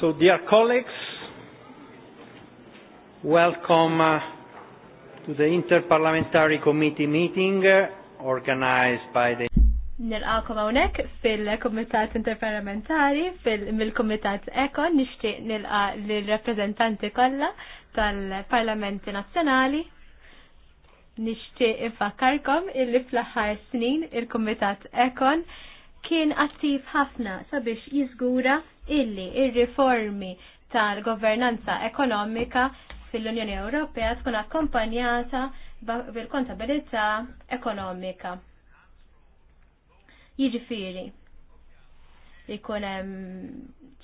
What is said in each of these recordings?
So, dear colleagues, welcome uh, to the Interparliamentary Committee meeting uh, organized by the Nilqakom hawnhekk fil-Kumitat Interparlamentari mill-Kumitat Ekon nixtieq nilqa lir reprezentanti kollha tal-Parlamenti Nazzjonali. Nixtieq infakkarkom illi fl-aħħar snin il-Kumitat Ekon kien attiv ħafna sabiex jiżgura illi il riformi tal-governanza ekonomika fil-Unjoni Ewropea tkun akkompanjata bil-kontabilità ekonomika. Jiġifieri jkun hemm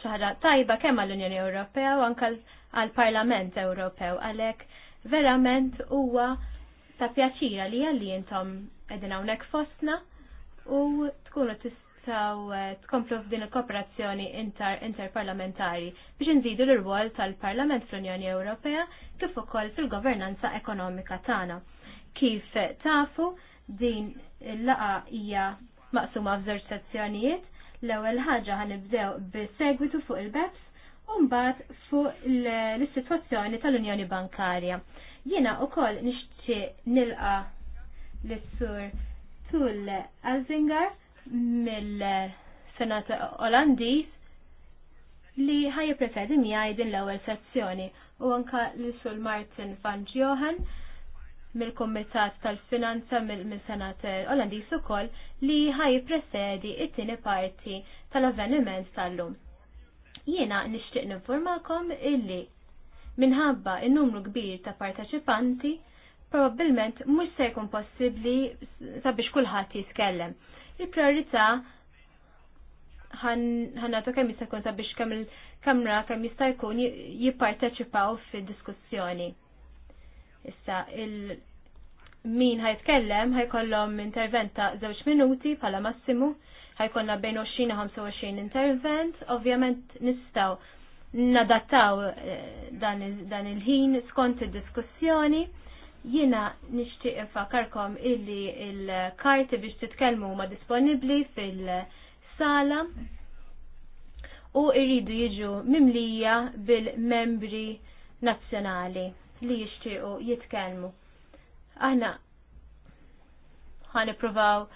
ħaġa tajba kemm għall-Unjoni Ewropea u anke għall-Parlament Ewropew għalhekk verament huwa ta' pjaċira li għalli intom edin hawnhekk fostna u tkunu tistgħu taw eh, tkomplu f'din il-kooperazzjoni interparlamentari biex nżidu l-rwol tal-Parlament fl-Unjoni Ewropea kif ukoll fil-governanza ekonomika tagħna. Kif tafu din il-laqa hija maqsuma f'żewġ sezzjonijiet, l-ewwel ħaġa ħanibdew bis-segwitu fuq il-BEPS u mbagħad fuq l-sitwazzjoni tal-Unjoni Bankarja. Jiena ukoll nixtieq nilqa' l-sur Tull Alzinger mill-Senat Olandiż li ħaj preferi miħaj din l-ewel sezzjoni u anka li sul Martin van Johan mill-Komitat tal-Finanza mill-Senat Olandiż ukoll li ħaj preferi it-tieni parti tal-avveniment tal-lum. Jiena nixtieq informakom illi minħabba il numru kbir ta' parteċipanti probabbilment mhux se jkun possibbli sabiex kulħadd jiskellem il-priorità ħannatu kemm jista' jkun sabiex kemm il-kamra kemm jista' jkun jipparteċipaw fid-diskussjoni. Issa il min ħajtkellem ħajkollhom intervent ta' żewġ minuti bħala massimu, ħajkollna bejn 20-25 intervent, ovvjament nistgħu nadattaw eh, dan il-ħin skont id-diskussjoni. Jina nishtiq infakarkom illi il-karti biex titkellmu ma disponibli fil-sala u irridu jiġu mimlija bil-membri nazzjonali li jixtiequ jitkellmu. Aħna ħaniprovaw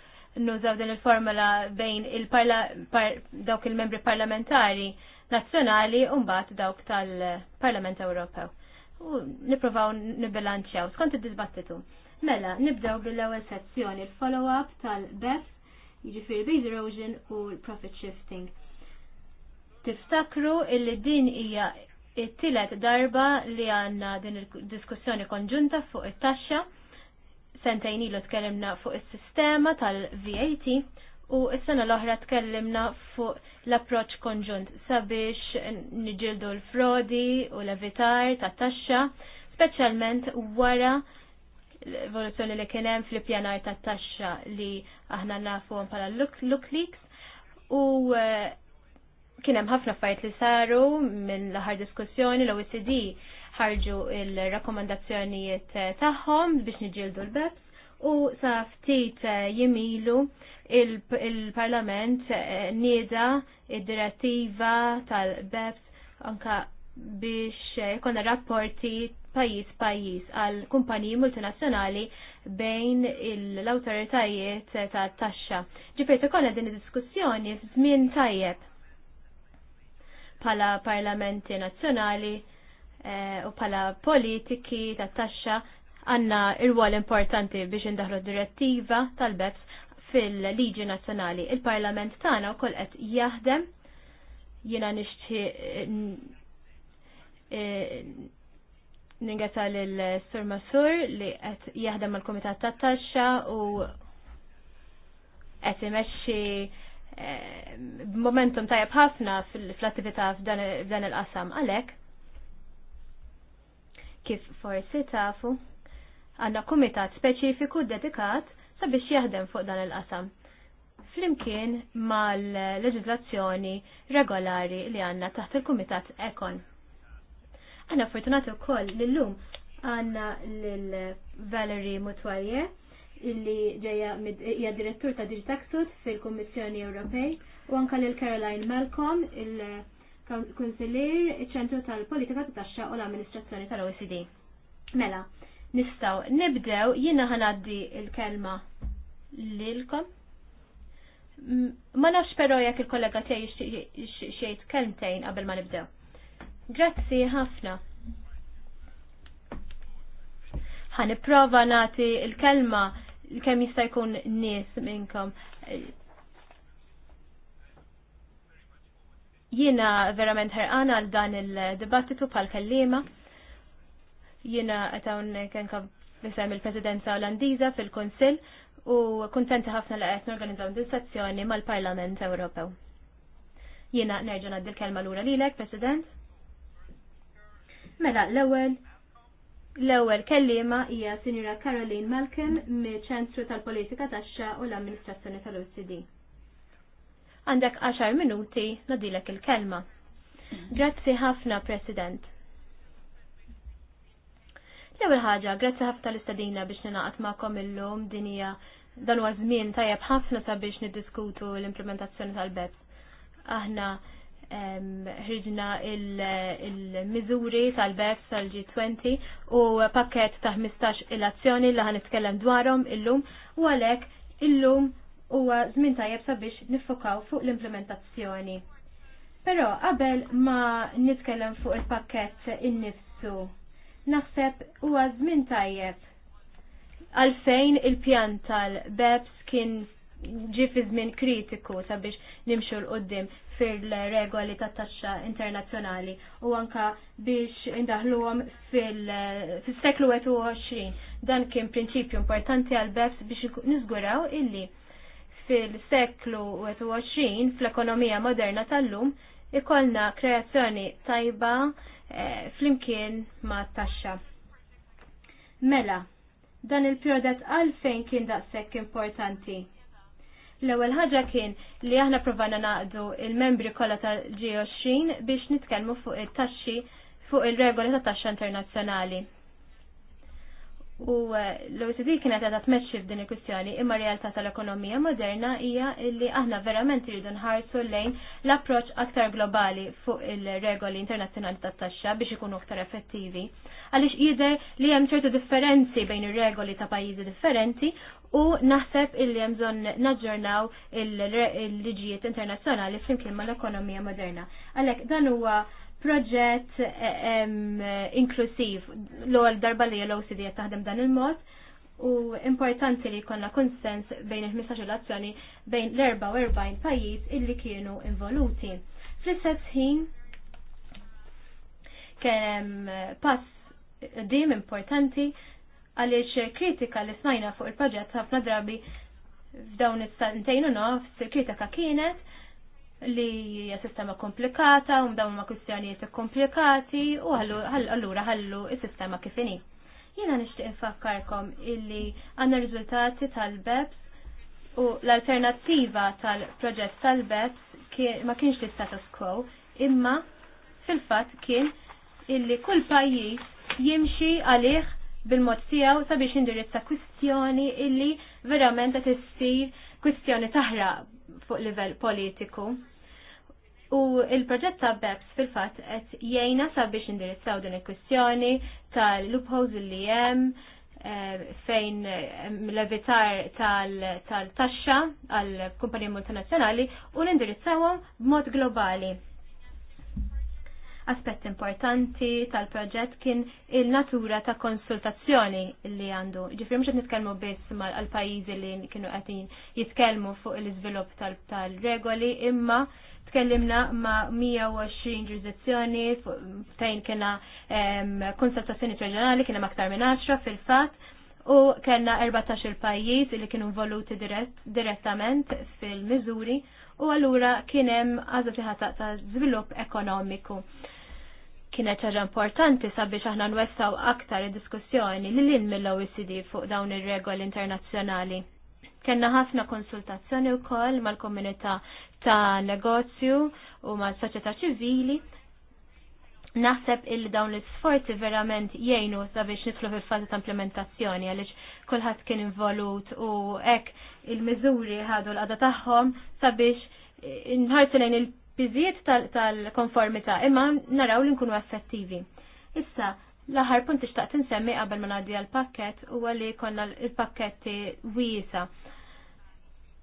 nużaw din il-formula bejn il par dawk il-membri parlamentari nazzjonali u mbagħad dawk tal-Parlament Ewropew u niprofaw nibilanċaw, skont id-dibattitu. Mela, nibdew bil-ewwel sezzjoni l-follow-up tal-BEF, jiġifieri base erosion u profit shifting. Tiftakru illi din hija it-tielet darba li għandna din il-diskussjoni konġunta fuq it-taxxa, sentejn ilu tkellimna fuq is-sistema tal-VAT U s-sena l-oħra tkellimna fuq l-approċ konġunt sabiex niġildu l-frodi u l-evitar ta' taxxa, specialment wara l-evoluzzjoni li kienem fl-pjanar ta' taxxa li aħna nafu pala l-Lukliks u eh, kienem ħafna fajt li saru minn l-ħar diskussjoni l-OECD ħarġu il-rakkomandazzjonijiet eh, tagħhom biex niġildu l-BEPS u sa ftit eh, jimilu il-Parlament nida eh, nieda id-direttiva tal-BEPS anka biex eh, jkonna rapporti pajis pajis għal kumpaniji multinazzjonali bejn l-autoritajiet ta' taxxa. Ġifieri ikollna din id-diskussjoni f'żmien tajjeb pala parlamenti nazzjonali u pala politiki ta' taxxa għanna il wol importanti biex indaħlu direttiva tal-BEPS fil-Liġi Nazzjonali. Il-Parlament tagħna wkoll qed jaħdem jiena nixtieq eh, eh, ningeta l Sur Masur li qed jaħdem mal-Kumitat tat-Taxxa u qed imexxi eh, momentum tajjeb ħafna fl-attività f'dan il-qasam għalhekk kif forsi tafu Għanna kumitat speċifiku dedikat sabiex jaħdem fuq dan il-qasam. Flimkien mal-leġizlazzjoni regolari li għanna taħt il-kumitat ekon. Għanna fortunati u koll l-lum għanna l-Valerie Mutwaje illi ġeja hija direttur ta' Digitaxut fil-Kummissjoni Ewropej u anka l Caroline Malcolm il-Kunsilir iċ-ċentru tal-Politika ta' Taxxa u l-Amministrazzjoni tal-OECD. Mela, nistaw nibdew jina ħanaddi il-kelma lilkom. Ma nafx pero jekk il-kollega tiegħi xejt kelmtejn qabel ma nibdew. Grazzi ħafna. Ħaniprova nagħti il-kelma kemm jista' jkun nies minnkom. Jiena verament ħerqana għal dan il-dibattitu bħal kellima Jina għetawn kenka bisem il-presidenza olandiza fil-Konsil u kontenti ħafna li għet norganizzaw dil-sezzjoni mal-Parlament Ewropew. Jina nerġa għaddi l-kelma l-ura lilek, President. Mela, l-ewel, L-ewwel kellima hija Sinjura Caroline Malkin mill-Ċentru tal-Politika Taxxa u l-Amministrazzjoni tal-OCD. E Għandek 10 minuti nadilek il-kelma. Grazzi ħafna, President. L-ewwel ħaġa, grazzi ħafna l istadina biex ninaqgħod magħkom illum din hija dan huwa żmien tajjeb ħafna sabiex niddiskutu l-implementazzjoni tal-BEPS. Aħna ħriġna il-miżuri tal-BEPS tal-G20 u pakket ta' 15 il-azzjoni li ħan nitkellem dwarhom illum u għalhekk illum huwa żmien tajjeb sabiex niffokaw fuq l-implementazzjoni. Però qabel ma nitkellem fuq il-pakket innifsu Naħseb huwa żmien tajjeb għalfejn il-pjan tal-BEPS kien ġi fi żmien kritiku sabiex nimxu l qoddim fil-regoli ta' taxxa internazzjonali u anka biex indaħluhom fil-seklu 21. Dan kien prinċipju importanti għal BEPS biex niżguraw illi fil-seklu 21 fl-ekonomija moderna tal-lum ikollna kreazzjoni tajba eh, flimkien ma' taxxa. Mela, dan il pjodet għalfejn kien daqshekk importanti. L-ewwel ħaġa kien li aħna provana naqdu il-membri kollha tal-G20 biex nitkellmu fuq il taxxi fuq il-regoli ta' taxxa internazzjonali. U eh, l-OECD kienet għedha tmeċċi f'din il-kwistjoni imma realtà tal-ekonomija moderna hija li aħna verament iridu nħarsu lejn l-approċ aktar globali fuq il-regoli internazzjonali tat-taxxa biex ikunu aktar effettivi. Għaliex jidher li hemm ċertu differenzi bejn ir-regoli ta' pajjiżi differenti u naħseb illi hemm bżonn naġġornaw il-liġijiet internazzjonali flimkien mal-ekonomija moderna. Għalhekk dan huwa proġett eh, eh, inklusiv l-għal darba li l-OCD taħdem dan il-mod u importanti li jkollna konsens bejn il-15 ġelazzjoni bejn l-44 pajjiż illi kienu involuti. Fl-istess ħin kien pass dim importanti għaliex kritika li smajna fuq il-proġett ħafna drabi f'dawn it santejn u nofs kritika kienet li hija sistema komplikata u mdawn ma' kwistjonijiet komplikati u allura ħallu is-sistema kif inhi. Jiena nixtieq infakkarkom illi għandna riżultati tal-BEPS u l-alternattiva tal-proġett tal-BEPS ma kienx l-status quo imma fil-fatt kien illi kull pajjiż jimxi għalih bil-mod tiegħu sabiex indirizza kwistjoni illi verament qed issir kwistjoni taħraq fuq livell politiku. U il-proġett ta' BEPS fil-fatt qed jgħinna sabiex indirizzaw din il-kwistjoni tal-loopholes li hemm eh, fejn eh, levitar tal-taxxa għal kumpanija multinazzjonali u l-indirizzawhom b'mod globali. Aspett importanti tal-proġett kien il-natura ta' konsultazzjoni li għandu. Ġifri mux nitkellmu biss mal-pajizi li kienu għatin jitkellmu fuq il-izvilup tal-regoli imma tkellimna ma' 120 ġurisdizzjoni fejn kena konsultazzjoni reġjonali kiena aktar minn 10 fil-fat u kellna 14 il-pajjiż li kienu involuti direttament fil-miżuri u allura kienem għazza fiħata ta' zvilup ekonomiku. Kienet ċaġa importanti sabiex aħna nwessaw aktar diskussjoni li l-in mill-OECD fuq dawn ir-regoli internazzjonali. Kenna ħafna konsultazzjoni u koll mal-komunità ta' negozju u mal-soċjetà ċivili Naħseb il dawn l-sforzi verament jgħinu sabiex nitlu fil-fazi ta' implementazzjoni għaliex kulħadd kien involut u hekk il-miżuri ħadu l-qada tagħhom sabiex nħarsu lejn il-biżiet tal-konformità imma naraw li nkunu effettivi. Issa, l-aħħar punt ixtaqt insemmi qabel ma ngħaddi għall-pakkett huwa li konna l-pakketti wiesa'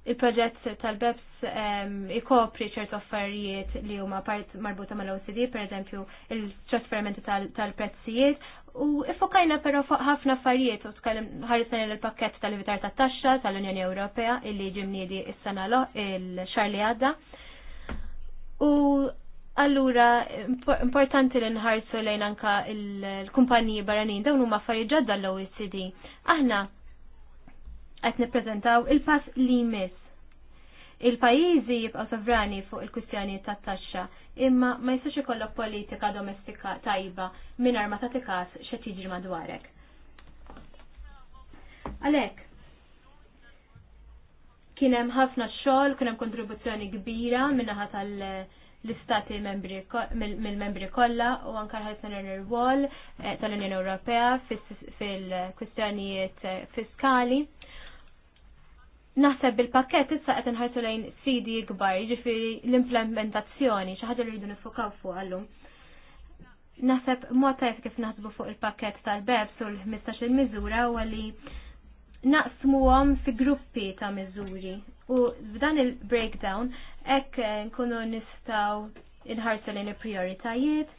il-proġett tal-BEPS ehm, ikopri ċertu affarijiet li huma part marbuta mal-OCD, per eżempju il-trasferimenti tal-prezzijiet, u ifokajna però ħafna affarijiet u tkellim ħarisna il-pakket tal-evitar tat-taxxa tal-Unjoni Ewropea illi ġimniedi is-sena l-oq il-xar li għadda. U Allura, importanti li nħarsu lejn anka il-kumpaniji barranin, dawn huma affarijiet ġodda l-OECD. Aħna qed nippreżentaw il-pass li jmiss. Il-pajjiżi jibqaw sovrani fuq il-kwistjoni tat-taxxa, imma ma jistax ikollok politika domestika tajba mingħajr ma ta' każ x'qed jiġri madwarek. Għalhekk kien hemm ħafna xogħol, kien hemm kontribuzzjoni kbira min tal- l-istati mill-membri kollha u anke ħajsan ir-rwol eh, tal-Unjoni Ewropea fil-kwistjonijiet eh, fiskali Naħseb il-pakket issa qed inħarsu lejn CD kbar, jiġifieri l-implementazzjoni xi ħaġa li rridu nifokaw fuq allum. Naħseb mod tajjeb kif naħsbu fuq il-pakket tal bebs u l-15-il miżura huwa li naqsmuhom fi gruppi ta' miżuri u f'dan il-breakdown hekk nkunu nistgħu inħarsu lejn il-prioritajiet,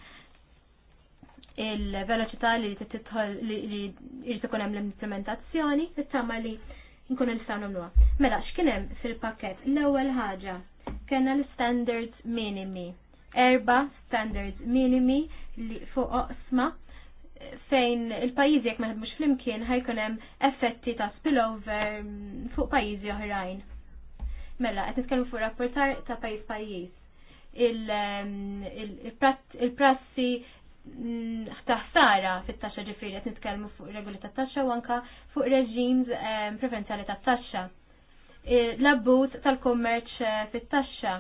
il-veloċità li titħol li jrid ikun hemm l-implementazzjoni, it-tama li nkunu nistgħu nagħmluha. Mela xkinem fil-pakkett? L-ewwel ħaġa kena l-standards minimi. Erba standards minimi li fuq oqsma fejn il-pajjiżi jekk maħed mux flimkien ħajkun hemm effetti ta' spillover mm, fuq pajjiżi oħrajn. Mela, qed nitkellmu fuq rapportar ta' pajjiż pajjiż. Il-prassi mm, taħsara fit-taxxa ġifiri qed nitkellmu fuq regoli tat-taxxa u anka fuq reġims ehm, prevenzjali tat-taxxa. L-abbuż tal-kummerċ eh, fit-taxxa.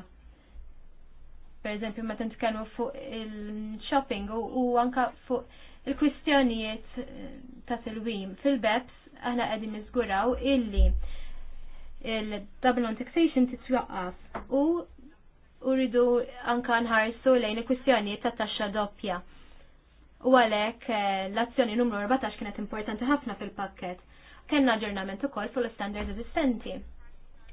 Per eżempju, meta nitkellmu fuq il-shopping u anka fuq il-kwistjonijiet eh, ta' tilwim. Fil-BEPS aħna qegħdin niżguraw illi il-double on taxation titwaqqaf u rridu anka nħarsu lejn il-kwistjonijiet ta' taxxa doppja U għalek eh, l-azzjoni numru 14 kienet importanti ħafna fil-pakket. Kenna aġġornament ukoll fuq l-standard eżistenti.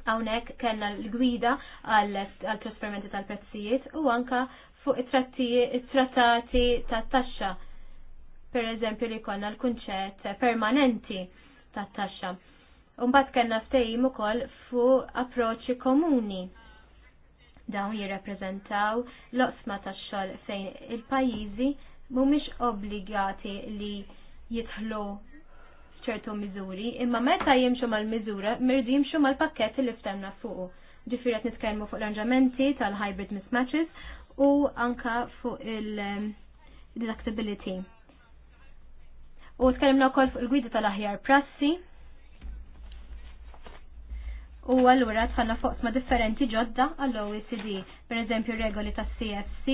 Hawnhekk kellna l-gwida għall-trasferimenti tal-prezzijiet u anka fuq it-trattati tat-taxxa. Per eżempju li konna l-kunċett permanenti tat-taxxa. Umbat kellna ftehim ukoll fuq approċċi komuni dawn jirrepreżentaw l osma tax-xogħol fejn il-pajjiżi mhumiex obbligati li jidħlu ċertu miżuri, imma meta jimxu mal-miżura, mirdi jimxu mal-pakket li ftemna fuqu. Ġifiret nitkellmu fuq l-arranġamenti tal-hybrid mismatches u anka fuq il-deductibility. U tkellimna wkoll fuq il-gwida tal-aħjar prassi. U allura tħanna fuq ma differenti ġodda għall-OECD, per eżempju regoli tas-CFC,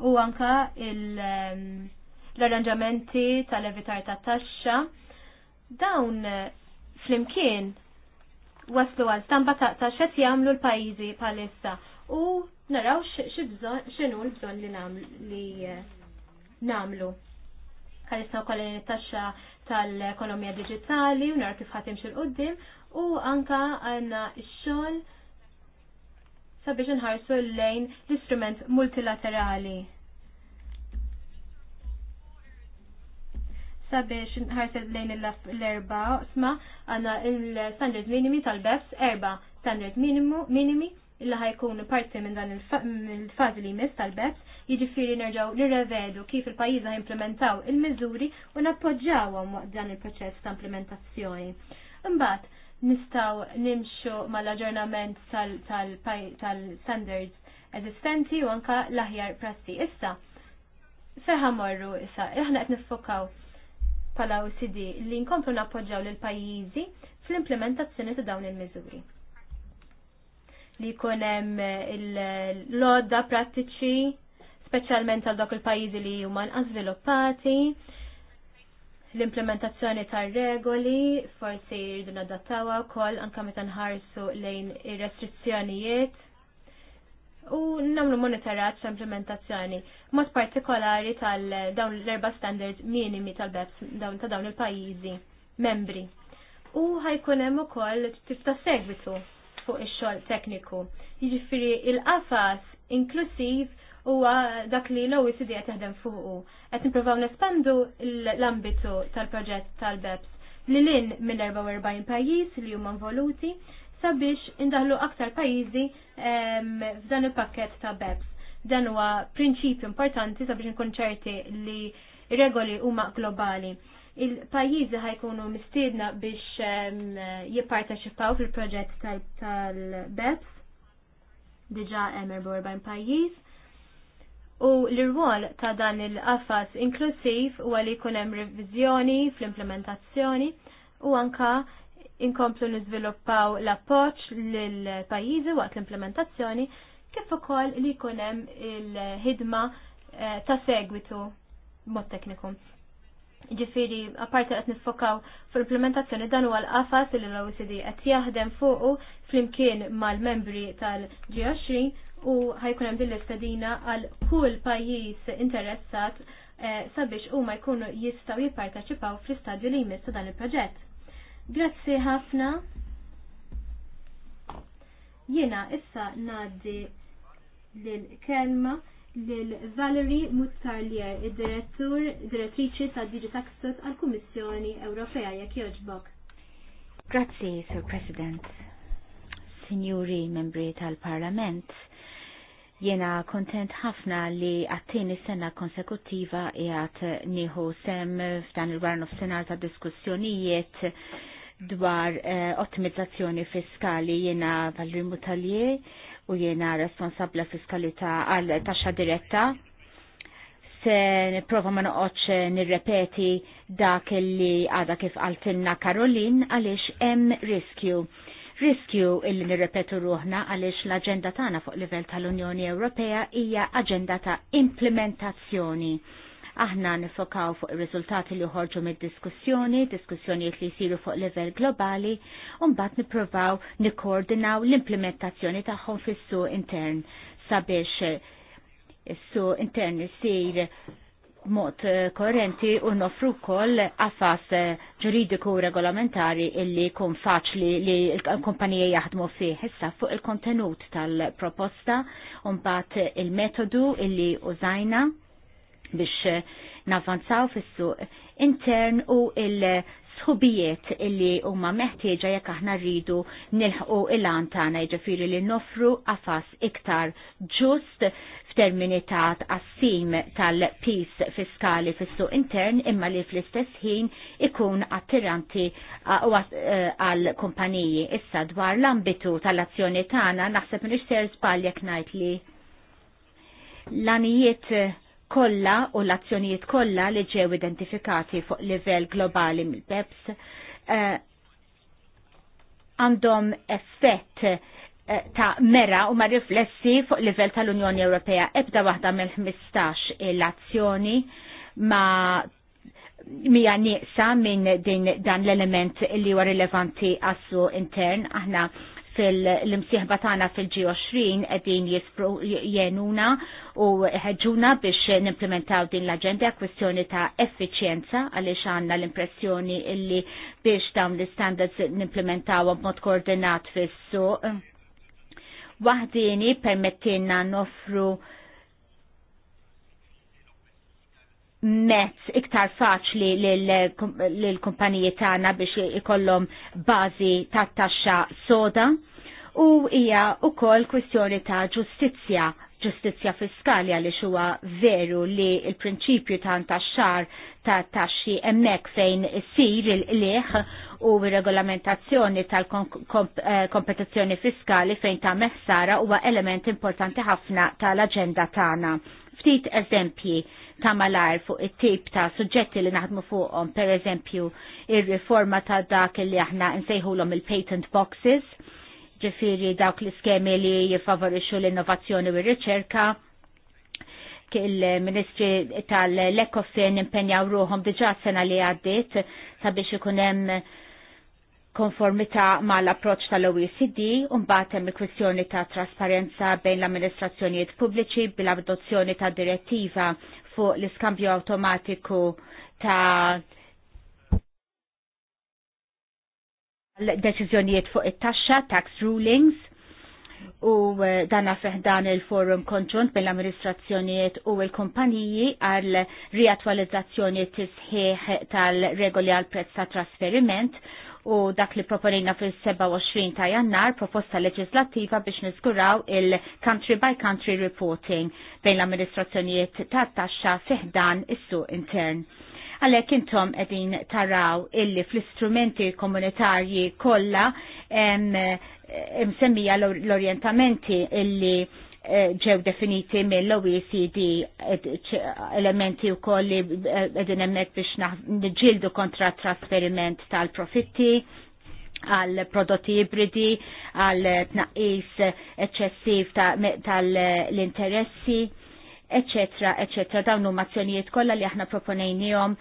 u anka ehm, l-arranġamenti tal-evitar ta' taxxa dawn eh, flimkien waslu għal stampa ta' taxxa jagħmlu l-pajjiżi bħalissa u naraw x'inhu l-bżonn li eh, namlu li nagħmlu. Bħalissa wkoll it-taxxa tal-ekonomija diġitali u naraw kif ħatim il qudiem u anka għandna x-xogħol sabiex nħarsu lejn l-istrument multilaterali. Sabiex nħarsu lejn l-erba sma għanna l-standard minimi tal befs erba standard minimi illa ħajkun parti minn dan il-fazi li jmiss tal-BEPS jiġifieri nerġgħu nirrevedu kif il-pajjiża implementaw il-miżuri u nappoġġawhom waqt dan il-proċess ta' implementazzjoni. Imbagħad, nistaw nimxu mal-aġġornament tal-standards eżistenti u anka l-aħjar prassi. Issa, feħa morru issa, aħna qed nifokaw pala OCD li nkomplu nappoġġaw l pajjiżi fl-implementazzjoni ta' dawn il-miżuri. Li jkun hemm l-lodda prattiċi, speċjalment għal dak il-pajjiżi li huma għazviluppati, l-implementazzjoni tar regoli forsi jridu nadattawa wkoll anke meta nħarsu lejn ir-restrizzjonijiet u nagħmlu monitoraġġ ta' implementazzjoni mod partikolari tal dawn l-erba standard minimi tal-BEPS dawn ta' dawn il-pajjiżi membri. U ħajkun hemm ukoll tip ta' segwitu fuq ix-xogħol tekniku. Jiġifieri il-qafas inklusiv huwa dak li l-OECD qed jaħdem fuqu. Qed nippruvaw nespandu l-ambitu tal-proġett tal-BEPS li lin minn 44 pajjiż li huma involuti sabiex indaħlu aktar pajjiżi ehm, f'dan il-pakket ta' BEPS. Dan huwa prinċipju importanti sabiex nkun ċerti li regoli huma globali. Il-pajjiżi ħajkunu mistiedna biex ehm, jipparteċipaw fil-proġett tal-BEPS diġa 44 pajjiż U l-rwol ta' dan il-qafas inklusiv u għalli kunem revizjoni fl-implementazzjoni u anka inkomplu nizviluppaw l-appoċ l-pajizi waqt l-implementazzjoni kif ukoll li kunem il-ħidma eh, ta' segwitu mod tekniku. Ġifiri, apparti qed nifokaw fl-implementazzjoni dan huwa l-qafas li l-OECD qed jaħdem fuqu flimkien mal-membri tal-G20 u ħajkun hemm din l-istedina għal kull pajjiż interessat eh, sabiex huma jkunu jistgħu jipparteċipaw fl-istadju li jmiss dan il-proġett. Grazzi ħafna. Jiena issa ngħaddi lill-kelma lil Valerie Muttarlier, id-direttur, direttriċi ta' Digitaxus għal-Kummissjoni Ewropea jekk joġbok. Grazzi, Sir President. Signuri membri tal-Parlament, Jena kontent ħafna li għattini sena konsekutiva jgħat nieħu sem f'dan il għarnu f'senar ta' diskussjonijiet dwar eh, ottimizzazzjoni fiskali jena Valri Mutalje u jena responsabla ta' għal taxxa diretta se niprofa ma noqgħodx nirrepeti dak li għada kif għaltinna Karolin għaliex hemm riskju riskju illi nirrepetu ruħna għaliex l-agenda tagħna fuq livell tal-Unjoni Ewropea hija agenda ta' implementazzjoni. Aħna nifokaw fuq ir-riżultati li uħorġu mid-diskussjoni, diskussjonijiet li jsiru fuq livell globali, u mbagħad nippruvaw nikkoordinaw l-implementazzjoni tagħhom fis-suq intern sabiex is-suq intern isir mod eh, korrenti u nofru koll għafas eh, ġuridiku regolamentari illi kun faċli li l-kompanija jaħdmu fih. Issa fuq il-kontenut tal-proposta unbat il-metodu illi użajna biex eh, navanzaw fissu intern u il- sħubijiet illi huma meħtieġa jekk aħna rridu nilħqu il-għan tagħna jiġifieri li nofru afas iktar ġust termini ta' tqassim tal-pis fiskali fis-suq intern imma li fl-istess ħin ikun attiranti e, għal kumpaniji. Issa dwar l-ambitu tal-azzjoni tagħna naħseb minn ser spaljek najt li l-anijiet kollha u l-azzjonijiet kollha li ġew identifikati fuq livell globali mill peps e, għandhom effett Eh, ta' mera u ma' riflessi fuq livell tal-Unjoni Ewropea. Ebda waħda mill-15 l-azzjoni ma' mija nieqsa minn din dan l-element li huwa rilevanti għassu intern. Aħna fil-imsieħba tagħna fil 20 qegħdin jenuna u ħeġuna biex nimplementaw din l-aġenda kwestjoni ta' effiċjenza għaliex għandna l-impressjoni illi biex dawn l-standards nimplementaw b'mod koordinat fis-suq waħdini permettina nofru mezz iktar faċli l-kumpaniji tagħna biex ikollhom bażi tat-taxxa soda u hija wkoll kwistjoni ta' ġustizzja ġustizzja fiskali għaliex huwa veru li il-prinċipju ta' taxxar ta' taxxi hemmhekk fejn sir il liħ u regolamentazzjoni tal-kompetizzjoni fiskali fejn ta' meħsara huwa element importanti ħafna tal-aġenda tagħna. Ftit eżempji ta' malar fuq it-tip ta' suġġetti li naħdmu fuqhom, per eżempju, ir-riforma ta' dak li aħna nsejħulhom il-patent boxes, ġifiri dawk l-iskemi li jifavorixxu l-innovazzjoni u r-riċerka il-Ministri tal-Ekofin impenjaw ruħom diġa sena li għaddit sabiex ikunem konformita ma l-approċ tal-OECD un-batem il-kwistjoni ta' trasparenza bejn l-amministrazzjonijiet pubbliċi bil-adozzjoni ta' direttiva fuq l-iskambju automatiku ta' deċiżjonijiet fuq it-taxxa, tax rulings, u eh, danna dan il-forum konġunt mill amministrazzjonijiet u il-kumpaniji għal riattualizzazzjoni tisħiħ tal-regoli għal prezz ta' trasferiment u dak li proponina fil-27 ta' jannar proposta leġislativa biex niskuraw il-country by country reporting bejn l-amministrazzjonijiet ta' taxxa fiħdan is-suq intern Għalhekk intom qegħdin taraw illi fl-istrumenti komunitarji kollha msemmija l-orientamenti illi eh, ġew definiti mill-OECD elementi u kolli li edin eh, emmek biex nġildu kontra trasferiment tal-profitti, għal prodotti ibridi, għal tnaqis eċċessiv tal-interessi. Ta eccetera, eccetera. Dawn huma azzjonijiet kollha li aħna proponejnihom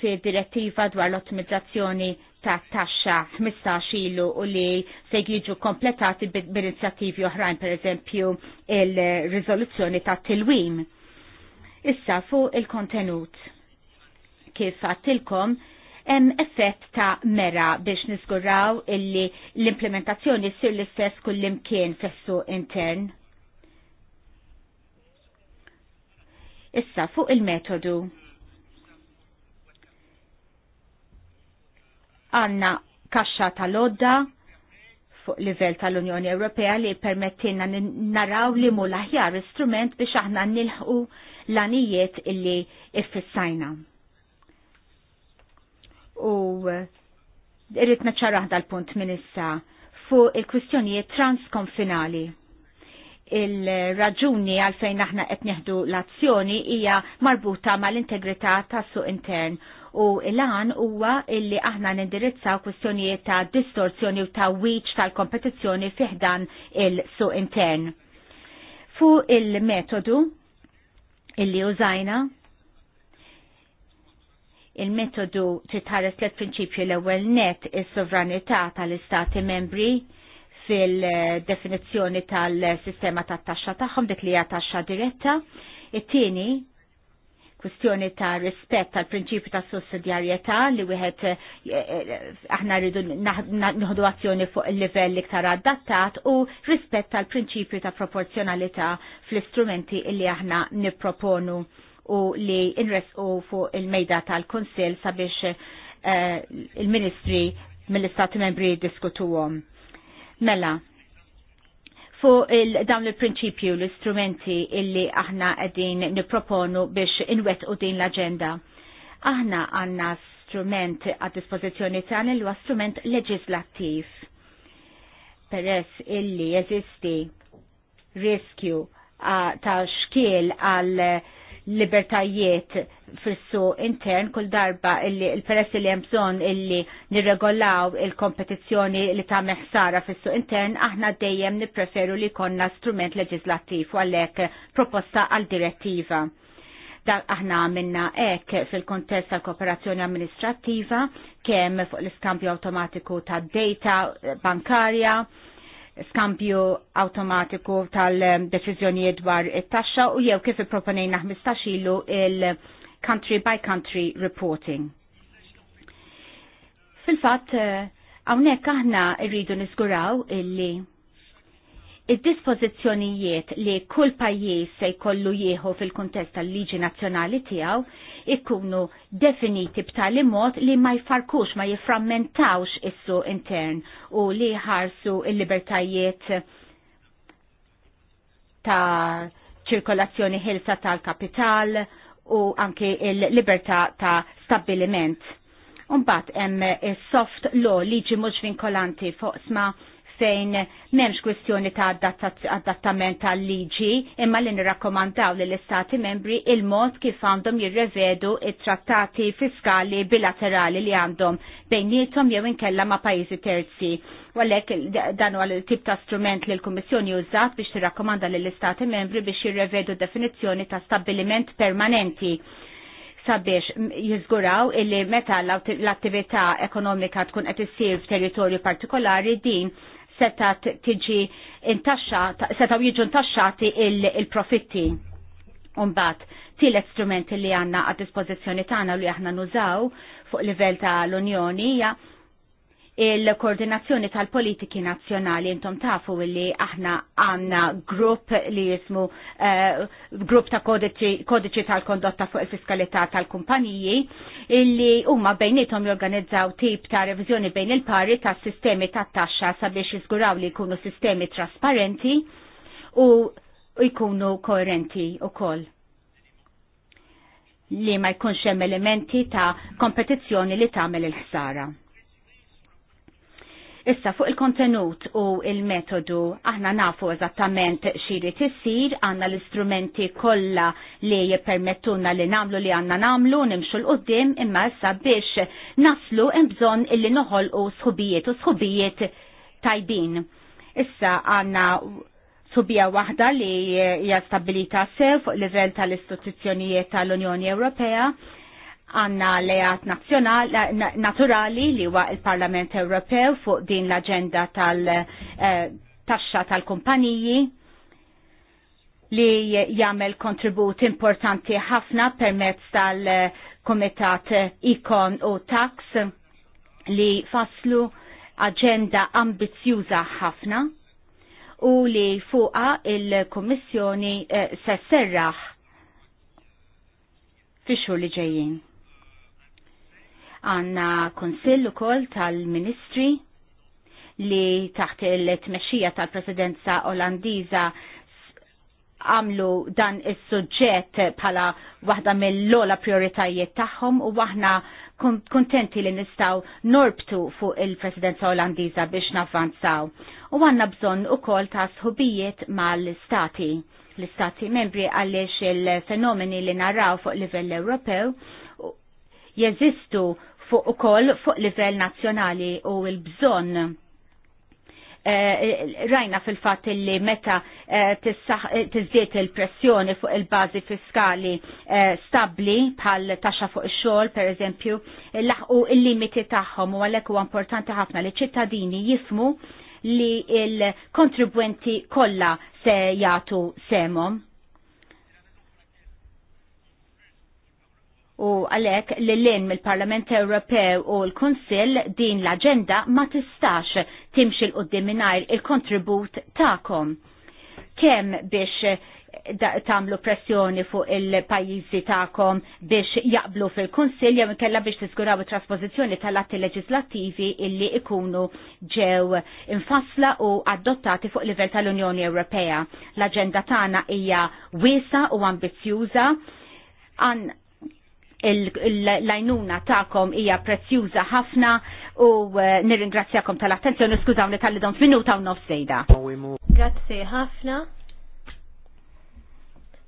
fi direttiva dwar l-ottimizzazzjoni ta' taxxa 15 ilu u li se jiġu kompletati b'inizjattivi oħrajn, per eżempju, il-rizoluzzjoni ta' tilwim. Issa fuq il-kontenut. Kif għattilkom, hemm effett ta' mera biex nisguraw illi l-implementazzjoni ssir l-istess kullimkien fis-suq intern Issa fuq il-metodu. Għanna kaxxa tal-odda fuq livell tal-Unjoni Ewropea li permettina naraw li mu l-aħjar istrument biex aħna nilħu l-anijiet illi iffissajna. U irrit naċċaraħ l punt minissa fuq il-kwistjonijiet transkonfinali il-raġuni għalfejn aħna qed neħdu l-azzjoni hija marbuta mal-integrità tas-suq intern u l-għan huwa illi aħna nindirizzaw kwistjonijiet ta' distorzjoni u ta' wiċ tal-kompetizzjoni fiħdan il-suq intern. Fu il-metodu illi użajna il-metodu titħares tliet prinċipju l-ewwel net is-sovranità tal-istati membri fil-definizzjoni tal-sistema tat-taxxa tagħhom dik li hija taxxa diretta. It-tieni kwestjoni ta' rispett tal prinċipju ta' sussidjarjetà li wieħed eh, eh, aħna rridu naħdu azzjoni fuq il-livell iktar adattat u rispett tal prinċipju ta' proporzjonalità fl-istrumenti li aħna nipproponu u li nresqu fuq il-mejda tal-Kunsill sabiex eh, il-Ministri mill-Istati Membri jiddiskutuhom Mela, fuq dawn il-prinċipju l-istrumenti illi aħna għedin niproponu biex inwet u din l-agenda. Aħna għanna strument għad dispozizjoni tagħna li huwa strument leġislattiv. Peress illi jeżisti riskju ta' xkiel għal libertajiet fissu intern kull darba illi il-peress li hemm bżonn illi nirregolaw il-kompetizzjoni li ta' meħsara fissu intern aħna dejjem nippreferu li konna strument leġislattiv u għalhekk proposta għal direttiva. Dak aħna minna ek fil-kontest tal-kooperazzjoni amministrattiva kemm fuq l-iskambju automatiku ta' data bankarja, skampju automatiku tal-deċizjonijiet dwar it-taxxa u jew kif ipproponejna 15 ilu il-country by country reporting. Fil-fatt, hawnhekk aħna rridu nisguraw illi id-dispożizzjonijiet li kull pajjiż se jkollu jieħu fil-kuntest tal-liġi nazzjonali tiegħu ikkunu definiti b'tali mod li ma jfarkux ma jiframmentawx issu intern u li ħarsu il-libertajiet ta' ċirkolazzjoni ħilsa tal-kapital u anke il-libertà ta' stabiliment. Umbat hemm is soft law liġi mhux vinkolanti fuq sma' fejn memx kwestjoni ta' adattament tal liġi imma li nirrakkomandaw li l-Istati membri il-mod kif għandhom jirrevedu it-trattati fiskali bilaterali li għandhom bejnietom jew inkella ma' pajjiżi terzi. Għalek dan għal tip ta' strument li l komissjoni użat biex tirrakkomanda li l-Istati membri biex jirrevedu definizzjoni ta' stabiliment permanenti sabiex jizguraw illi meta l-attività ekonomika tkun qed issir f'territorju partikolari din seta tiġi intaxxata, setaw jiġu intaxxati il-profitti. Umbat, l strumenti li għanna għad dispozizjoni tagħna li aħna nużaw fuq livell ta' l-Unjoni hija il-koordinazzjoni tal-politiki nazzjonali intom tafu li aħna għanna grupp li jismu uh, grupp ta' kodiċi tal-kondotta fuq il-fiskalità tal-kumpaniji illi huma bejnietom jorganizzaw tip ta' revizjoni bejn il-pari ta' sistemi ta' taxxa sabiex jiżguraw li jkunu sistemi trasparenti u jkunu koerenti u koll li ma jkunx hemm elementi ta' kompetizzjoni li tagħmel il-ħsara Issa fuq il-kontenut u il-metodu aħna nafu eżattament xiri tissir, għanna l-istrumenti kollha li jippermettuna li namlu li għanna namlu, nimxu l-qoddim imma issa biex naslu imbżon illi noħol u sħubijiet u sħubijiet tajbin. Issa għanna subija waħda li hija stabilita sew fuq livell tal-istituzzjonijiet tal-Unjoni Ewropea għanna lejat eh, naturali li huwa il-Parlament Ewropew fuq din l-agenda tal-taxxa eh, tal-kumpaniji li jagħmel kontribut importanti ħafna permezz tal-Komitat Ikon u Tax li faslu agenda ambizjuża ħafna u li fuqa il kummissjoni eh, se serraħ fi xhur li ġejjin. Għanna konsillu ukoll tal-Ministri li taħt il-tmexxija tal-Presidenza Olandiża għamlu dan is-suġġett bħala waħda mill lola prioritajiet tagħhom u waħna kontenti li nistaw norbtu fuq il-presidenza olandiza biex navvanzaw. U għanna bżon u kol ta' sħubijiet mal-stati. L-istati membri għaliex il-fenomeni li naraw fuq livell Ewropew jeżistu fuq ukoll fuq livell nazzjonali u l-bżonn eh, rajna fil-fat li meta eh, tizdiet eh, il-pressjoni fuq il-bazi fiskali stabli bħal taxxa fuq ix-xogħol pereżempju laħqu il-limiti tagħhom u għalhekk huwa importanti ħafna li ċittadini jifmu li il-kontribwenti kollha se jagħtu semhom U għalek l-lin mill-Parlament Ewropew u l-Konsil din l-agenda ma tistax timxil d-diminajr il-kontribut ta'kom. Kem biex eh, tamlu pressjoni fuq il-pajizi ta'kom biex jaqblu fil-Konsil jew kella biex tiskuraw trasposizjoni tal-atti leġislattivi illi ikunu ġew infasla u adottati fuq livell tal-Unjoni Ewropea. L-agenda tagħna hija wiesa u ambizjuża l-lajnuna ta'kom hija prezzjuża ħafna u eh, nirringrazzjakom tal-attenzjoni skużawni tal-li don u nofs sejda. Grazzi ħafna.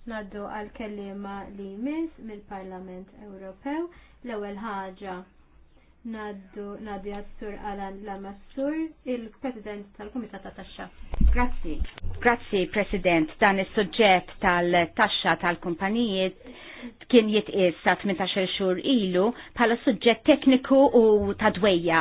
Naddu għal kellima li miss mill-Parlament Ewropew l-ewwel ħaġa naddu naddu jassur għalan la massur il-President tal-Komitat ta' Taxxa. Grazzi. Grazzi, President, dan is-suġġett tal-taxxa tal-kumpanijiet kien jitqies sa 18 xhur ilu bħala suġġett tekniku u ta' dwejja.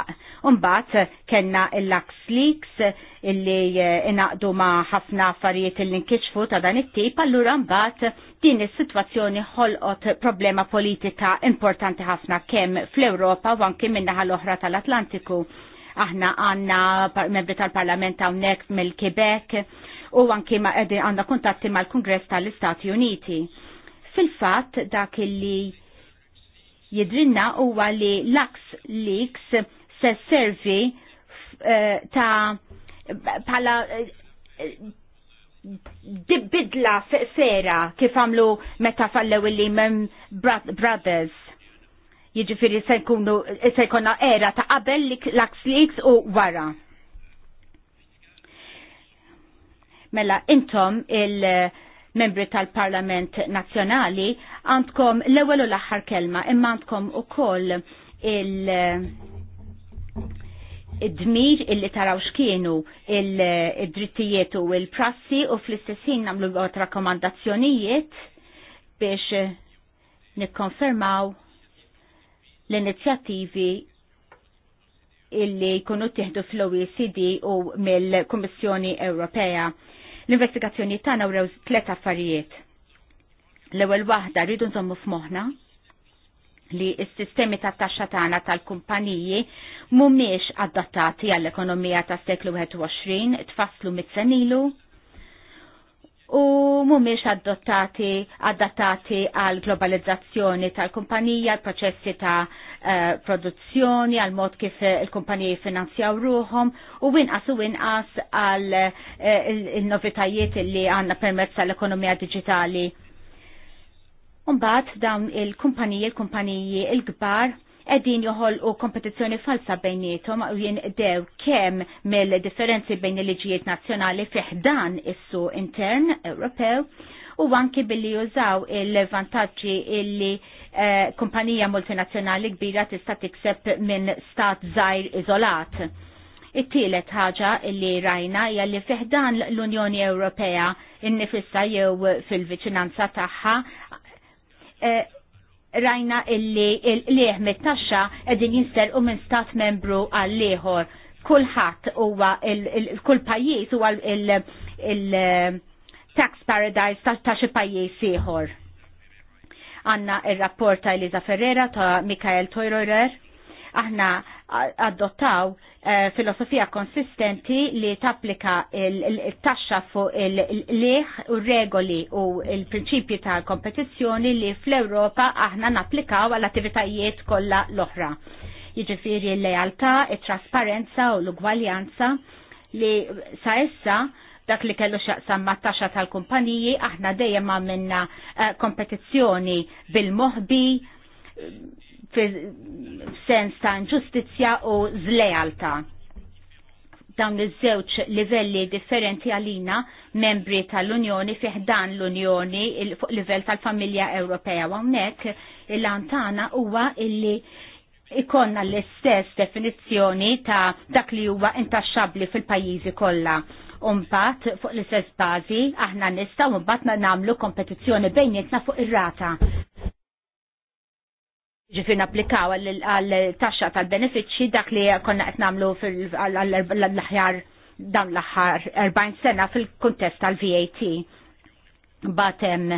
Umbagħad eh, kellna l-Lux Leaks eh, illi eh, inaqdu ma' ħafna affarijiet li nkixfu ta' dan it-tip, allura mbagħad din is-sitwazzjoni ħolqot problema politika importanti ħafna kemm fl-Ewropa u anke min-naħa l-oħra tal-Atlantiku. Aħna għandna membri tal-Parlament hawnhekk mill-Quebec u anke ma' għandna kuntatti mal kongress tal-Istati Uniti Fil-fatt dak li jidrinna huwa li laks aks leaks se servi eh, ta' pala eh, bidla fera kif għamlu meta fallew li mem Brothers jiġifiri se jkunu era ta' qabel l-aks leaks u wara. Mela intom il- membri tal-Parlament Nazzjonali għandkom l-ewwel u l-aħħar kelma imma għandkom ukoll il- id-dmir illi taraw xkienu il-drittijiet u il-prassi u fl-istessin namlu għot rakkomandazzjonijiet biex nikkonfermaw l-inizjattivi illi jkunu tieħdu fl-OECD u mill-Kummissjoni Ewropea L-investigazzjoni tagħna wrew tliet affarijiet. L-ewwel waħda rridu nżommu f'moħħna li s-sistemi ta' taxxa tagħna tal-kumpaniji mhumiex adattati għall-ekonomija tas-seklu 21 tfasslu mit-senilu u mhumiex adattati għall globalizzazzjoni tal-kumpanija, l-proċessi ta' produzzjoni, għal mod kif eh, il-kumpaniji finanzjaw ruħom u winqas u winqas għal eh, il-novitajiet li għanna permezz tal ekonomija digitali. Umbat dawn il-kumpaniji, il-kumpaniji il-gbar Eddin joħol u kompetizjoni falsa bejnietom u jindew kem mill-differenzi bejn il-liġijiet nazjonali fiħdan issu intern Ewropew u anki billi jużaw il-vantagġi illi Eh, kumpanija multinazzjonali kbira tista' tikseb minn stat żgħir iżolat. It-tielet ħaġa li rajna hija li fiħdan l-Unjoni Ewropea innifissa jew fil-viċinanza tagħha eh, rajna illi l lieħ mit-taxxa qegħdin jinsterqu minn stat membru għal ieħor. Kulħadd huwa kull pajjiż huwa il-tax paradise ta' xi pajjiż ieħor Għanna il-rapport ta' Eliza Ferrera ta' Mikael Toirorer. Aħna adottaw eh, filosofija konsistenti li tapplika il-taxxa fuq il-leħ u regoli u il-prinċipji ta' kompetizzjoni li fl-Europa aħna napplikaw għall-attivitajiet kollha l-oħra. Jiġifieri l-lealtà, it-trasparenza u l-ugwaljanza li sa issa dak li kellu xaqsam ma' taxxa tal-kumpaniji, aħna dejjem għamilna eh, kompetizzjoni bil mohbi sens ta' ġustizja u zlealta. Dawn iż-żewġ livelli differenti għalina membri tal-Unjoni fiħdan l-Unjoni fuq livell tal-Familja Ewropea u hawnhekk il-lantana huwa illi ikonna l-istess definizzjoni ta' dak li huwa intaxxabli fil-pajjiżi kollha Umbat fuq l-istess bazi aħna nistaw umbat namlu kompetizzjoni bejnietna fuq ir-rata. Ġifir applikaw għal-taxxa tal-benefiċċji dak li konna qed namlu fil-aħjar dawn l-aħħar 40 sena fil-kuntest tal-VAT. Batem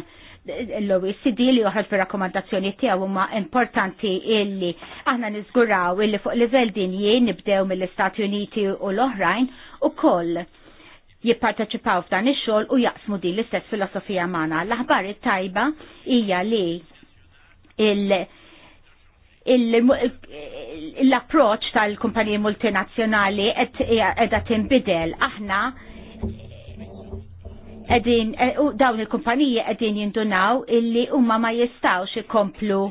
l-OECD li uħad fil rakkomandazzjoni tiegħu huma importanti illi aħna nizguraw illi fuq livell dinji nibdew mill-Istati Uniti u l-oħrajn u koll jipparteċipaw f'dan ix-xogħol u jaqsmu din l-istess filosofija magħna. L-aħbar it-tajba hija li il- l-approċ tal-kumpaniji multinazzjonali edha tinbidel. Aħna edin, eh, dawn il-kumpaniji qegħdin jindunaw illi huma ma jistgħux ikomplu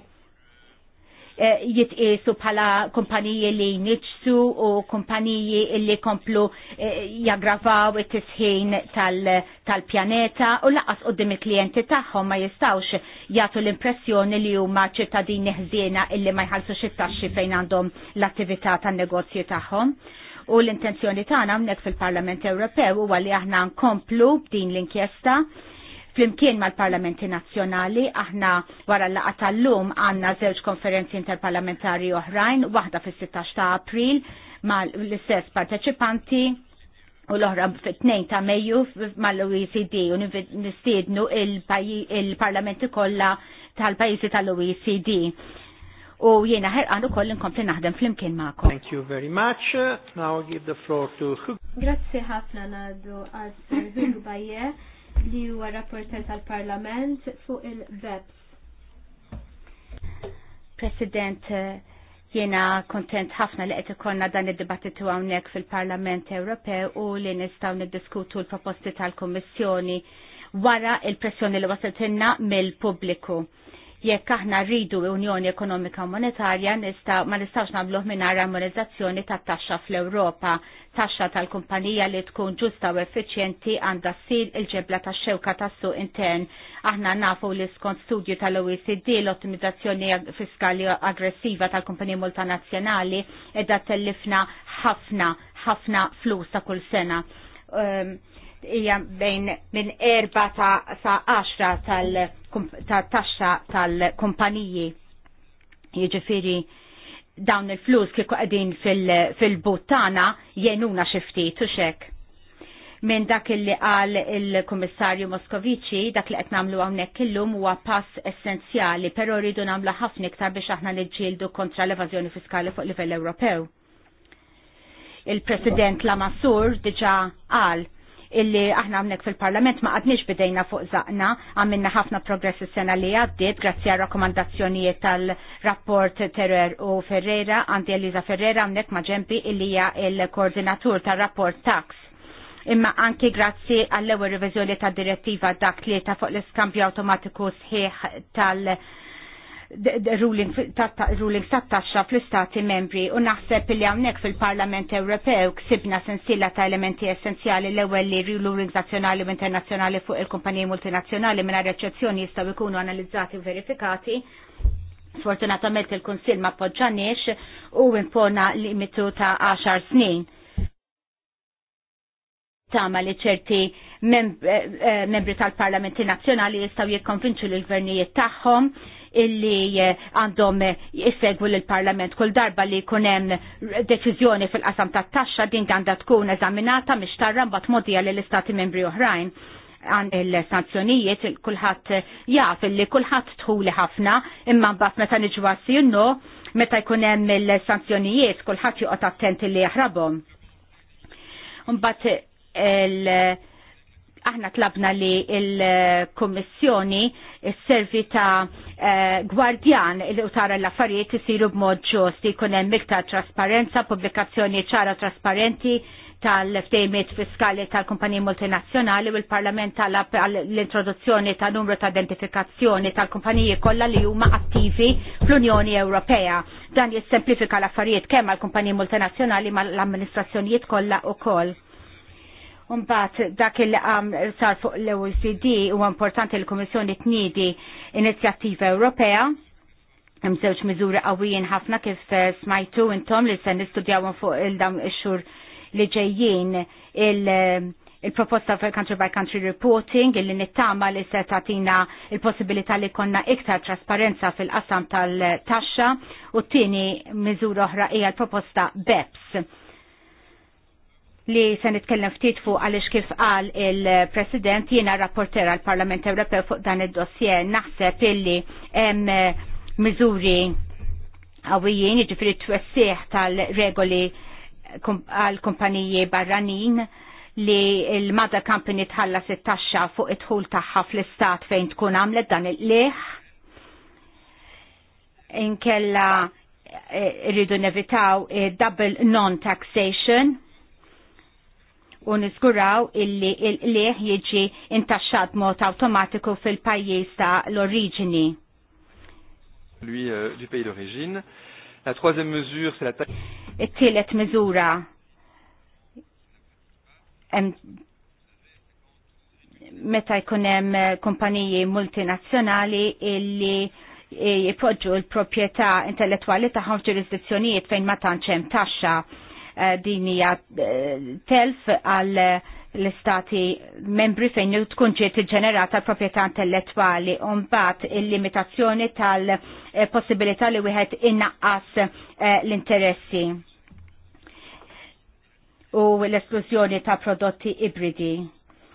Eh, jitqiesu bħala kumpaniji li niċsu u kumpaniji li komplu eh, jaggravaw it-tisħin tal-pjaneta u laqas u il-klijenti tagħhom ma jistawx jagħtu l-impressjoni li huma ċittadini ħżiena illi ma jħallsux it fejn għandhom l-attività tan-negozji tagħhom. U l-intenzjoni tagħna hawnhekk fil-Parlament Ewropew huwa li aħna nkomplu b'din l-inkjesta Flimkien mal-Parlamenti Nazzjonali aħna wara l-laqa tal-lum għandna żewġ konferenzi interparlamentari oħrajn, waħda fis-16 ta' April mal-istess parteċipanti u l-oħra fit-2 ta' Mejju mal-OECD u nistiednu il-parlamenti kollha tal-pajjiżi tal-OECD. U jiena ħerqan ukoll inkompli naħdem flimkien magħkom. Thank you very much. Now I give the floor to Grazzi ħafna nagħdu għal Sir Hugh li huwa rapporter tal-Parlament fuq il-BEPS. President, eh, Jiena kontent ħafna li qed ikonna dan id-dibattitu hawnhekk fil-Parlament Ewropew u li nistgħu niddiskutu l-proposti tal-Kummissjoni wara il-pressjoni li wasiltinna mill-pubbliku jekk aħna rridu Unjoni Ekonomika Monetarja nista, ma nistawx nagħmluh mingħajr armonizzazzjoni tat taxxa fl-Ewropa. Taxxa tal-kumpanija li tkun ġusta u effiċjenti għandha ssir il-ġebla tax-xewka tas-suq intern. Aħna nafu li skont studju tal-OECD l-ottimizzazzjoni fiskali aggressiva tal-kumpaniji multinazzjonali edha tellifna ħafna ħafna flus ta' kull sena. Um, hija bejn minn erba ta' sa' 10 tal-taxxa tal-kumpaniji. Jiġifieri dawn il-flus kieku qegħdin fil-buttana jenuna xi ftit u xek. Minn dak li qal il-Kummissarju Moskovici, dak li qed nagħmlu hawnhekk illum huwa pass essenzjali, però rridu nagħmlu ħafna iktar biex aħna niġġieldu kontra l-evażjoni fiskali fuq livell Ewropew. Il-President Lamassur diġà għal illi aħna għamnek fil-parlament ma għadniġ bidejna fuq zaqna, għamilna ħafna progress s-sena li għaddit, grazzi għal rakkomandazzjonijiet tal-rapport Terer u Ferrera, għandi Eliza Ferrera għamnek maġempi illi hija il-koordinatur tal-rapport tax imma anki grazzi għall-ewwel reviżjoni tad direttiva dak li ta' fuq l-iskambju awtomatiku sħiħ tal- ruling tat-taxxa fl-istati membri u naħseb li hawnhekk fil-Parlament Ewropew ksibna sensilla ta' elementi essenzjali l-ewwel li ruling nazzjonali u internazzjonali fuq il-kumpaniji multinazzjonali mingħajr reċezzjoni jistgħu jkunu analizzati u verifikati. Sfortunatament il-Kunsill ma poġġanix u impona limitu ta' 10 snin tama li ċerti eh, eh, membri tal-parlamenti nazjonali jistaw jikkonvinċu l-gvernijiet tagħhom illi eh, għandhom eh, jissegwu l-Parlament kull darba li kunem deċizjoni fil-qasam ta' taxxa din għandha tkun eżaminata miex tarra mbagħad modija l istati membri oħrajn għan il-sanzjonijiet, kullħat eh, jaf li kullħat tħuli ħafna, imma mbagħad meta niġu għassinnu, meta jkun hemm il-sanzjonijiet, kullħat joqgħod attenti li jaħrabhom. Mbagħad il- Aħna tlabna li il-Kommissjoni s-servi ta' eh, gwardjan il tara l-affarijiet isiru b'mod ġust jkun hemm iktar trasparenza, pubblikazzjoni ċara trasparenti tal-ftejmiet fiskali tal-kumpaniji multinazzjonali u l-Parlament tal-introduzzjoni ta' numru ta' identifikazzjoni tal-kumpaniji kollha li huma attivi fl-Unjoni Ewropea. Dan jissemplifika l-affarijiet kemm għall-kumpaniji multinazzjonali mal amministrazzjonijiet kollha koll. Unbat, dak il għam sar fuq l-OECD u importanti l-Komissjoni tniedi Inizjattiva Ewropea hemm żewġ miżuri qawwijin ħafna kif eh, smajtu intom li se nistudjawhom fuq il-dawn ix-xhur li ġejjin il- eh, il-proposta for country by country reporting illi nittama li se tatina il-possibilità li konna iktar trasparenza fil-qasam tal-taxxa u t-tieni miżura oħra hija l-proposta BEPS li se nitkellem ftit fuq għaliex kif qal il-President jiena rapporter għal Parlament Ewropew fuq dan id-dossier naħseb illi hemm eh, miżuri qawwijin, jiġifieri twessih tal-regoli għal kumpaniji barranin li l-mother company tħalla taxxa fuq it dħul tagħha fl-istat fejn tkun għamlet dan il-liħ. Inkella eh, rridu nevitaw eh, double non-taxation u niżguraw illi il liħ jiġi intaxxat mod awtomatiku fil-pajjiż ta' l-oriġini. Lui euh, du pays d'origine. La troisième mesure, c'est la taxe. It-tielet miżura meta jkun hemm eh, kumpaniji multinazzjonali illi eh, jipoġġu l-proprjetà intellettwali tagħhom ġurisdizzjonijiet fejn ma tantx hemm taxxa Eh, din hija eh, telf għal eh, l-istati membri fejn tkun ġiet ġenerata l-proprjetà intellettwali u mbagħad il-limitazzjoni tal-possibilità li wieħed innaqqas l-interessi u l-esklużjoni ta' prodotti ibridi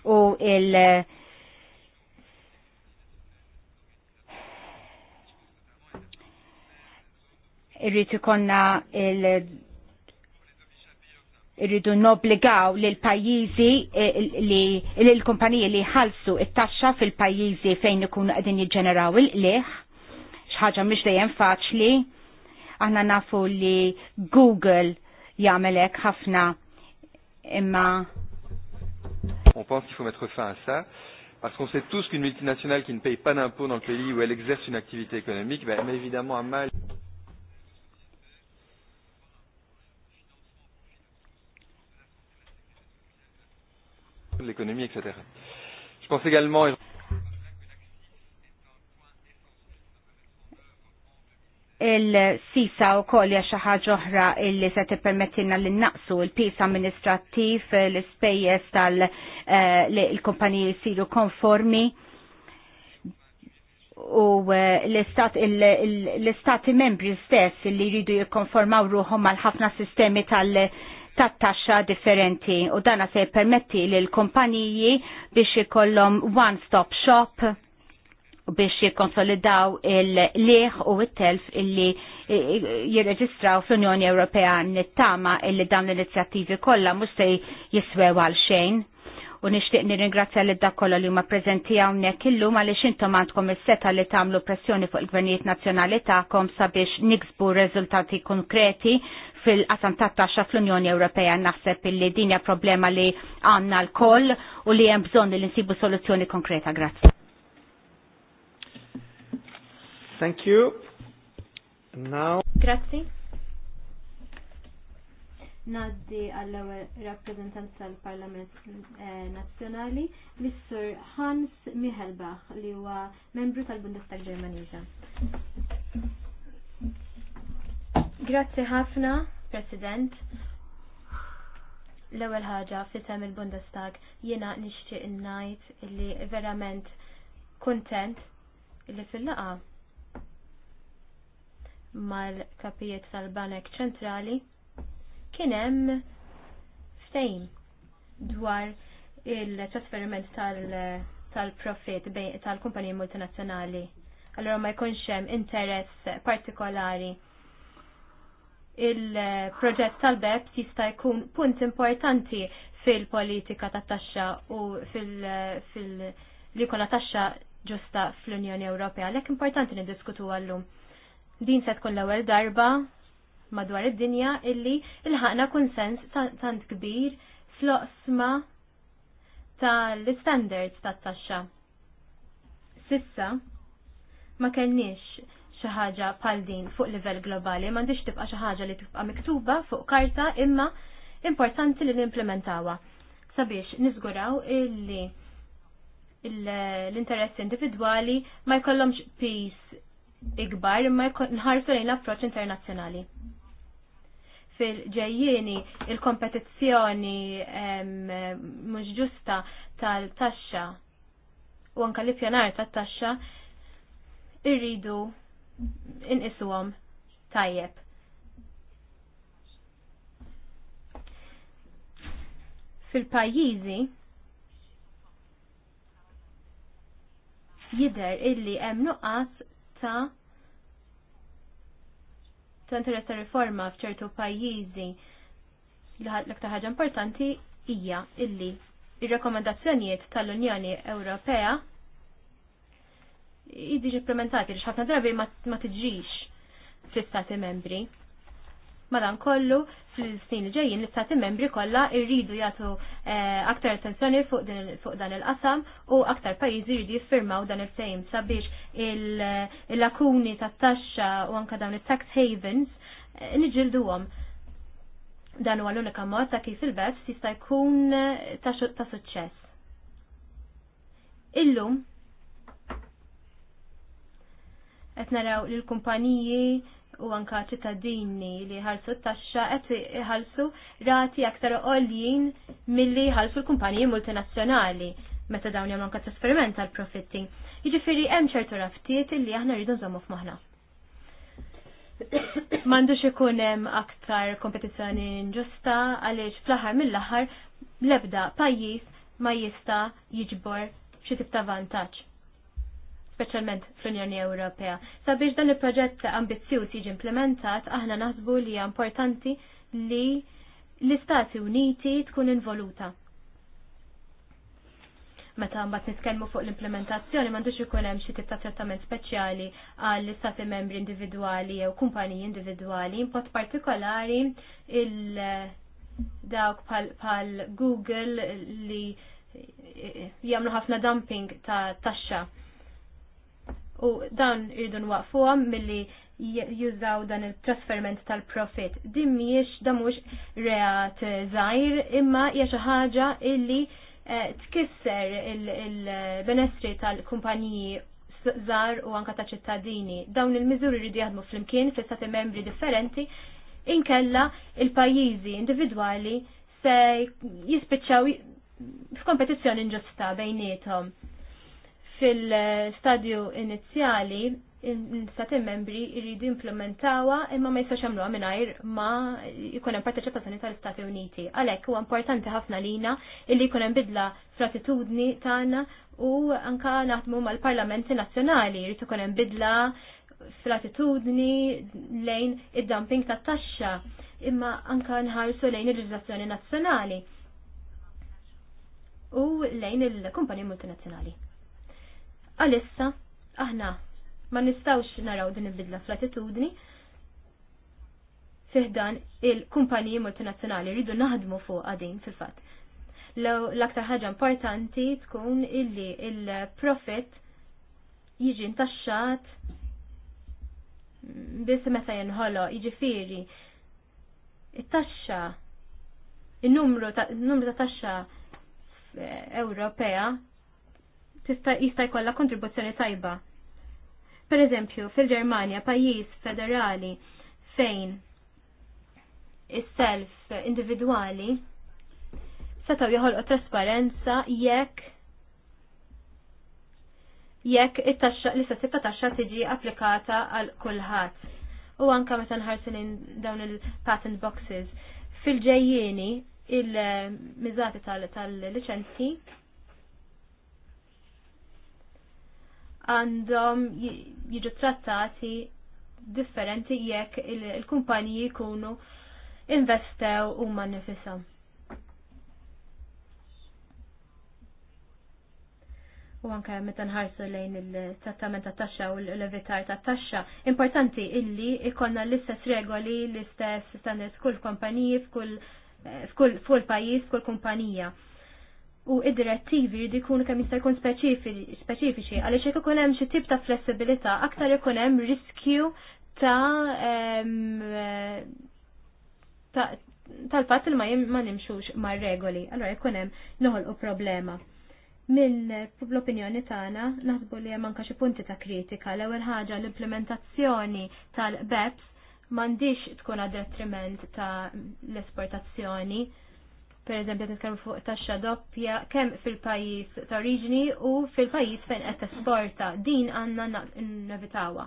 u il- irrit ikonna il- irridu nobligaw lil pajjiżi eh, li l-kumpaniji li ħalsu it-taxxa fil-pajjiżi fejn ikunu qegħdin jiġġeneraw il-qliħ. X'ħaġa mhix dejjem faċli. Aħna nafu li Google jagħmel hekk ħafna imma On pense qu'il faut mettre fin à ça. Parce qu'on sait tous qu'une multinationale qui ne paye pas d'impôts dans le pays où elle exerce une activité économique va bah, évidemment à mal de l'économie, etc. Je pense également... il-sisa u koll xi ħaġa oħra illi se tippermettilna li naqsu l-pis amministrattiv l-ispejjeż tal eh, il-kumpaniji jsiru konformi u eh, l-istati membri stess li jridu jikkonformaw ruħom mal ħafna sistemi tal- ta' taxxa differenti u dana se permetti lil kumpaniji biex ikollhom one-stop shop biex jikonsolidaw il-liħ u il-telf illi jirreġistraw fl-Unjoni Ewropea nittama illi dawn l-inizjattivi kollha mhux se jiswew għal xejn u nixtieq nirringrazzja lil dak kollha li huma preżenti hawnhekk illum għaliex intom għandkom is-seta li tagħmlu pressjoni fuq il-gvernijiet nazjonali takom sabiex niksbu rezultati konkreti fil-qasam ta' taxxa fl-Unjoni Ewropea naħseb illi din hija problema li għandna l-koll u li hemm bżonn li nsibu soluzzjoni konkreta. Grazie. Thank you. Now. Grazzi. Naddi għall-ewwel rappreżentant tal-Parlament eh, Nazzjonali l-Sur Hans Michelbach li huwa membru tal-Bundestag Ġermaniża. Grazzi ħafna, President. L-ewwel ħaġa fitem il-Bundestag jiena nixtieq ngħid li verament kuntent li fil-laqa mal-kapijiet tal-Banek Ċentrali kien hemm ftehim dwar il-trasferiment tal-profit tal profit tal kumpaniji multinazzjonali. Allora ma jkunx hemm interess partikolari. Il-proġett tal-BEPS jista' jkun punt importanti fil-politika tat taxxa u fil- li jkollha taxxa ġusta fl-Unjoni Ewropea. Lek importanti niddiskutu għallum. Din se tkun l-ewwel darba madwar id-dinja illi il-ħana konsens tant kbir fl-oqsma tal-standards tat-taxxa. Sissa, ma kellniex xi ħaġa bħal din fuq livell globali, m'għandix tibqa' xi ħaġa li tibqa' miktuba fuq karta imma importanti li nimplementawha sabiex niżguraw illi l-interess individwali ma jkollhomx peace ikbar imma nħarsu lejn approċċ internazzjonali fil ġejjini il-kompetizzjoni mhux ġusta tal-taxxa u anka li pjanar tat-taxxa irridu inqisuhom tajjeb. Fil-pajjiżi jidher illi hemm nuqqas ta' ta' ta' riforma f'ċertu pajjiżi l-aktar ħaġa importanti hija illi ir-rekomendazzjonijiet tal-Unjoni Ewropea jiġi implementati li ħafna drabi ma tiġix fl-istati membri. Madankollu, fil-snin ġejjin l-istati membri kollha irridu jagħtu eh, aktar attenzjoni fuq dan il-qasam u aktar pajjiżi jridu jiffirmaw dan il-fejm sabiex il-lakuni tat-taxxa u anke dawn it-tax havens eh, niġilduhom. Dan huwa l-unika mod ta' kif il-BEPS jista' jkun eh, ta' suċċess. Illum etnaraw l kumpaniji u anka ċittadini li ħalsu t-taxxa qed iħalsu rati aktar għoljin milli ħalsu l-kumpaniji multinazzjonali meta dawn jagħmlu anka trasferiment tal-profitti. Jiġifieri hemm ċertu raftiet li aħna rridu nżommu f'moħħna. M'għandux ikun hemm aktar kompetizzjoni inġusta għaliex fl-aħħar mill-aħħar l-ebda pajjiż ma jista' jiġbor xi tip ta' vantaġġ speċjalment fl-Unjoni Ewropea. Sabiex dan il-proġett ambizzjuż jiġi implementat, aħna naħsbu li hija importanti li l-Istati Uniti tkun involuta. Meta mbagħad nitkellmu fuq l-implementazzjoni m'għandux ikun hemm xi tip ta' trattament speċjali għall istati membri individwali jew kumpaniji individwali, impost partikolari il dawk bħal Google li jagħmlu ħafna dumping ta' taxxa. Ta u dan irridu nwaqfuhom milli jużaw dan il-trasferment tal-profit. Din mhijiex da mhux reat żgħir imma hija xi ħaġa illi eh, tkisser il-benessri tal-kumpaniji żgħar u anka ta' ċittadini. Dawn il-miżuri jridu jaħdmu flimkien fi stati membri differenti inkella il-pajjiżi individwali se jispiċċaw f'kompetizzjoni inġusta bejniethom fil-stadju inizjali l-istati membri jridu implementawa imma ma jistax jagħmluha mingħajr ma jkun hemm parteċipazzjoni tal-Istati Uniti. Għalhekk huwa importanti ħafna lina illi jkun hemm bidla fl-attitudni tagħna u anka naħdmu mal-Parlamenti Nazzjonali jrid ikun hemm bidla fl-attitudni lejn id-dumping tat-taxxa imma anka nħarsu lejn il-leġiżlazzjoni nazzjonali u lejn il-kumpaniji multinazzjonali. Għalissa, aħna ma nistawx naraw din il-bidla fl-attitudni fiħdan il-kumpaniji multinazzjonali rridu naħdmu fuq għadin fil-fat. L-aktar ħaġa importanti tkun illi il-profit jiġi ntaxxat biss meta jinħolo, jiġifieri it-taxxa, il-numru ta' taxxa eh, Ewropea tista' jista' jkollha kontribuzzjoni tajba. Per eżempju, fil-Ġermanja, pajjiż federali fejn is-self individwali setgħu joħolqu trasparenza jekk jekk it-taxxa l-istess taxxa tiġi applikata għal kulħadd. U anka meta nħarsu dawn il-patent boxes. Fil-ġejjieni il-miżati tal-liċenzi tal liċenzi għandhom jiġu trattati differenti jekk il-kumpaniji jkunu investew u nifisa. U anke meta nħarsu lejn il-trattament ta' taxxa u l-levitar ta' taxxa, importanti illi ikonna l-istess regoli, l-istess standards kull kumpaniji f'kull f'kull pajjiż, f'kull kumpanija u id-direttivi jridu jkunu kemm jista' jkun speċifiċi għaliex jekk ikun hemm xi tip ta' flessibilità aktar ikun hemm riskju ta' tal-fatt il ma nimxux mar regoli, allora jkun hemm noħolqu problema. Minn l-opinjoni tagħna naħsbu li hemm anke xi punti ta' kritika. L-ewwel ħaġa l-implementazzjoni tal-BEPS m'għandix tkun għad detriment ta' l-esportazzjoni per eżempju nitkellmu fuq taxxa doppja kemm fil-pajjiż ta' oriġini u fil-pajjiż fejn qed tesporta. Din għandna nevitawha.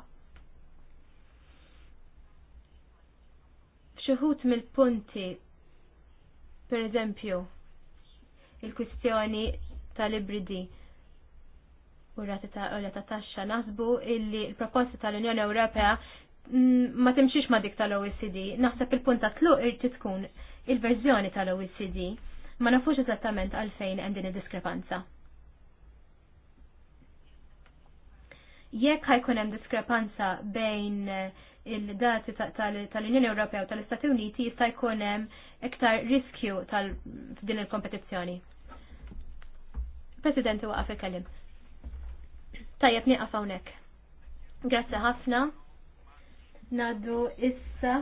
Xuħut mill-punti per eżempju il-kwistjoni tal-ibridi u rati ta' taxxa nasbu illi l-proposta tal-Unjoni Ewropea mm, ma timxiex ma dik tal-OECD. Naħseb il-punt ta' tluq irti tkun il-verżjoni tal-OECD ma nafux eżattament għalfejn hemm din id-diskrepanza. Jekk ħajkun hemm diskrepanza bejn eh, il-dati tal-Unjoni Ewropea u tal-Istati Uniti jista' jkun hemm iktar riskju tal-din il-kompetizzjoni. President waqaf il kellim. Tajjeb nieqaf hawnhekk. Grazzi ħafna. Nadu issa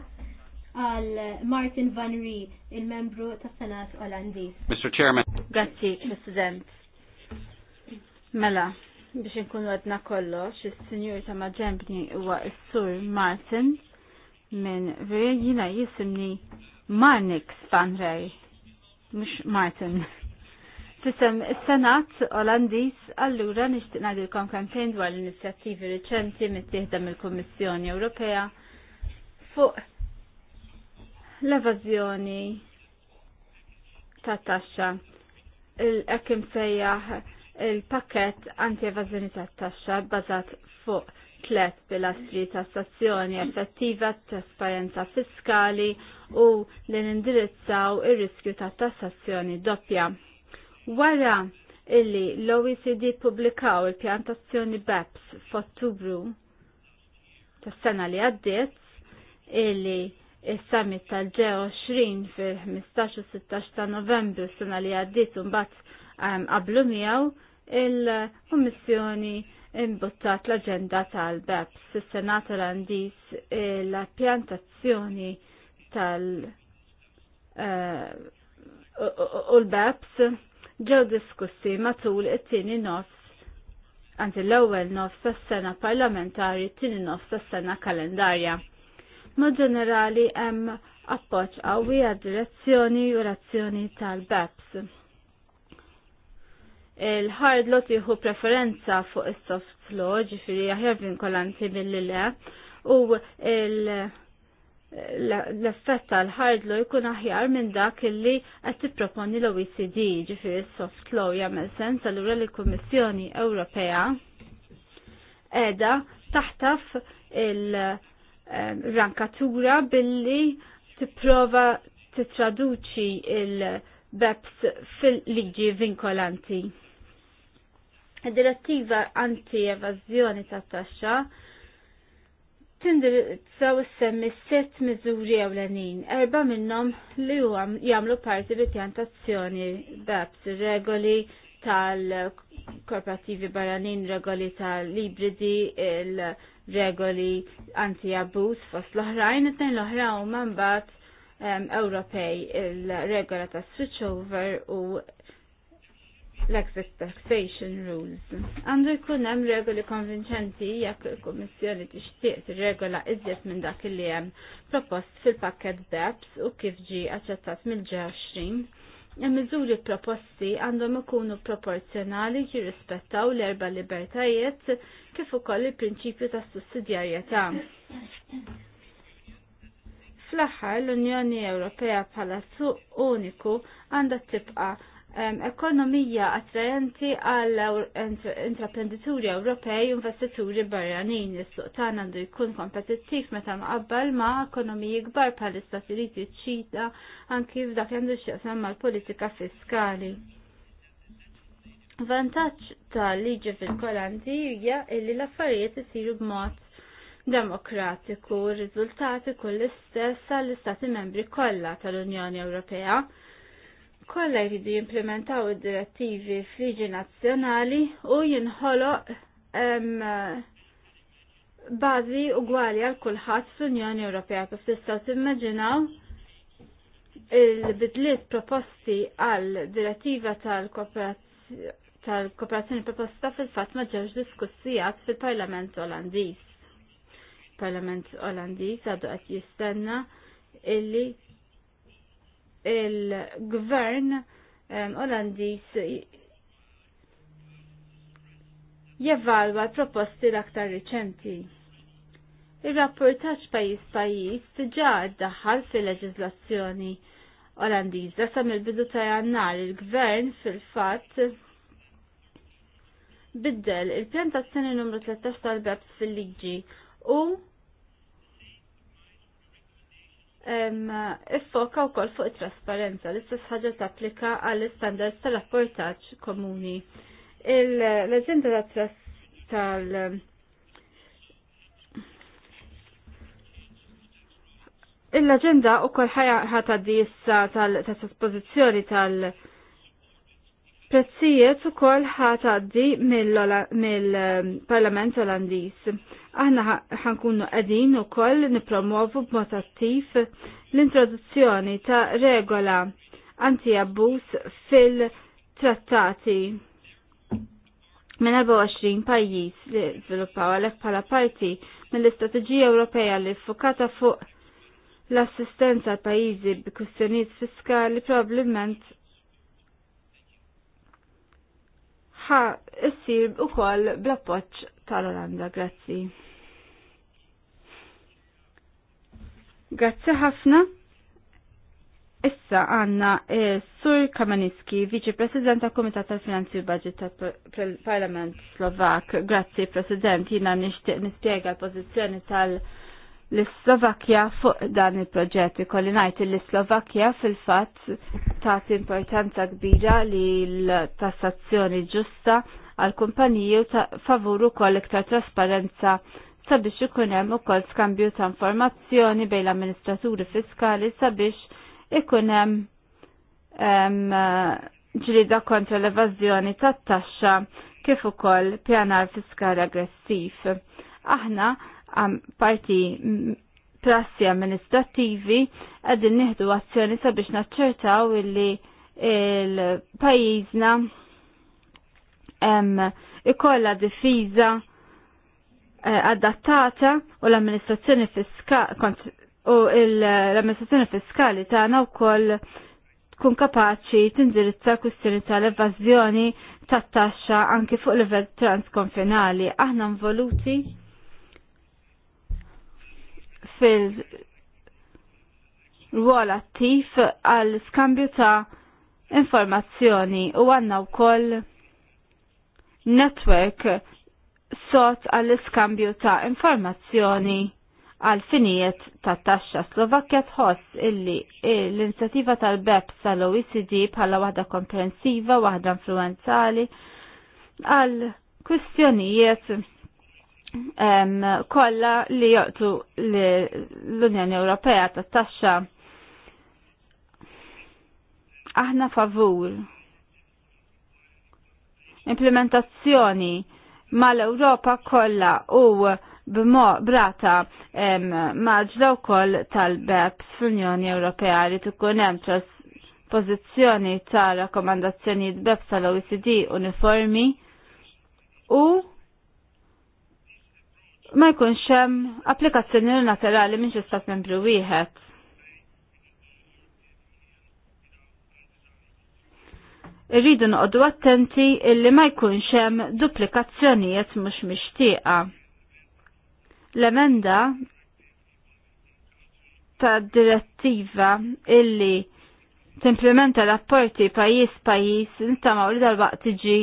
għal Martin Van Rie, il-membru tas senat Olandiż. Mr. Chairman. Grazzi, President. Mela, biex nkunu għadna kollox, il senjur ta' maġembni huwa il-Sur Martin minn Virjina jisimni Marnix Van Rej, mux Martin. Sistem, il-Senat Olandis allura nishtiq nagħdu kampejn dwar l-inizjattivi reċenti mittieħda mill-Kummissjoni Ewropea fuq l-evażjoni ta' taxxa. Il-ekim sejjaħ il-pakket anti-evażjoni ta' taxxa bbażat fuq tlet pilastri ta' stazzjoni effettiva, trasparenza fiskali u li nindirizzaw ir-riskju ta' tassazzjoni doppja. Wara illi l-OECD publikaw il-pjantazzjoni BEPS f'Ottubru tas sena li għaddiet illi il-summit tal-G20 fil-15 u 16 ta' novembru s-sena li għaddit un-bat um, qablu miegħu il-Kommissjoni imbuttat l-agenda tal-BEPS, il-Senat għandis l-pjantazzjoni tal- uh, u l-BEPS ġew diskussi matul it-tieni nofs Anzi l-ewwel nofs tas-sena parlamentari, t-tieni nofs tas-sena kalendarja. Mod ġenerali hemm appoġġ qawwi għad-direzzjoni u razzjoni tal-BEPS. Il-hard lot jieħu preferenza fuq is-soft law, ġifieri aħjar vinkolanti milli le, u l-effett tal-hard law jkun aħjar minn dak illi qed tipproponi l-OECD, ġifieri s-soft law jagħmel sens allura l-Kummissjoni Ewropea qiegħda taħtaf il- Eh, rankatura billi tipprova titraduċi il-BEPS fil-liġi vinkolanti. Direttiva anti-evazzjoni ta' taxxa tindirizzaw issemmi sitt miżuri ewlenin, erba minnhom li jagħmlu parti bit pjantazzjoni BEPS, regoli tal korporattivi barranin regoli ta' libridi il-regoli anti-abus fost l-oħrajn, it-tejn l-oħra u manbat um, Ewropej il-regola ta' switchover u l-exit taxation rules. Għandu jkun hemm regoli konvinċenti jekk il-Kummissjoni tixtieq regola iżjed minn dak li hemm propost fil-pakket BEPS u kif ġi aċċettat mill g miżuri proposti għandhom ikunu proporzjonali jirrispettaw l-erba libertajiet kif ukoll il-prinċipju ta' sussidjarjetà. Fl-aħħar l-Unjoni Ewropea bħala suq uniku għandha tibqa' ekonomija attrajenti għal intraprenditori Ewropej u investituri barranin. Is-suq tagħna għandu jkun kompetittiv meta mqabbal ma' ekonomiji kbar bħal istati Uniti ċita anki f'dak għandu x'jaqsam mal-politika fiskali. Vantaġġ ta' liġi vinkolanti hija illi l-affarijiet isiru b'mod demokratiku, r-riżultati kull istess għall-istati membri kollha tal-Unjoni Ewropea Kolla jridu jimplementaw id-direttivi fliġi nazzjonali u jinħoloq bażi ugwali għal kulħadd fl-Unjoni Ewropea kif tistgħu timmaġinaw il-bidliet proposti għal direttiva tal-kooperazzjoni proposta fil-fatt ma ġewx diskussijat fil-Parlament Olandiż. Parlament Olandiż għadu qed jistenna illi il-gvern Olandis jevalwa l-proposti l-aktar riċenti. Il-rapportaċ pajis pajis ġa daħal fil-leġizlazzjoni Olandiża sam mill-bidu ta' jannar il-gvern fil-fatt biddel il-pjan ta' numru 13 tal-BEPS fil-liġi u iffoka wkoll fuq it-trasparenza l-istess ħaġa tapplika għall standards tal-rapportaġġ komuni. L-aġenda tal Il-agenda u kol ħata di issa tal-trasposizjoni tal-, tal, tal prezzijiet ukoll ħataddi mill-Parlament Olandiż. Aħna ħankunu qegħdin ukoll nippromovu b'mod attiv l-introduzzjoni ta' regola anti abbus fil-trattati minn 24 pajjiż li żviluppaw għalhekk bħala parti mill-Istrateġija Ewropea li fukata fuq l-assistenza għal pajjiżi bi kwistjonijiet fiskali probabbilment ħa issir u koll blappoċ tal-Olanda. Grazzi. Grazzi ħafna. Issa għanna eh, Sur Kamaniski, Viċi President tal Komitat tal-Finanzi u Budget tal-Parlament Slovak. Grazzi President, jina nishtiq nispiega l-pozizjoni tal l slovakja fuq dan il-proġett. Ikolli ngħid li slovakja fil-fatt tagħti importanza kbira li l-tassazzjoni ġusta għal kumpaniji ta' favuru kol iktar trasparenza sabiex ikun hemm ukoll skambju ta' informazzjoni bejn l-amministraturi fiskali sabiex ikun hemm ġrida kontra l-evażjoni tat-taxxa kif ukoll pjanar fiskali aggressiv. Aħna parti prassi amministrativi għadin nieħdu azzjoni sabiex naċċertaw illi il-pajizna ikolla difiża eh, adattata u l-amministrazzjoni fiskali u l-amministrazzjoni fiskali tagħna wkoll tkun kapaċi tindirizza kwistjoni tal-evażjoni tat-taxxa anki fuq livell transkonfinali. Aħna voluti fil ruol attiv għal skambju ta' informazzjoni u għanna u koll network sot għall iskambju ta' informazzjoni għal finijiet ta' taxxa Slovakkja tħoss illi l-inizjattiva tal-BEPS tal-OECD bħala waħda komprensiva, waħda influenzali għal kwistjonijiet kolla li joqtu l-Unjoni Ewropea ta' taxxa. Aħna favur implementazzjoni mal-Ewropa kollha u brata maġla wkoll tal-BEPS fl-Unjoni Ewropea li tkun hemm pożizzjoni ta' rakkomandazzjonijiet BEPS tal-OECD uniformi u ma jkunx hemm applikazzjoni naturali minn xi membru wieħed. Irridu noqogħdu attenti illi ma jkunx hemm duplikazzjonijiet mhux mixtieqa. L-emenda ta' direttiva illi timplementa rapporti pajjiż pajjiż intama u li darba tiġi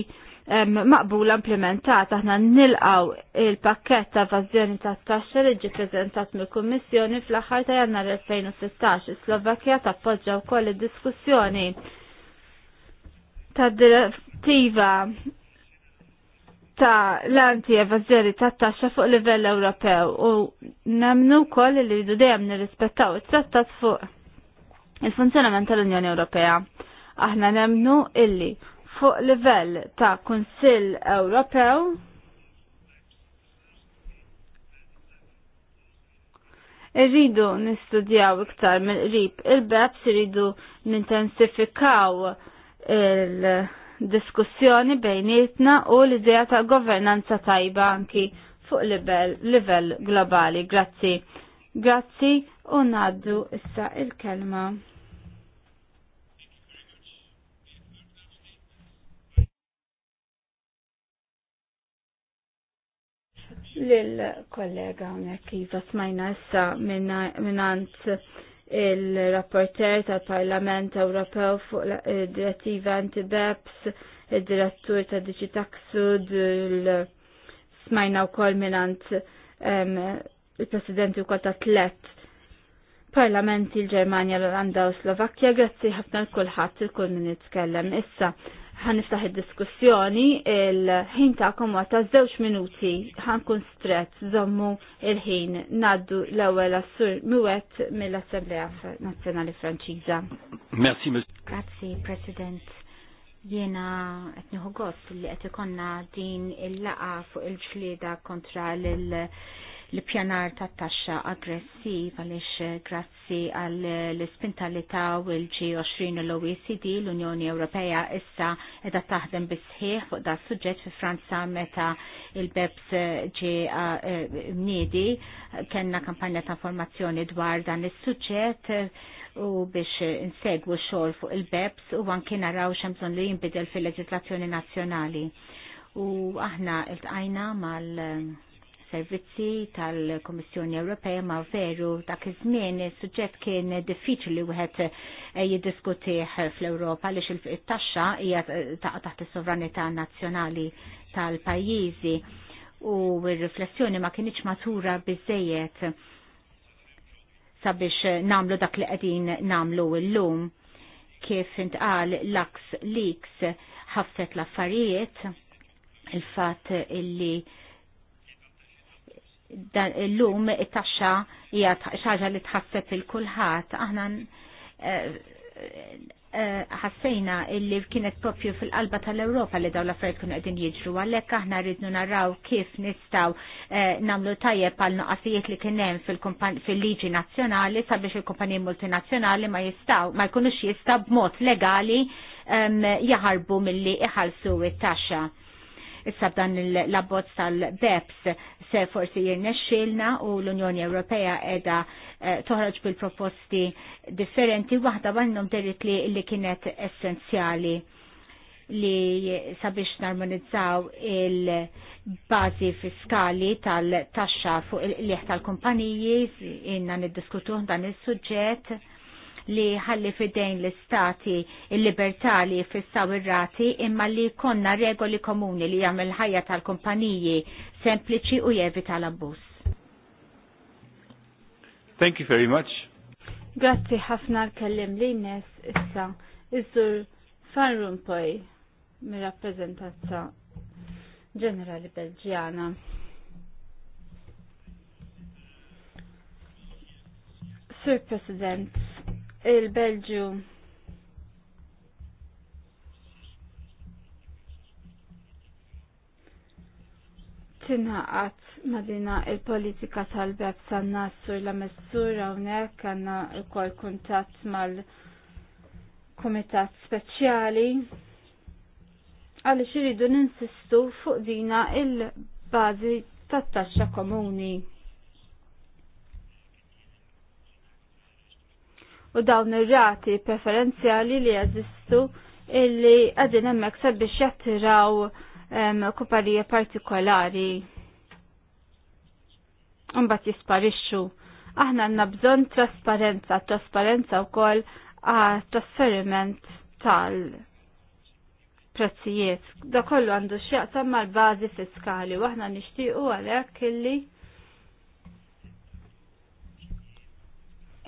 maqbula implementata aħna nilqaw il-pakket ta' vazzjoni ta' taxxa li ġi prezentat mill-Kummissjoni fl-aħħar ta' Jannar 2016. Slovakkja tappoġġa wkoll id-diskussjoni ta' direttiva ta' l-anti evazzjoni ta' taxxa fuq livell Ewropew u nemnu wkoll li rridu dejjem nirrispettaw it-trattat fuq il-funzjonament tal-Unjoni Ewropea. Aħna nemnu illi fuq livell ta' Kunsill Ewropew irridu nistudjaw iktar mill-qrib il-BEPS irridu nintensifikaw il-diskussjoni bejnietna u l-idea ta' governanza tajba anki fuq livell, livell globali. Grazzi. Grazzi u naddu issa il-kelma Lil-kollega unek jiva smajna issa minnant il-rapporter tal-Parlament Ewropew fuq il-direttiva anti-BEPS, il-direttur ta' Digitaxud, smajna u koll minnant il-presidenti u koll ta' tlet parlamenti il germania l-Olanda u Slovakkja, grazzi ħafna l-kulħat il-kull minn jitkellem. Issa, ħanistaħi id-diskussjoni il-ħin ta'kom ta' żewġ minuti ħankun stret żommu il-ħin naddu l-ewwel assur Muwet mill-Assemblea Nazzjonali Franċiża. Merci, Grazzi, President. Jena qed nieħu gost li qed ikonna din il-laqa fuq il-ġlieda kontra l- l-pjanar ta' taxxa aggressiv għaliex eh, grazzi għall eh, l-ispintalità u l-G20 u l-OECD l-Unjoni Ewropea issa edha taħdem bisħiħ fuq da' suġġett fi Franza meta il-BEPS eh, ġi mnidi kena kampanja ta' informazzjoni dwar dan is-suġġett u biex insegwu xogħol fuq il-BEPS u anki naraw xemżon li jinbidel fil-leġislazzjoni nazzjonali. U aħna iltqajna mal- servizzi tal-Komissjoni Ewropea ma' veru dak iż-żmien is-suġġett kien diffiċli wieħed eh, jiddiskutih fl-Ewropa għaliex it-taxxa hija taħt is-sovranità nazzjonali tal-pajjiżi u r-riflessjoni ma kienx matura biżejjed sabiex namlu dak li qegħdin namlu llum kif intqal l-aks leaks ħafet l-affarijiet il-fat illi l-lum it-taxxa hija xaġa li tħasset il-kulħadd. Aħna eh, eh, ħassejna illi kienet propju fil-qalba tal-Ewropa li daw l-affarijiet kienu qegħdin jiġru għalhekk aħna rridnu naraw kif nistgħu eh, nagħmlu tajjeb għal nuqqasijiet li kien hemm fil-liġi nazzjonali sabiex il-kumpaniji multinazzjonali ma jistgħu ma jkunux jistgħu b'mod legali jaħarbu milli iħallsu it-taxxa issa b'dan l-abbozz tal-BEPS se forsi jirnexxilna u l-Unjoni Ewropea edha eh, toħroġ bil-proposti differenti waħda minnhom derit li, li kienet essenzjali li sabiex narmonizzaw il-bazi fiskali tal-taxxa fuq il-liħ tal-kumpaniji inna niddiskutuh dan il-suġġett li ħalli fidejn l-istati il-libertà li fissaw ir-rati imma li konna regoli komuni li jagħmel ħajja tal-kumpaniji sempliċi u jevita l-abbuż. Thank you very much. Grazzi ħafna l-kellim li nes issa iżur Farrun poj mir-rappreżentazza ġenerali Belġjana. Sir President, il-Belġu tinħaqat madina il-politika tal-beb tan-nassur la messura hawnhekk għandna wkoll kuntatt mal-kumitat speċjali għaliex iridu ninsistu fuq dina il-bażi tat-taxxa komuni. u dawn ir-rati preferenzjali li jeżistu illi għadin hemmhekk sabiex jattiraw kuparija partikolari. Mbagħad jisparixxu. Aħna għandna bżonn trasparenza, trasparenza wkoll għat trasferiment tal- prezzijiet. Da kollu għandu xieqsam mal bazi fiskali, u aħna nixtiequ għalek illi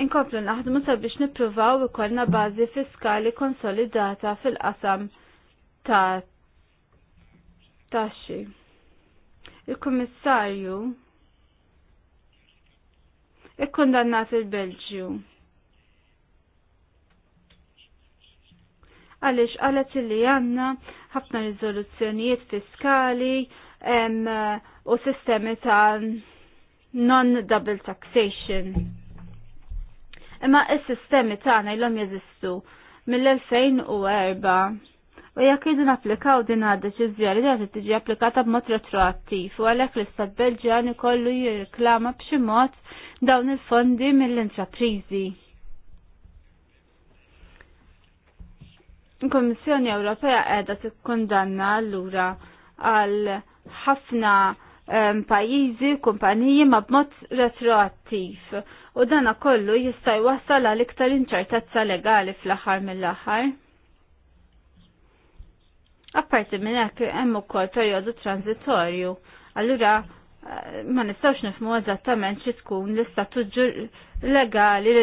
Inkomplu naħdmu sabiex nippruvaw ikollna bażi fiskali konsolidata fil-qasam ta' taxxi. Il-Kummissarju ikkundannat il-Belġju. Għaliex qalet li għandna ħafna riżoluzzjonijiet fiskali u sistemi ta' non-double taxation imma s-sistemi tagħna ilhom jeżistu mill-2004 u jekk jridu napplikaw din għad-deċiżjoni li qed tiġi applikata b'mod retroattiv u għalhekk l-Istat Belġjan ikollu jirklama b'xi mod dawn il-fondi mill-intraprizi. Il-Kommissjoni Ewropea qiegħda tikkundanna allura għal ħafna ehm, pajjiżi, kumpaniji ma b'mod retroattiv u dana kollu jista' jwassal għal iktar inċertezza legali fl-aħħar mill-aħħar. Apparti minn hekk hemm ukoll perjodu transitorju. Allura eh, ma nistgħux nifhmu eżattament xi tkun l-istatut legali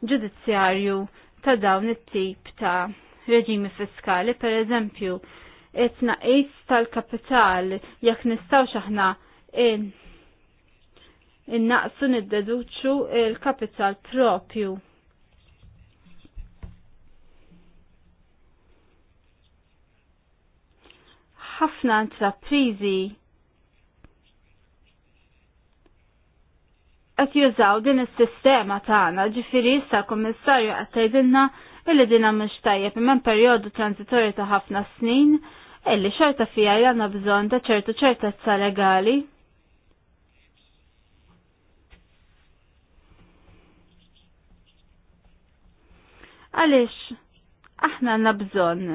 ġudizzjarju ta' dawn it-tip ta' reġimi fiskali, per eżempju, it-naqis tal-kapital jekk nistgħux aħna innaqsu niddeduċu il-kapital propju. ħafna intraprizi qed jużaw din is-sistema tagħna, ġifieri issa l kummissarju qed tgħidilna illi dinha mhux tajjeb imman perjodu transitorju ta' ħafna snin illi xorta fija għandna bżonn ta' ċertu ċertezza legali. Għaliex aħna għandna bżonn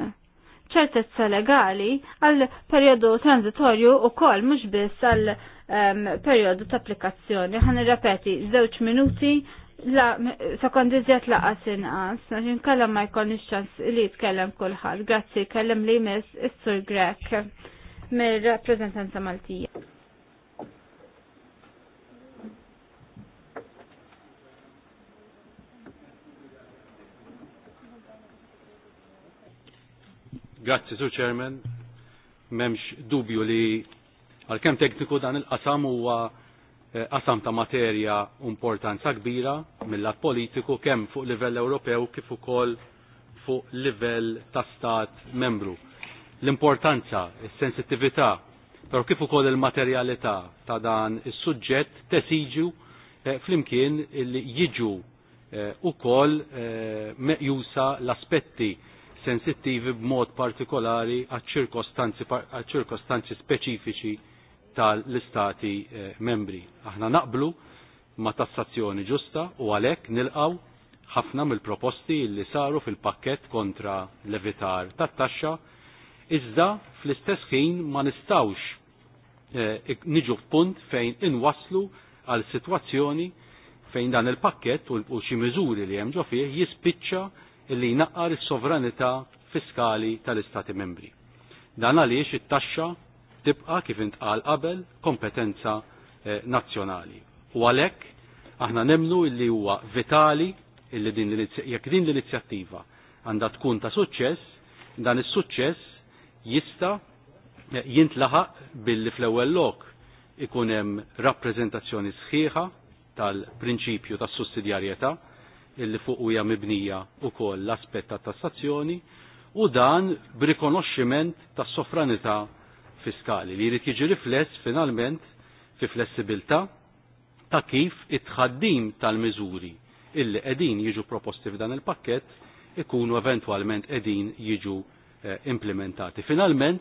ċertezza legali għal perjodu transitorju u kol mux biss għal um, periodu ta' applikazzjoni. ħan repeti, żewġ minuti la sekondi zjat laqas għas, għaxin kellem ma jkollni xċans li jitkellem kulħadd. Grazzi, kellem li jmiss is-Sur Grek mir-rappreżentanza Maltija. Grazzi, Sur Chairman. Memx dubju li għal-kem tekniku dan il-qasam huwa eh, qasam ta' materja importanza kbira mill-lat politiku kemm fuq livell Ewropew kif ukoll fuq livell ta' stat membru. L-importanza, is-sensittività, però kif ukoll il-materjalità ta' dan is-suġġett tesiġu fl eh, flimkien li jiġu eh, ukoll eh, meqjusa l-aspetti sensittivi b'mod partikolari għal-ċirkostanzi speċifiċi tal-istati eh, membri. Aħna naqblu ma' tassazzjoni ġusta u għalek nilqaw ħafna mill-proposti li saru fil-pakket kontra l-evitar tat-taxxa, iżda fl-istess ħin ma nistawx eh, niġu punt fejn inwaslu għal situazzjoni fejn dan il-pakket u xi miżuri li hemm ġo fih jispiċċa illi jnaqqar is-sovranità fiskali tal-Istati membri. Dan għaliex it-taxxa tibqa' kif intqal qabel kompetenza eh, nazzjonali. U għalhekk aħna nemnu illi huwa vitali illi din jekk din l-inizjattiva għandha tkun ta' suċċess, dan is-suċċess jista' eh, jintlaħaq billi fl-ewwel lok ikun hemm rappreżentazzjoni sħiħa tal-prinċipju tas-sussidjarjetà illi fuq huja mibnija ukoll l-aspett ta' tassazzjoni u dan b'rikonoxximent tas sofranità fiskali li jrid jiġi rifless finalment fi flessibilità ta' kif it-tħaddim tal-miżuri illi qegħdin jiġu proposti f'dan il-pakkett ikunu eventwalment qegħdin jiġu eh, implementati. Finalment,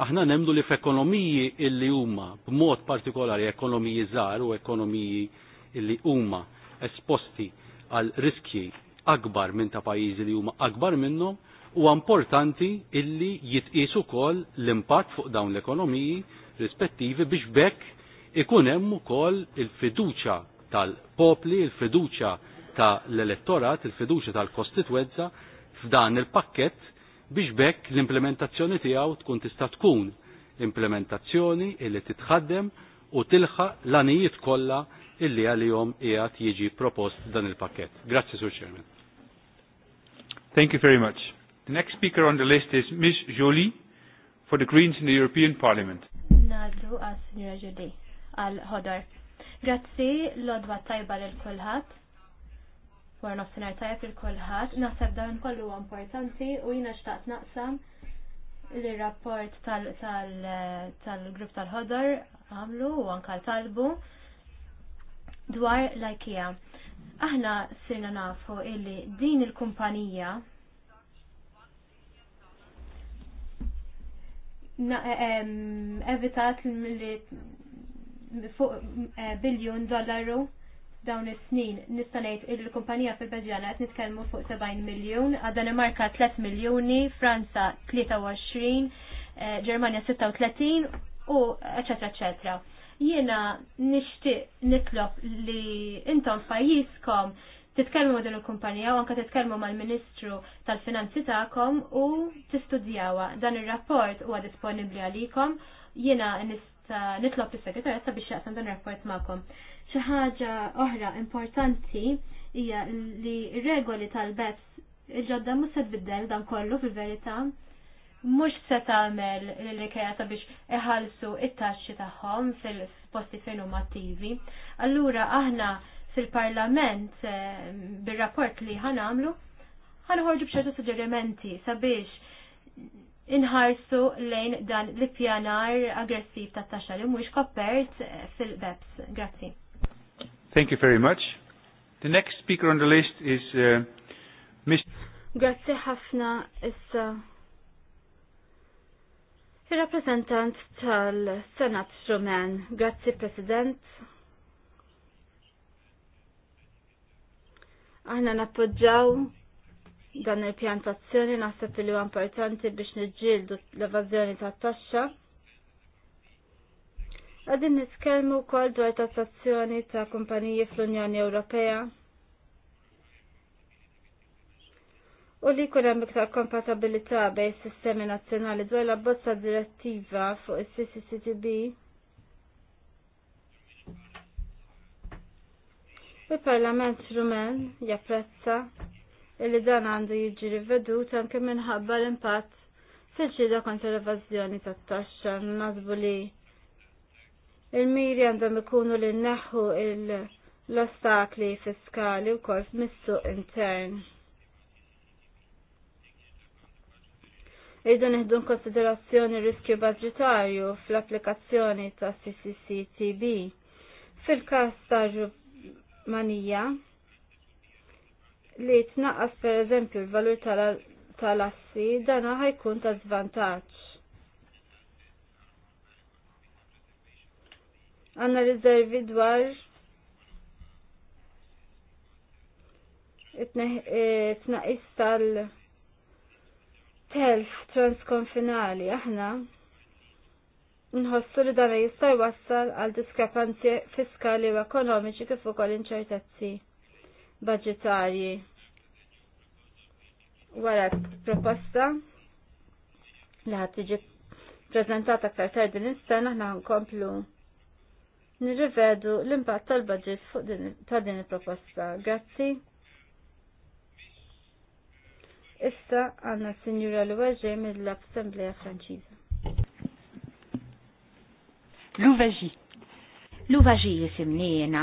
aħna nemdu li f'ekonomiji illi huma b'mod partikolari ekonomiji żgħar u ekonomiji illi huma esposti għal riskji akbar minn ta' pajjiżi li huma akbar minnhom u importanti illi jitqisu kol l-impatt fuq dawn l-ekonomiji rispettivi biex bekk ikun hemm ukoll il-fiduċa tal-popli, il-fiduċa tal-elettorat, il-fiduċa tal kostitwenza f'dan il-pakket biex bekk l-implementazzjoni tiegħu tkun tista' tkun implementazzjoni illi titħaddem u tilħa l-anijiet kollha illi għalihom qiegħed jiġi propost dan il-pakket. Grazzi, Sur Chairman. Thank you very much. The next speaker on the list is Ms. Jolie for the Greens in the European Parliament. Nadu għas Signora Jolie għal ħodar. Grazzi l-odwa tajba l kulħadd War nofsinhar tajb l kulħadd Nasab dan kollu importanti u jiena xtaqt naqsam l-rapport tal-grupp tal-ħodar għamlu u anka talbu dwar l-IKEA. Aħna sirna nafu illi din il-kumpanija e- evitat li fuq e, biljun dollaru dawn is-snin nista' ngħid il-kumpanija fil-Belġjana qed nitkellmu fuq 70 miljun, għad-Danimarka 3 miljuni, Franza 23, e, Ġermanja 36 u eċetera eċetera. Jiena nixtieq nitlob li intom pajjiżkom titkellmu din il-kumpanija u anke titkellmu mal-Ministru tal-Finanzi tagħkom u tistudjawa. Dan ir-rapport huwa disponibbli għalikom. Jiena nista' nitlob is-segretarja sabiex jaqsam dan il rapport ma'kom. Xi ħaġa oħra importanti hija li regoli tal-BEPS il-ġodda mhux se tbiddel dan kollu fil-verità mhux se tagħmel li kajata sabiex iħallsu it-taxxi tagħhom fil-posti fejn mattivi, Allura aħna fil-Parlament eh, bir-rapport li ħanamlu ħanħorġu b'ċertu suġġerimenti sabiex inħarsu lejn dan l-pjanar aggressiv ta' taxxa li mhuwiex koppert eh, fil-BEPS. Grazzi. Thank you very much. The next speaker on the list is uh, eh, Ms. Grazzi ħafna issa Il-rappresentant tal-Senat Rumen, grazzi President. Aħna nappoġġaw dan il-pjantazzjoni naħseb li huwa importanti biex niġġieldu l-evażjoni tat-taxxa. Għadin nitkellmu wkoll dwar tassazzjoni ta' kumpaniji fl-Unjoni Ewropea u li jkun hemm iktar kompatibilità bejn is-sistemi nazzjonali dwar l bozza direttiva fuq is-CCCTB. Il-Parlament Rumen japprezza li dan għandu jiġi rivedut anke minħabba l-impatt fil-ġida kontra l-evażjoni tat-taxxa nazbu li il-miri għandhom ikunu li neħu l-ostakli fiskali u kol suq intern. Irdu neħdu konsiderazzjoni riskju budgetarju fl-applikazzjoni ta' CCCTB. Fil-kas ta' ġumanija li tnaqqas per eżempju l-valur tal-assi dana ħajkun ta' zvantaċ. Għanna rizervi dwar it-tnaqis eh, tal- telf transkonfinali aħna nħossu li dan jista' jwassal għal diskrepanzi fiskali u ekonomiċi kif ukoll inċertezzi budgetarji. Wara proposta li ħadd tiġi preżentata aktar tard din is-sena aħna nkomplu nirrivedu l-impatt tal-budget fuq ta' din il-proposta. Grazzi. Issa għanna Signora Louvagie mill-Assembleja Franċiża. l Louvagie jisimni jena.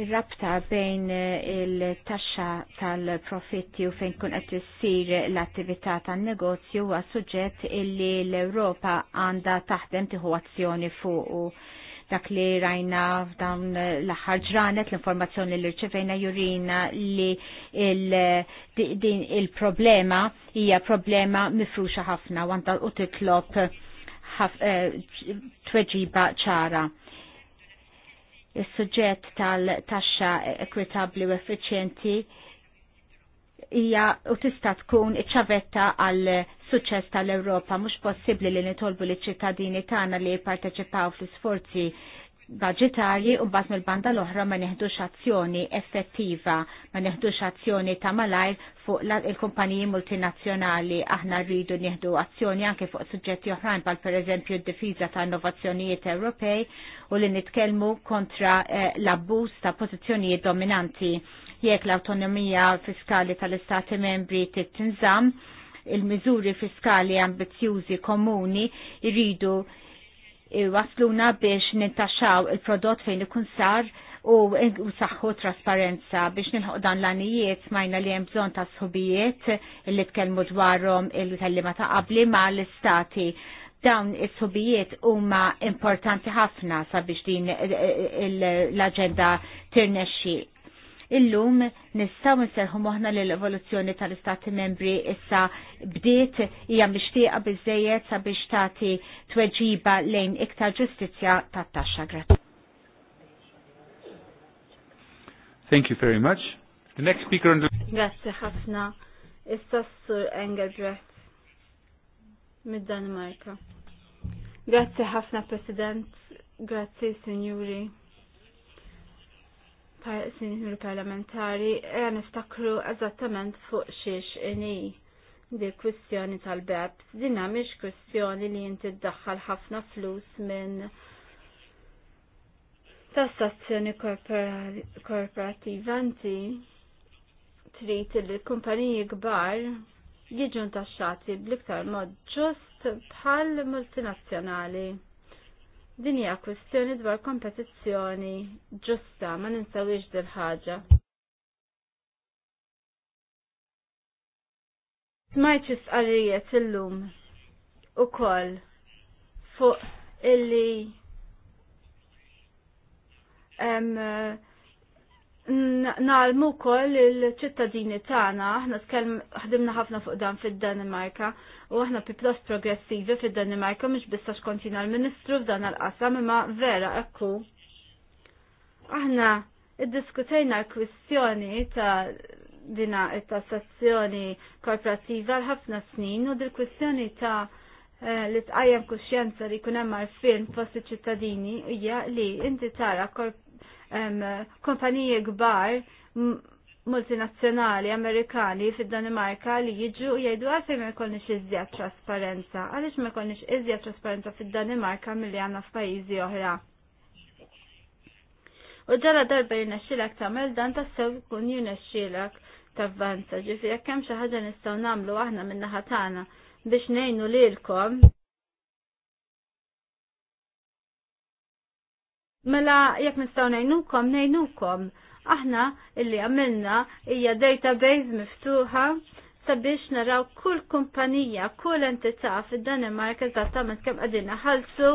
Ir-rabta bejn eh, il-taxxa tal-profitti u fejn kun qed issir l-attività tan-negozju huwa suġġett illi l-Ewropa għandha taħdem tieħu azzjoni fuq dak li rajna f'dawn l-aħħar ġranet l-informazzjoni li rċevejna jurina li din il-problema hija problema mifruxa ħafna għandha u titlob eh, tweġiba ċara. Is-suġġett tal-taxxa ekwitabli u effiċjenti hija u tista' tkun iċ-ċavetta għal suċċess tal-Ewropa mhux possibbli li nitolbu li ċittadini tagħna li jipparteċipaw fl-isforzi budgetarji u bat mill-banda l-oħra ma neħdux azzjoni effettiva, ma neħdux azzjoni ta' malajr fuq il-kumpaniji multinazzjonali. Aħna rridu neħdu azzjoni anke fuq suġġetti oħrajn bħal per eżempju d-difiża ta' innovazzjonijiet Ewropej u li nitkellmu kontra eh, l-abbuż ta' pożizzjonijiet dominanti. Jekk l-autonomija fiskali tal-Istati membri titinżam, il-miżuri fiskali ambizjużi komuni jridu wasluna biex nintaxxaw il-prodott fejn ikun sar u saħħu trasparenza biex nilħu dan l-anijiet smajna li hemm bżonn ta' sħubijiet li tkellmu dwarhom il-kellima ta' qabli ma' l-istati dawn is-subijiet huma importanti ħafna sabiex din l-aġenda tirnexxi. Illum nistaw nserħu moħna l evoluzzjoni tal-Istati membri issa bdiet hija mixtieqa biżejjed sabiex tagħti tweġiba lejn iktar ġustizzja tat-taxxa. Thank you very much. The next speaker on the Grazie ħafna. Issa sur Engelbrecht mid-Danimarka. Grazzi ħafna President, grazzi Signori sinjur parlamentari għan e, niftakru eżattament fuq xiex ini di kwistjoni tal-BEPS. Dina miex kwistjoni li jinti ddaħħal ħafna flus minn tassazzjoni korporativa inti trid li kumpaniji kbar jiġu ntaxxati bl-iktar mod ġust bħal multinazzjonali. Din hija kwestjoni dwar kompetizzjoni ġusta ma ninsawix dil ħaġa. Smajt isqarrijiet illum ukoll fuq illi um, uh, nalmu kol il-ċittadini tagħna, aħna tkellm ħdimna ħafna fuq dan fil danimarka u aħna piplas progressivi fid-Danimarka mhux bistax kontina l-Ministru f'dan l qasam imma vera ekku. Aħna iddiskutejna l-kwistjoni ta' dina il tassazzjoni korporattiva l-ħafna snin u dil-kwistjoni ta' eh, li tqajjem kuxjenza li kunem marfin fost iċ-ċittadini hija li inti tara kompaniji kbar multinazzjonali Amerikani fid-Danimarka li jiġu jajdu għalfejn ah, ma jkollniex iżjed trasparenza, għaliex ma jkollniex iżjed trasparenza fid-Danimarka milli għandna f'pajjiżi oħra. U ġara darba jinexxilek tagħmel dan tassew sew kun tavvanza, ġifieri jekk hemm xi ħaġa nistgħu nagħmlu aħna min-naħa tagħna biex ngħinu lilkom. Mela, jekk nistgħu ngħinukom, ngħinukom. Aħna illi għamilna hija database miftuħa sabiex naraw kull kumpanija, kull entità fid-Danimarka eżattament kemm qegħdin ħalsu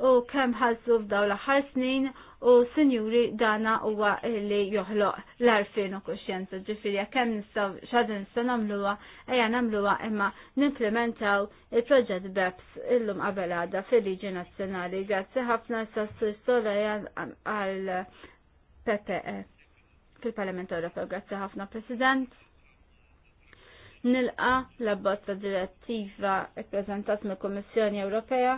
u kemm ħazzu f'daw l-aħħar snin u sinjuri dana huwa li joħloq l-arfin u kuxjenza ġifiri kemm hemm nistgħu x'għadu nistgħu nagħmluha ejja nagħmluha imma nimplementaw il-proġett BEPS illum qabel għadha fil-Liġi Nazzjonali. Grazzi ħafna s-sassur sola għal PPE fil-Parlament Ewropew. Grazzi ħafna President nilqa l-abbozza direttiva ppreżentat mill-Kummissjoni Ewropea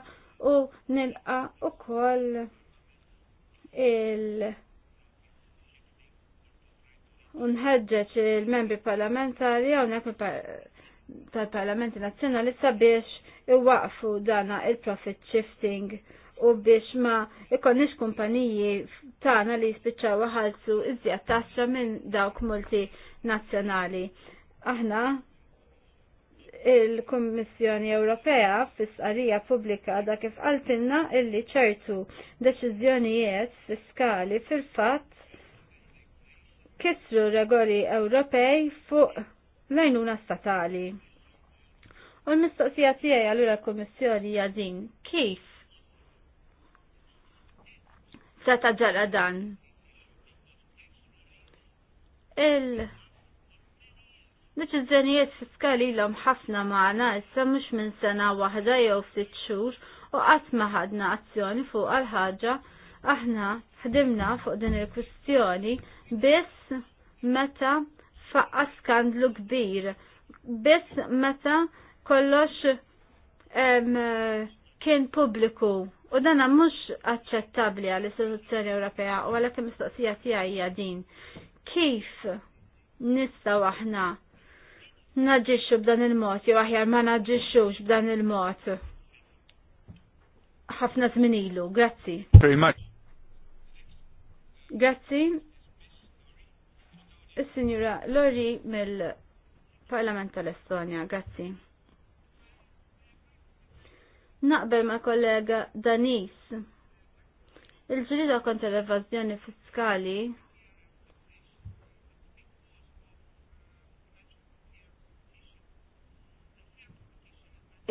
u nilqa ukoll il- unħedġeċ il-membri parlamentari għonek tal-parlamenti nazzjonali sabiex iwaqfu dana il-profit shifting u biex ma ikonnix kumpaniji tana li jispiċċaw ħalsu iżjed taxxa minn dawk multi nazzjonali. Aħna il-Kommissjoni Ewropea fis-qarija pubblika da kif qaltilna illi ċertu deċiżjonijiet fiskali fil-fatt kisru regoli Ewropej fuq l-għajnuna statali. U l-mistoqsija tiegħi għallura l-Kommissjoni hija din kif se ġara dan? Il- Deċiżjonijiet fiskali l ħafna maħna issa mux minn sena wahda jew ftit xhur u qatt ma ħadna azzjoni fuq għal ħaġa aħna ħdimna fuq din il-kwistjoni biss meta faqqa skandlu kbir, biss meta kollox kien pubbliku u dana mhux aċċettabbli għall-Istituzzjoni Ewropea u għalhekk il-mistoqsija tiegħi din. Kif nistgħu aħna naġġixxu b'dan il-mod jew aħjar ma naġġixxux b'dan il-mod. Ħafna żmien ilu, grazzi. Very much. Grazzi. Is-Sinjura Lori mill-Parlament tal-Estonja, grazzi. Naqbel ma' kollega Danis. Il-ġrida kontra l-evażjoni fiskali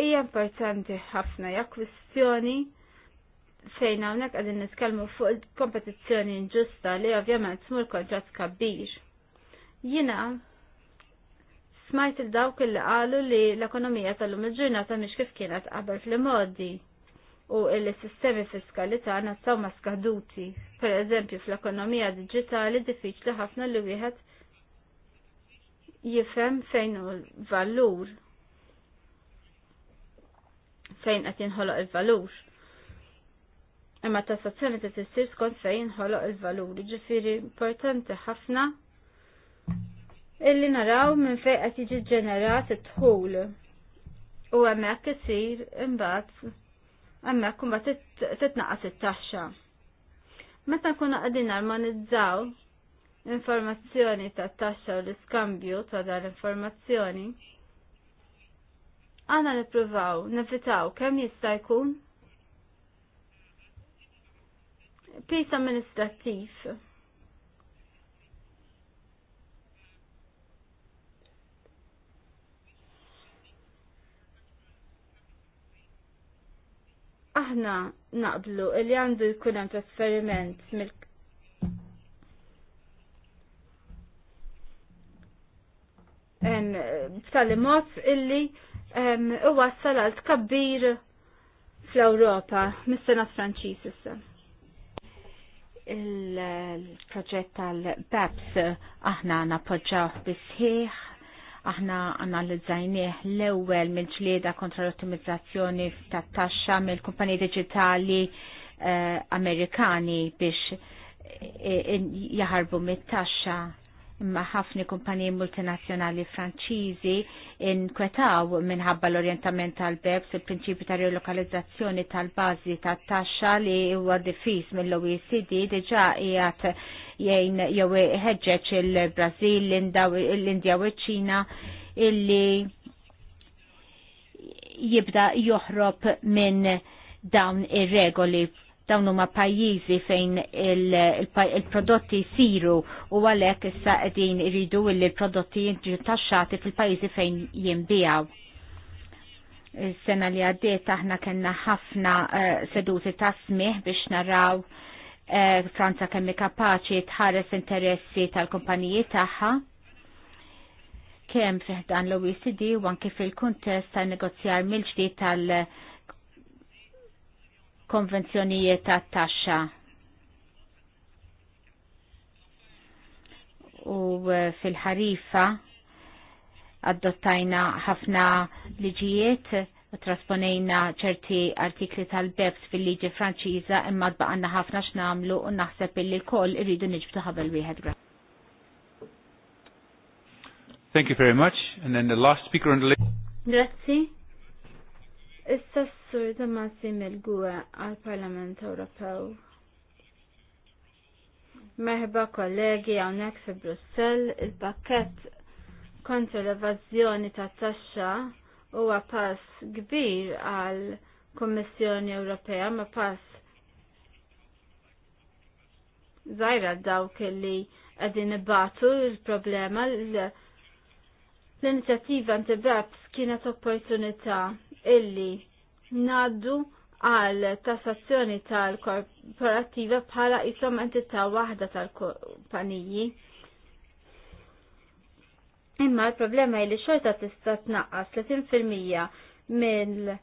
hija importanti ħafna ja kwistjoni fejn hawnhekk qegħdin nitkellmu fuq kompetizzjoni inġusta li ovvjament smur kontratt kabbir. Jiena smajt il-dawk li qalu li l-ekonomija tal-lum il-ġurnata mhix kif kienet qabel fl-modi u il-sistemi fiskali tagħna taw ma skaduti. Per eżempju, fl-ekonomija digitali diffiċli ħafna li wieħed jifhem fejn hu l-valur fejn qed jinħoloq il-valur. Imma tassazzjoni ta' tissir skont fejn jinħoloq il-valur. Ġifieri importanti ħafna illi naraw minn fejn qed jiġi ġenerat id-dħul. U hemmhekk isir imbagħad hemmhekk imbagħad titnaqqas it-taxxa. Meta nkunu qegħdin armonizzaw informazzjoni ta' taxxa u l-iskambju ta' l informazzjoni Għana nipruvaw, nifitaw kemm jista' jkun pis amministrattiv. Aħna naqblu li għandu jkun hemm trasferiment mill b'tali mod illi U għassal għal tkabbir fl-Ewropa mis sena Franċiż issa. Il-proġett tal-BEPS aħna napoġġaw bisħiħ, aħna analizzajnieh l-ewwel mill-ġlieda kontra l-ottimizzazzjoni tat-taxxa mill-kumpaniji digitali eh, Amerikani biex eh, jaħarbu mit-taxxa imma ħafni kumpaniji multinazzjonali franċiżi inkwetaw minħabba l-orientament tal-BEPS il-prinċipju ta' relokalizzazzjoni tal-bażi tat-taxxa li huwa diffiż mill-OECD diġà qiegħed jgħin jew ħeġġeġ il-Brażil, l-Indja u ċ-Ċina illi jibda joħrob minn dawn ir-regoli dawn huma pajjiżi fejn il-prodotti il siru u għalhekk issa qegħdin iridu li l-prodotti jiġu taxxati fil-pajjiżi fejn jinbijaw. Is-sena li għaddiet aħna kellna ħafna uh, seduti ta' smih biex naraw uh, Franza kemm kapaċi tħares interessi tal-kumpaniji tagħha kemm fiħdan l-OECD u anke fil-kuntest ta' negozjar mill-ġdid tal- -ġdid konvenzjonijiet ta' taxxa. U eh, fil-ħarifa adottajna ħafna liġijiet u trasponejna ċerti artikli tal-BEPS fil-liġi franċiża imma tbaqanna ħafna x'namlu u naħseb illi l-koll irridu niġbdu ħabel wieħed. Thank you very much. And then the last speaker on the list. Grazie. Issa sessur sur Damasi gwe għal-Parlament Ewropew. Merħba kollegi għonek fi Brussell, il-pakket kontra l-evazjoni ta' taxxa huwa pass kbir għal Kommissjoni Ewropea ma pass zaħira dawk li għedin ibbatu il-problema l-inizjattiva antibaps kienet opportunità illi naddu għal tassazzjoni tal-korporattiva bħala isom entità waħda tal-kompaniji. Imma l-problema li xorta tista' tnaqqas 30% mill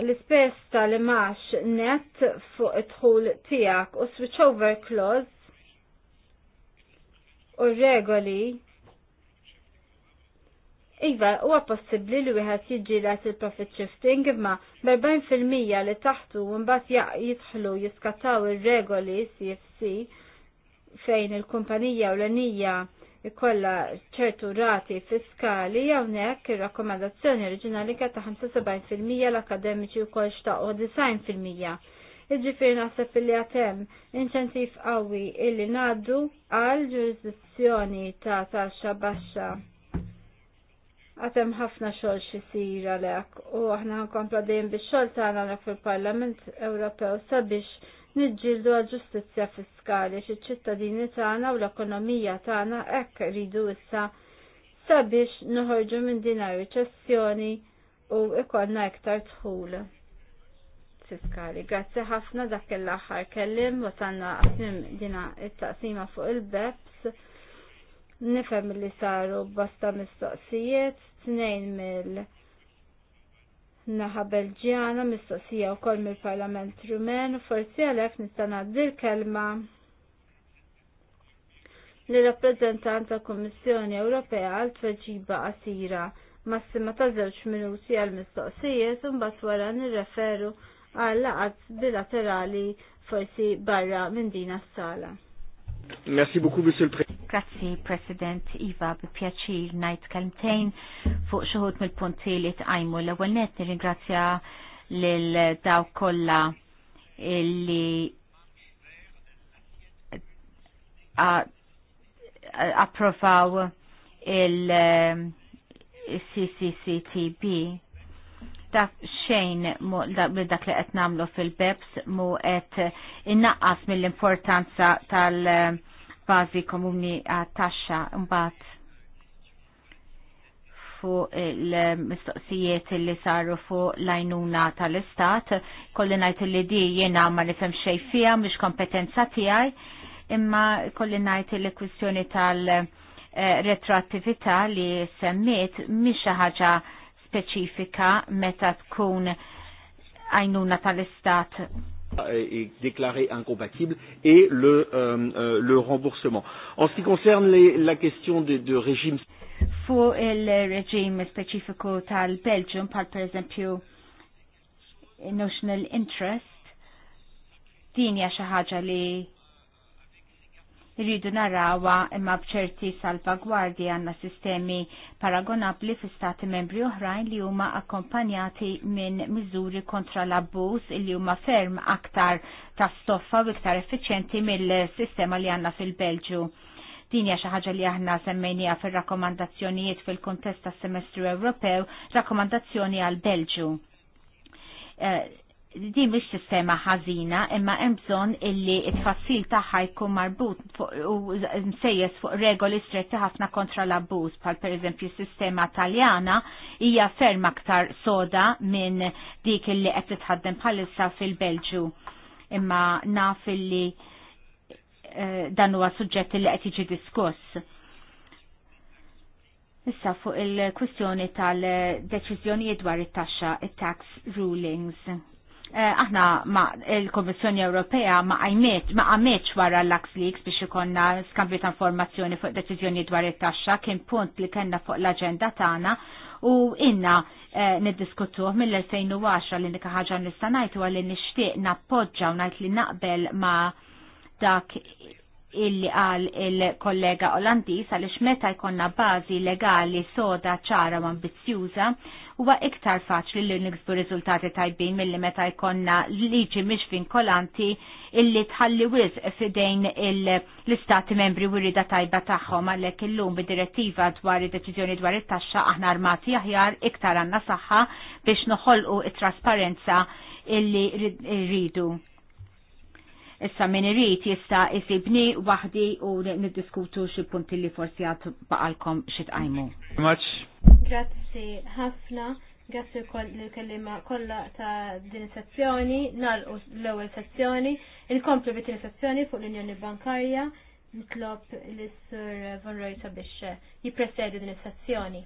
l-ispess tal-imax net fuq id-dħul tiegħek u switchover clause u regoli Iva, huwa possibbli li wieħed jiġġielet il-profit shifting imma fil-mija li taħtu mbagħad jidħlu jiskattaw ir-regoli CFC fejn il-kumpanija u l-anija ikolla ċertu rati fiskali hawnhekk ir-rakkomandazzjoni oriġinali kien ta' 75% l-akademiċi wkoll xtaqgħu 90%. Iġifieri naħseb li għatem inċentiv qawwi illi ngħaddu għal ġurisdizzjoni ta' taxxa baxxa għatem ħafna xogħol xi sir għalhekk u aħna nkomplu dejjem bix-xogħol tagħna hawnhekk fil-Parlament Ewropew sabiex niġġieldu għal ġustizzja fiskali xi ċittadini tagħna u l-ekonomija tagħna hekk ridu issa sabiex noħorġu minn din riċessjoni u ikollna iktar dħul fiskali. Grazzi ħafna dak l-aħħar kellim wasanna għasnim dina it-taqsima fuq il-BEPS nifhem li saru basta mistoqsijiet, tnejn mill naħa Belġjana mistoqsija wkoll mill-Parlament Rumen, forsi għalek nistana ngħaddi l-kelma li rappresentant ta' Kommissjoni Ewropea għal tweġiba qasira massima ta' żewġ minuti għal mistoqsijiet u mbagħad wara nirreferu għal laqat bilaterali forsi barra minn din as-sala. Merci beaucoup, Monsieur le Président. Grazie, President Iva, bi pjaċir najt kelmtejn fuq xoħut mil punti li tqajmu l-ewwel net nirringrazzja l daw kolla li approvaw il-CCCTB eh, dak xejn dak li qed nagħmlu fil-BEPS mu qed innaqqas mill-importanza tal-bażi komuni għat-taxxa mbagħad fuq il-mistoqsijiet li saru fuq lajnuna tal-istat, kolli ngħid li di jiena ma nifhem xejn fiha mhix kompetenza tiegħi, imma kolli ngħid li kwistjoni tal- eh, retroattività li semmiet mhix xi ħaġa speċifika meta tkun għajnuna tal-istat est déclaré incompatible et le, euh, euh, le remboursement. En ce qui concerne les, la question de, de régime fu il-reġim speċifiku tal-Belgium, par exemple eżempju notional interest, din a xi ħaġa li Irridu narawa imma bċerti salvagwardi għanna sistemi paragonabli fi stati membri oħrajn li huma akkompanjati minn miżuri kontra l-abbuż li huma ferm aktar ta' stoffa u iktar effiċjenti mill-sistema li għanna fil-Belġu. Din hija xi ħaġa li aħna semmejniha fir-rakkomandazzjonijiet fil-kuntest tas-semestru Ewropew, rakkomandazzjoni għal Belġu. Eh, di mhix sistema ħażina imma hemm bżonn illi t-tfassil tagħha jkun marbut u msejjes fuq regoli stretti ħafna kontra l-abbuż bħal pereżempju sistema Taljana hija ferm aktar soda minn dik illi qed titħaddem bħalissa fil-Belġu. Imma naf illi eh, dan huwa suġġett li qed jiġi diskuss. Issa fuq il-kwistjoni tal-deċiżjonijiet dwar it-taxxa, it-tax rulings Eh, aħna ma il-Kommissjoni Ewropea ma għajmet, ma għametx wara l-Lux Leaks biex ikonna skambju ta' informazzjoni fuq deċiżjoni dwar it-taxxa kien punt li kellna fuq l agenda tagħna u inna eh, niddiskutuh mill-2010 li nika ħaġa nista' ngħid nishtiq li nixtieq nappoġġa u ngħid li naqbel ma' dak illi għal il-kollega Olandis għalix meta jkonna bazi legali soda ċara u ambizzjuża huwa iktar faċli li niksbu riżultati tajbin milli meta jkonna liġi mhix vinkolanti illi tħalli wisq fidejn l-istati membri u rida tajba tagħhom għalhekk illum bid-direttiva dwar id-deċiżjoni dwar it-taxxa aħna armati aħjar iktar għandna saħħa biex noħolqu it-trasparenza illi rridu. Issa min irid jista' jisibni waħdi u niddiskutu xi punti li forsi għad baqalkom xi tqajmu. Grazzi ħafna. Grazzi l-kellima kollha ta' din sezzjoni, nalqu l-ewwel sezzjoni, inkomplu bit sezzjoni fuq l-Unjoni Bankarja, nitlob l-Sur Von Roy biex jippresedi din sezzjoni.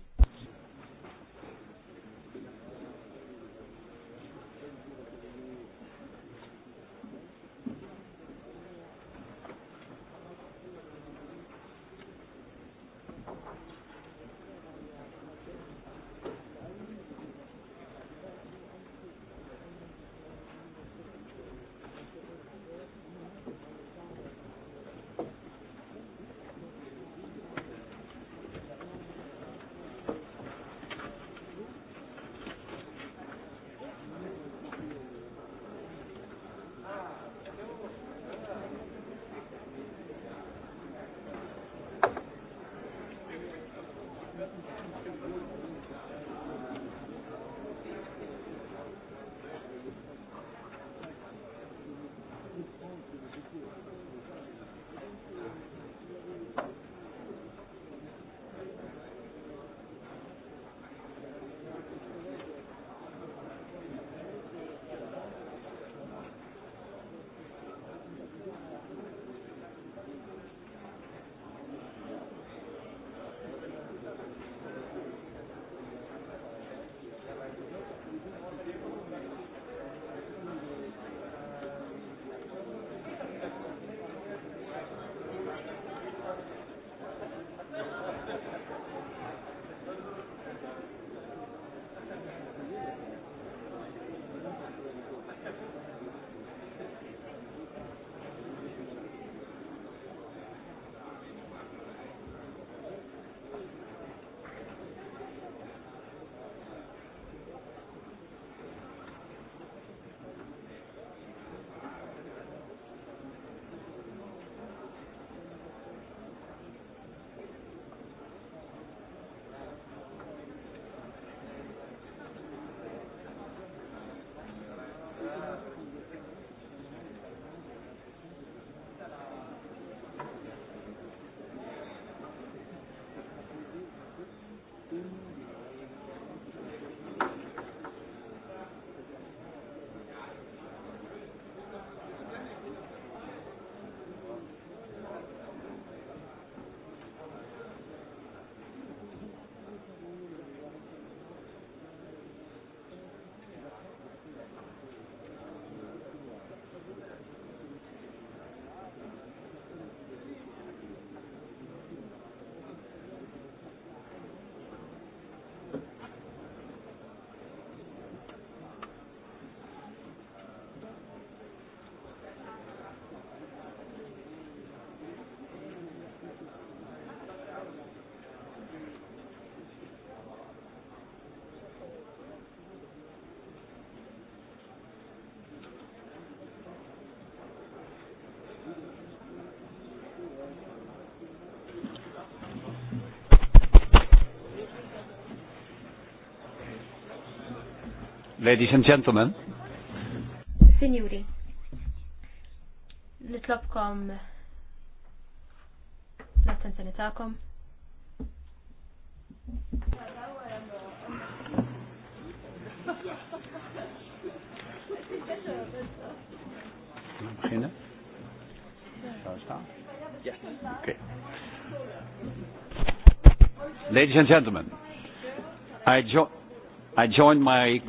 Ladies and gentlemen. Signori, nitlobkom l-attenzjoni tagħkom. Ladies and gentlemen, I, jo I joined my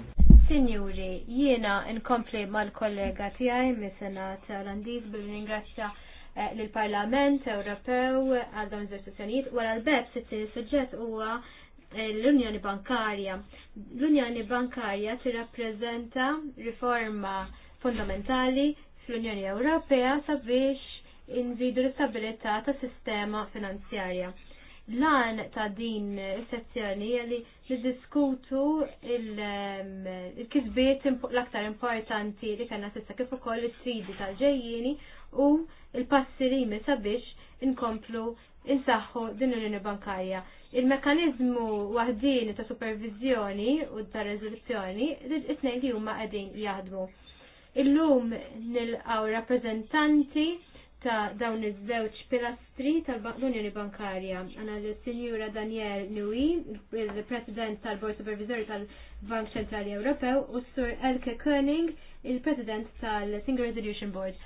Signori, jiena inkompli mal-kollega tiegħi mis-Senat Olandiż bil ringraċċa eh, l-Parlament Ewropew għal dawn iż-istituzzjonijiet wara l-BEPS it-tieni suġġett huwa eh, l-Unjoni Bankarja. L-Unjoni Bankarja tirrappreżenta riforma fondamentali fl-Unjoni Ewropea sabiex inżidu l-istabilità ta' sistema finanzjarja. Lan ta' din is-sezzjoni li niddiskutu um, il-kisbiet l-aktar importanti li kellna sissa kif ukoll is-sfidi tal ġejjini u l-passi li jmi sabiex inkomplu insaħħu din l-Unjoni Bankarja. Il-mekanizmu waħdini ta' supervizjoni u ta' rezoluzzjoni it-tnejn li huma qegħdin jaħdmu. Illum nilqgħu rappreżentanti ta' dawn iż-żewġ pilastri tal-Unjoni Bankarja. Għana l-Sinjura Daniel Nui, il-President tal-Bord Supervisor tal-Bank Ċentrali Ewropew, u s-Sur Elke Koenig, il-President tal-Single Resolution Board.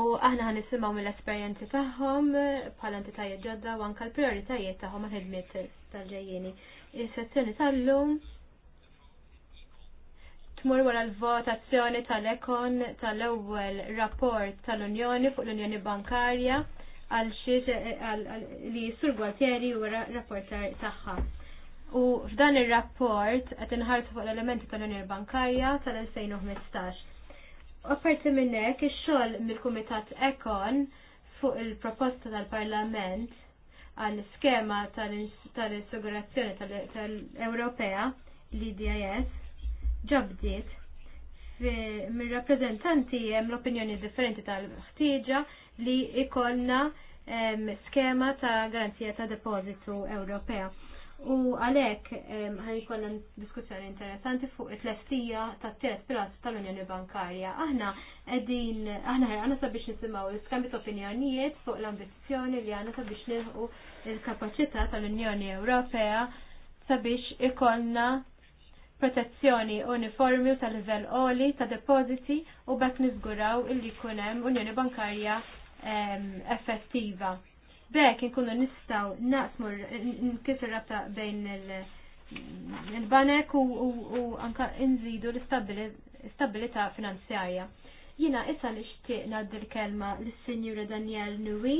U aħna għan nisimaw mill-esperienzi taħħom bħala entitajiet ġodda u anka l-prioritajiet taħħom għal-ħidmiet tal ġajjeni Il-sezzjoni tal-lum tmur wara l-votazzjoni tal-ekon tal-ewwel rapport tal-Unjoni fuq l-Unjoni Bankarja għal li Sur Gualtieri wara rapportar tagħha. U f'dan ir-rapport qed inħarsu fuq l-elementi tal-Unjoni Bankarja tal-2015. Apparti minn hekk ix-xogħol mill-Kumitat Ekon fuq il-proposta tal-Parlament għal skema tal-assigurazzjoni tal-Ewropea, l-IDIS, ġabdiet mir rappreżentanti hemm l-opinjoni differenti tal-ħtieġa li ikollna skema ta' garanzija ta' depozitu Ewropea. U għalhekk ikollna diskussjoni interessanti fuq it-tlestija tat tiet pilastru tal-Unjoni Bankarja. Aħna qegħdin aħna ħarqana sabiex nisimgħu l-iskambju ta' opinjonijiet fuq l-ambizzjoni li għandna sabiex nilħu l-kapaċità tal-Unjoni Ewropea sabiex ikollna protezzjoni uniformi u tal-livell oli ta' depositi u bekk niżguraw illi jkun hemm Unjoni Bankarja effettiva. Bekk inkunu nistgħu naqsmu nkif rabta bejn il-banek u anka nżidu l istabilita finanzjarja. Jina issa nixtieq ngħaddi l-kelma lis-Sinjura Daniel Nui,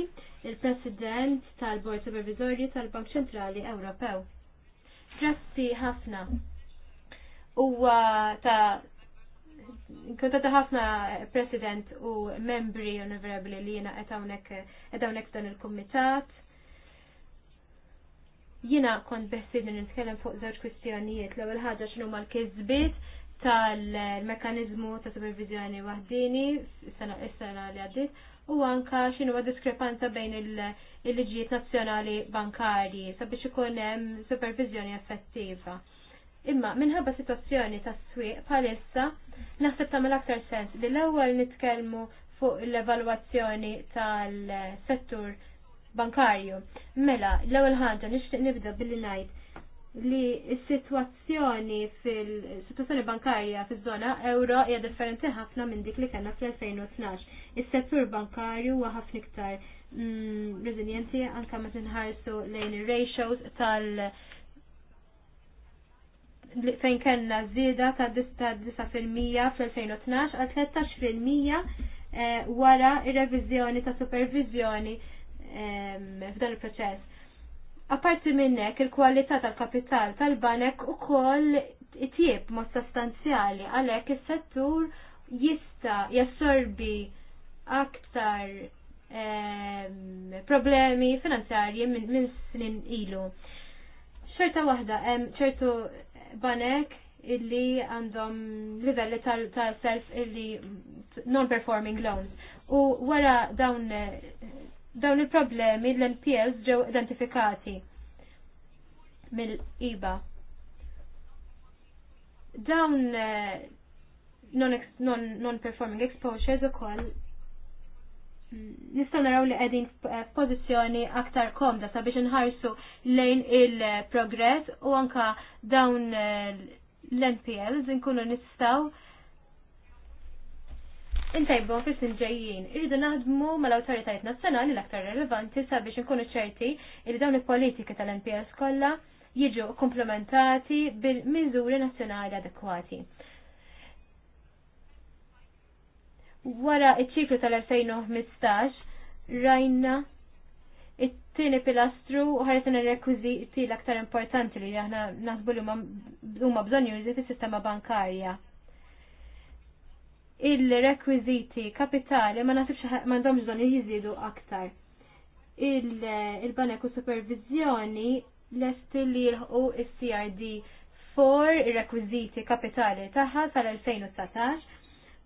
il-President tal-Bord Supervisorju tal-Bank Ċentrali Ewropew. Grazzi ħafna huwa ta' Kunta ħafna president u membri onorevoli li jina etawnek etawnek dan il-komitat. Jina kont beħsid nitkellem fuq żewġ kwistjonijiet l ewwel ħaġa x'inhu mal-kizbit tal-mekanizmu ta' supervizjoni waħdini is-sena li għaddit u anka ma' diskrepanza bejn il-liġijiet nazzjonali bankarji sabiex ikun hemm supervizjoni effettiva Imma minħabba situazzjoni ta' swieq palissa naħseb mal aktar sens li l-ewwel nitkellmu fuq l-evalwazzjoni tal-settur bankarju. Mela, l-ewwel ħanġa nixtieq nibda billi ngħid li s-sitwazzjoni fil-sitwazzjoni bankarja fiż-żona euro hija differenti ħafna minn dik li kellna fl-2012. Is-settur bankarju huwa ħafna iktar mm, reżiljenti anke meta nħarsu lejn ir-ratios tal- fejn kellna żieda ta' 9% fl-2012 għal 13% eh, wara ir-reviżjoni ta' supervizjoni f'dan il-proċess. Apparti minnek il-kwalità tal-kapital tal-banek u koll tjib mod sostanzjali għalhekk is-settur jista jassorbi aktar problemi finanzjarji minn snin ilu. Xorta waħda hemm ċertu banek illi għandhom livelli tal-self illi non-performing loans. U wara dawn dawn il-problemi l-NPLs ġew identifikati mill-IBA. Dawn eh, non-performing exposures u koll nistaw naraw li qegħdin eh, pozizjoni aktar komda sabiex inħarsu lejn il-progress u anka dawn eh, l-NPLs nkunu nistaw intajbu fis ġejjin. Irridu naħdmu mal-awtoritajiet nazzjonali l-aktar relevanti sabiex inkunu ċerti li dawn il-politika tal-NPLs kollha jiġu komplementati bil-miżuri nazzjonali adekwati. Wara iċ-ċiklu tal-2015 rajna it-tieni pilastru u ħaretina ir rekwiżiti l-aktar importanti li aħna naħsbu li huma bżonn jużi fis-sistema bankarja. Il-rekwiżiti kapitali ma nafx m'għandhomx bżonn jiżidu aktar. Il-banek u supervizjoni lest li jilħqu is-CRD for ir-rekwiżiti kapitali tagħha tal 2019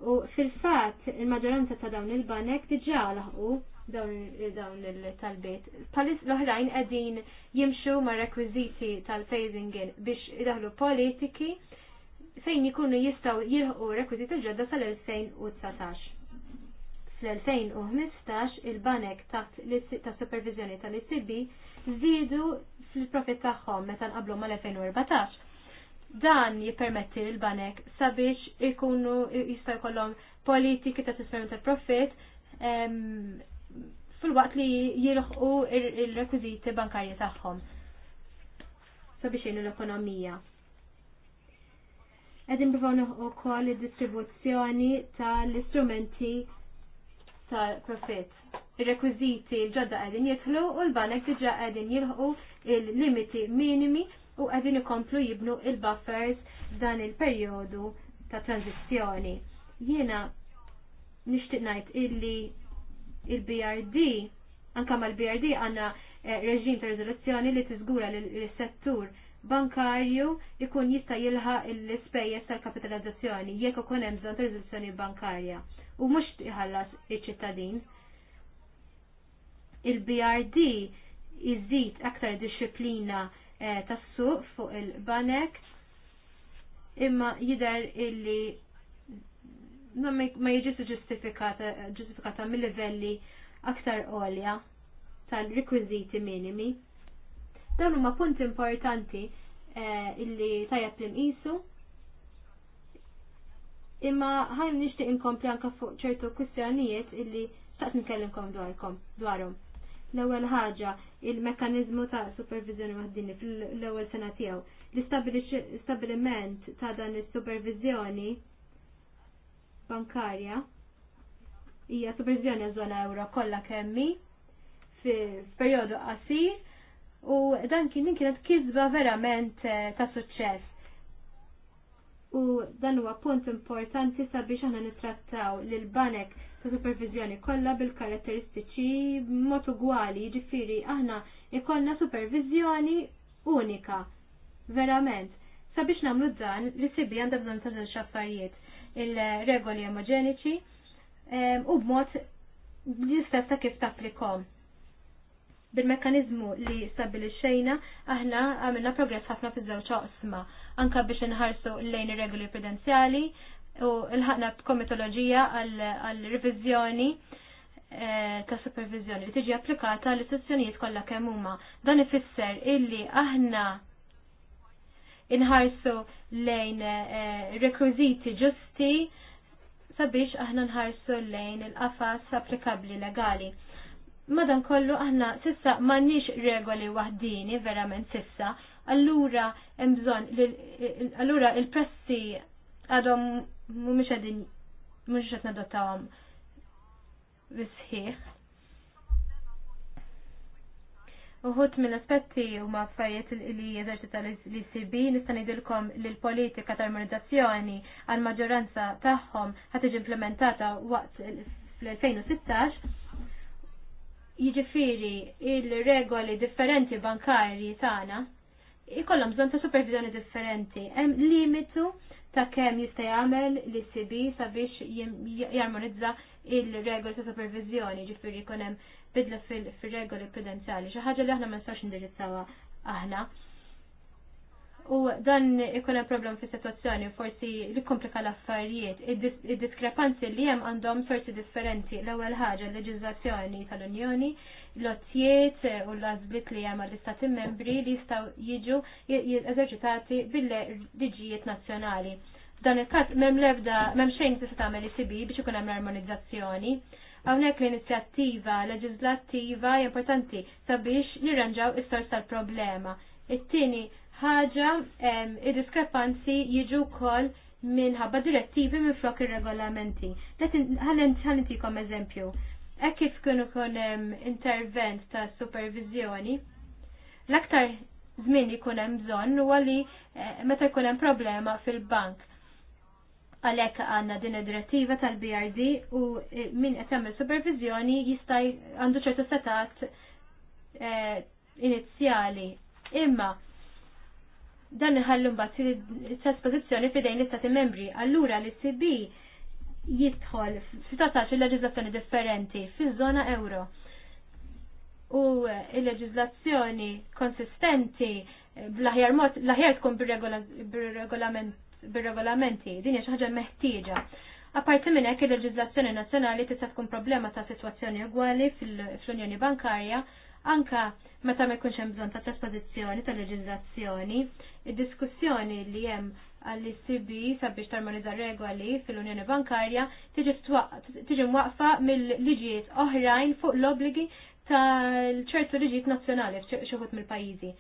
U fil-fat, il-maġoranza ta' dawn il-banek diġa laħqu dawn il-talbiet. Palis l-oħrajn għedin jimxu ma' rekwiziti tal-phasing in biex idaħlu politiki fejn jikunu jistaw jilħu rekwiziti ġodda sal-2019. Fl-2015 il-banek ta' supervizjoni tal-ICB zidu fil-profit tagħhom meta nqablu mal-2014 Dan jippermetti l-banek sabiex ikunu jistaw jkollhom politiki ta' sistema ta' profit fil-waqt li jilħqu il-rekwiziti bankarji tagħhom sabiex jenu l-ekonomija. Edin bivon u koll il-distribuzzjoni tal-istrumenti tal-profit. Il-rekwiziti l-ġodda għedin jitħlu u l-banek diġa għedin jilħu il-limiti minimi u għedin ikomplu jibnu il-buffers f'dan il-perjodu ta' tranzizjoni. Jiena nixtieq ngħid illi il-BRD anka mal-BRD għandna eh, reġim ta' riżoluzzjoni li tiżgura l-settur bankarju ikun jista' jilħaq l-ispejjeż tal-kapitalizzazzjoni jekk ikun hemm bżonn riżoluzzjoni bankarja u mhux iħallas iċ-ċittadin. Il-BRD iżid aktar disċiplina Eh, tas-suq fuq il-banek imma jider illi ma jiġis ġustifikata mill-livelli aktar għolja tal-rekwiziti minimi. Dawn huma punt importanti eh, illi tajab li Imma ħajn nixtieq inkompli anke fuq ċertu kwistjonijiet illi taqt nkellimkom dwarkom dwarhom. L-ewwel ħaġa il-mekkaniżmu ta' supervizjoni waħdini fl-ewwel sena tiegħu. L-istabbiliment ta' dan is-supervizjoni bankarja hija supervizjoni żona euro kollha kemmi perjodu qasir u dan kien kienet kisba verament eh, ta' suċċess. U dan huwa punt importanti sabiex aħna nittrattaw lil banek ta' supervizjoni kollha bil-karatteristiċi mod ugwali, jiġifieri aħna ikollna supervizjoni unika. Verament. Sabiex nagħmlu dan, li sibi għandha bżonn ta' xaffarijiet il-regoli omogeniċi ehm, u b'mod l-istess ta' kif tapplikom. bil mekkaniżmu li stabilixxejna aħna għamilna progress ħafna fiż-żewġ oqsma anka biex inħarsu lejn ir-regoli prudenzjali u l-ħakna komitologija għal-revizjoni eh, ta' supervizjoni li tiġi applikata l istituzzjonijiet kollha kemm huma. Dan ifisser illi aħna inħarsu lejn eh, rekwiżiti ġusti sabiex aħna nħarsu lejn il-qafas applikabli legali. Madan kollu aħna sissa m'għandniex regoli waħdini verament sissa, allura hemm bżonn allura il-pressi għadhom mhumiex qegħdin mhux qed nadottawhom bisħieħ. Uħut mill-aspetti huma affarijiet li jeżerċita l-ICB nista' ngħidilkom li l-politika ta' armonizzazzjoni għal maġġoranza tagħhom ħad tiġi implementata waqt fl-2016. Jiġifieri il-regoli differenti bankarji tagħna ikollhom bżonn ta' supervizjoni differenti. Hemm limitu ta' kem jista' jagħmel li sibi sabiex jarmonizza il-regoli ta' supervizjoni, ġifieri jkun hemm bidla fil-regoli prudenzjali, xi ħaġa li aħna ma nistax indirizzawha aħna. U dan ikun hemm problem fis sitwazzjoni forsi li komplika l-affarijiet. Id-diskrepanzi li hemm għandhom sorti differenti. L-ewwel ħaġa l-leġiżlazzjoni tal-Unjoni, l-ozzijiet u l-għażliet li hemm għall-istati membri li jistgħu jiġu eżerċitati bil-liġijiet nazzjonali. Dan il-każ m'hemm l-ebda m'hemm xejn tista' tagħmel ICB biex ikun hemm armonizzazzjoni Hawnhekk l-inizjattiva leġislattiva importanti sabiex nirranġaw is-sors tal-problema. It-tieni ħaġa ir-diskrepanzi jiġu wkoll minħabba direttivi minn flok ir-regolamenti. Ħallintikom eżempju. Hekk kif kun kun intervent ta' supervizjoni, l-aktar żmien jkun hemm bżonn huwa li eh, meta jkun hemm problema fil-bank. Għalhekk għandna din id-direttiva tal-BRD u eh, min qed jagħmel supervizjoni jista' għandu ċertu setat eh, inizjali. Imma dan iħallu mbagħad s-esposizzjoni fidejn l-istati membri. Allura l-ICB jidħol f'tatax il-leġiżlazzjoni differenti fiż-żona euro. U il-leġiżlazzjoni konsistenti bl-aħjar mod l-aħjar tkun bir-regolamenti, din hija xi ħaġa meħtieġa. Apparti minn hekk il-leġiżlazzjoni nazzjonali tista' tkun problema ta' sitwazzjoni ugwali fl-Unjoni Bankarja anka meta ma jkunx hemm bżonn ta' trasposizzjoni tal leġiżlazzjoni, id-diskussjoni li hemm għall-ICB sabiex tarmonizza regoli fil-Unjoni Bankarja tiġi mwaqfa mill-liġijiet oħrajn fuq l-obligi tal-ċertu liġijiet nazzjonali f'xuħut mill-pajjiżi.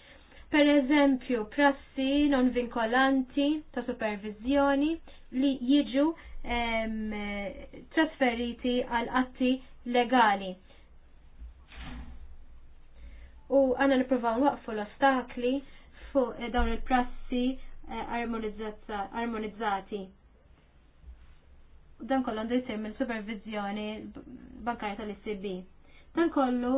Per eżempju, prassi non vinkolanti ta' supervizjoni li jiġu ehm, trasferiti għal atti legali u għanna niprofaw nwaqfu l-ostakli fuq eh, dawn il-prassi eh, armonizzati. Dan kollu għandu jisir mill supervizjoni bankarja tal-ICB. Dan kollu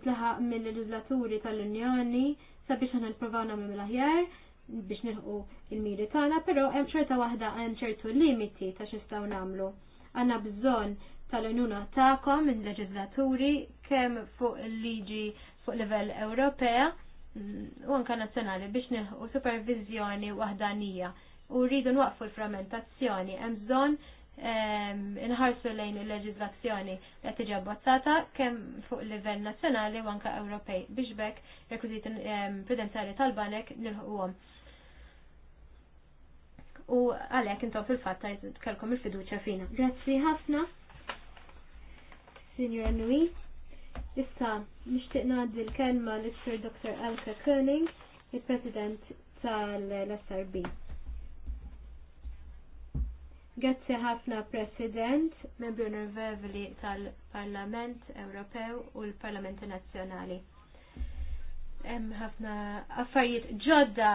itlaħaq mill-leġislaturi tal-Unjoni sabiex għanna niprofaw namlu mill-aħjar biex nilħu il-miri tagħna, però hemm ċerta waħda hemm ċertu limiti ta' x'nistgħu nagħmlu. Għandna bżonn tal-għajnuna tagħkom il-leġislaturi kemm fuq il-liġi fuq livell Ewropea mm, u anka nazzjonali biex nilħu supervizjoni waħdanija u rridu nwaqfu l-frammentazzjoni hemm bżonn inħarsu lejn il leġizlazzjoni li qed tiġi abbozzata kemm fuq livell nazzjonali u anka Ewropej biex bekk rekwiżiti prudenzjali tal-banek nilħuhom u għalhekk intom fil fatt tajt il fiduċja fina. Grazzi ħafna, Signor Nui. Issa, nixtieq ngħaddi l-kelma l-Sir Dr. Elke Koenig, il-President tal-SRB. Grazzi ħafna President, membri onorevoli tal-Parlament Ewropew u l-Parlamenti Nazzjonali. Hemm ħafna affarijiet ġodda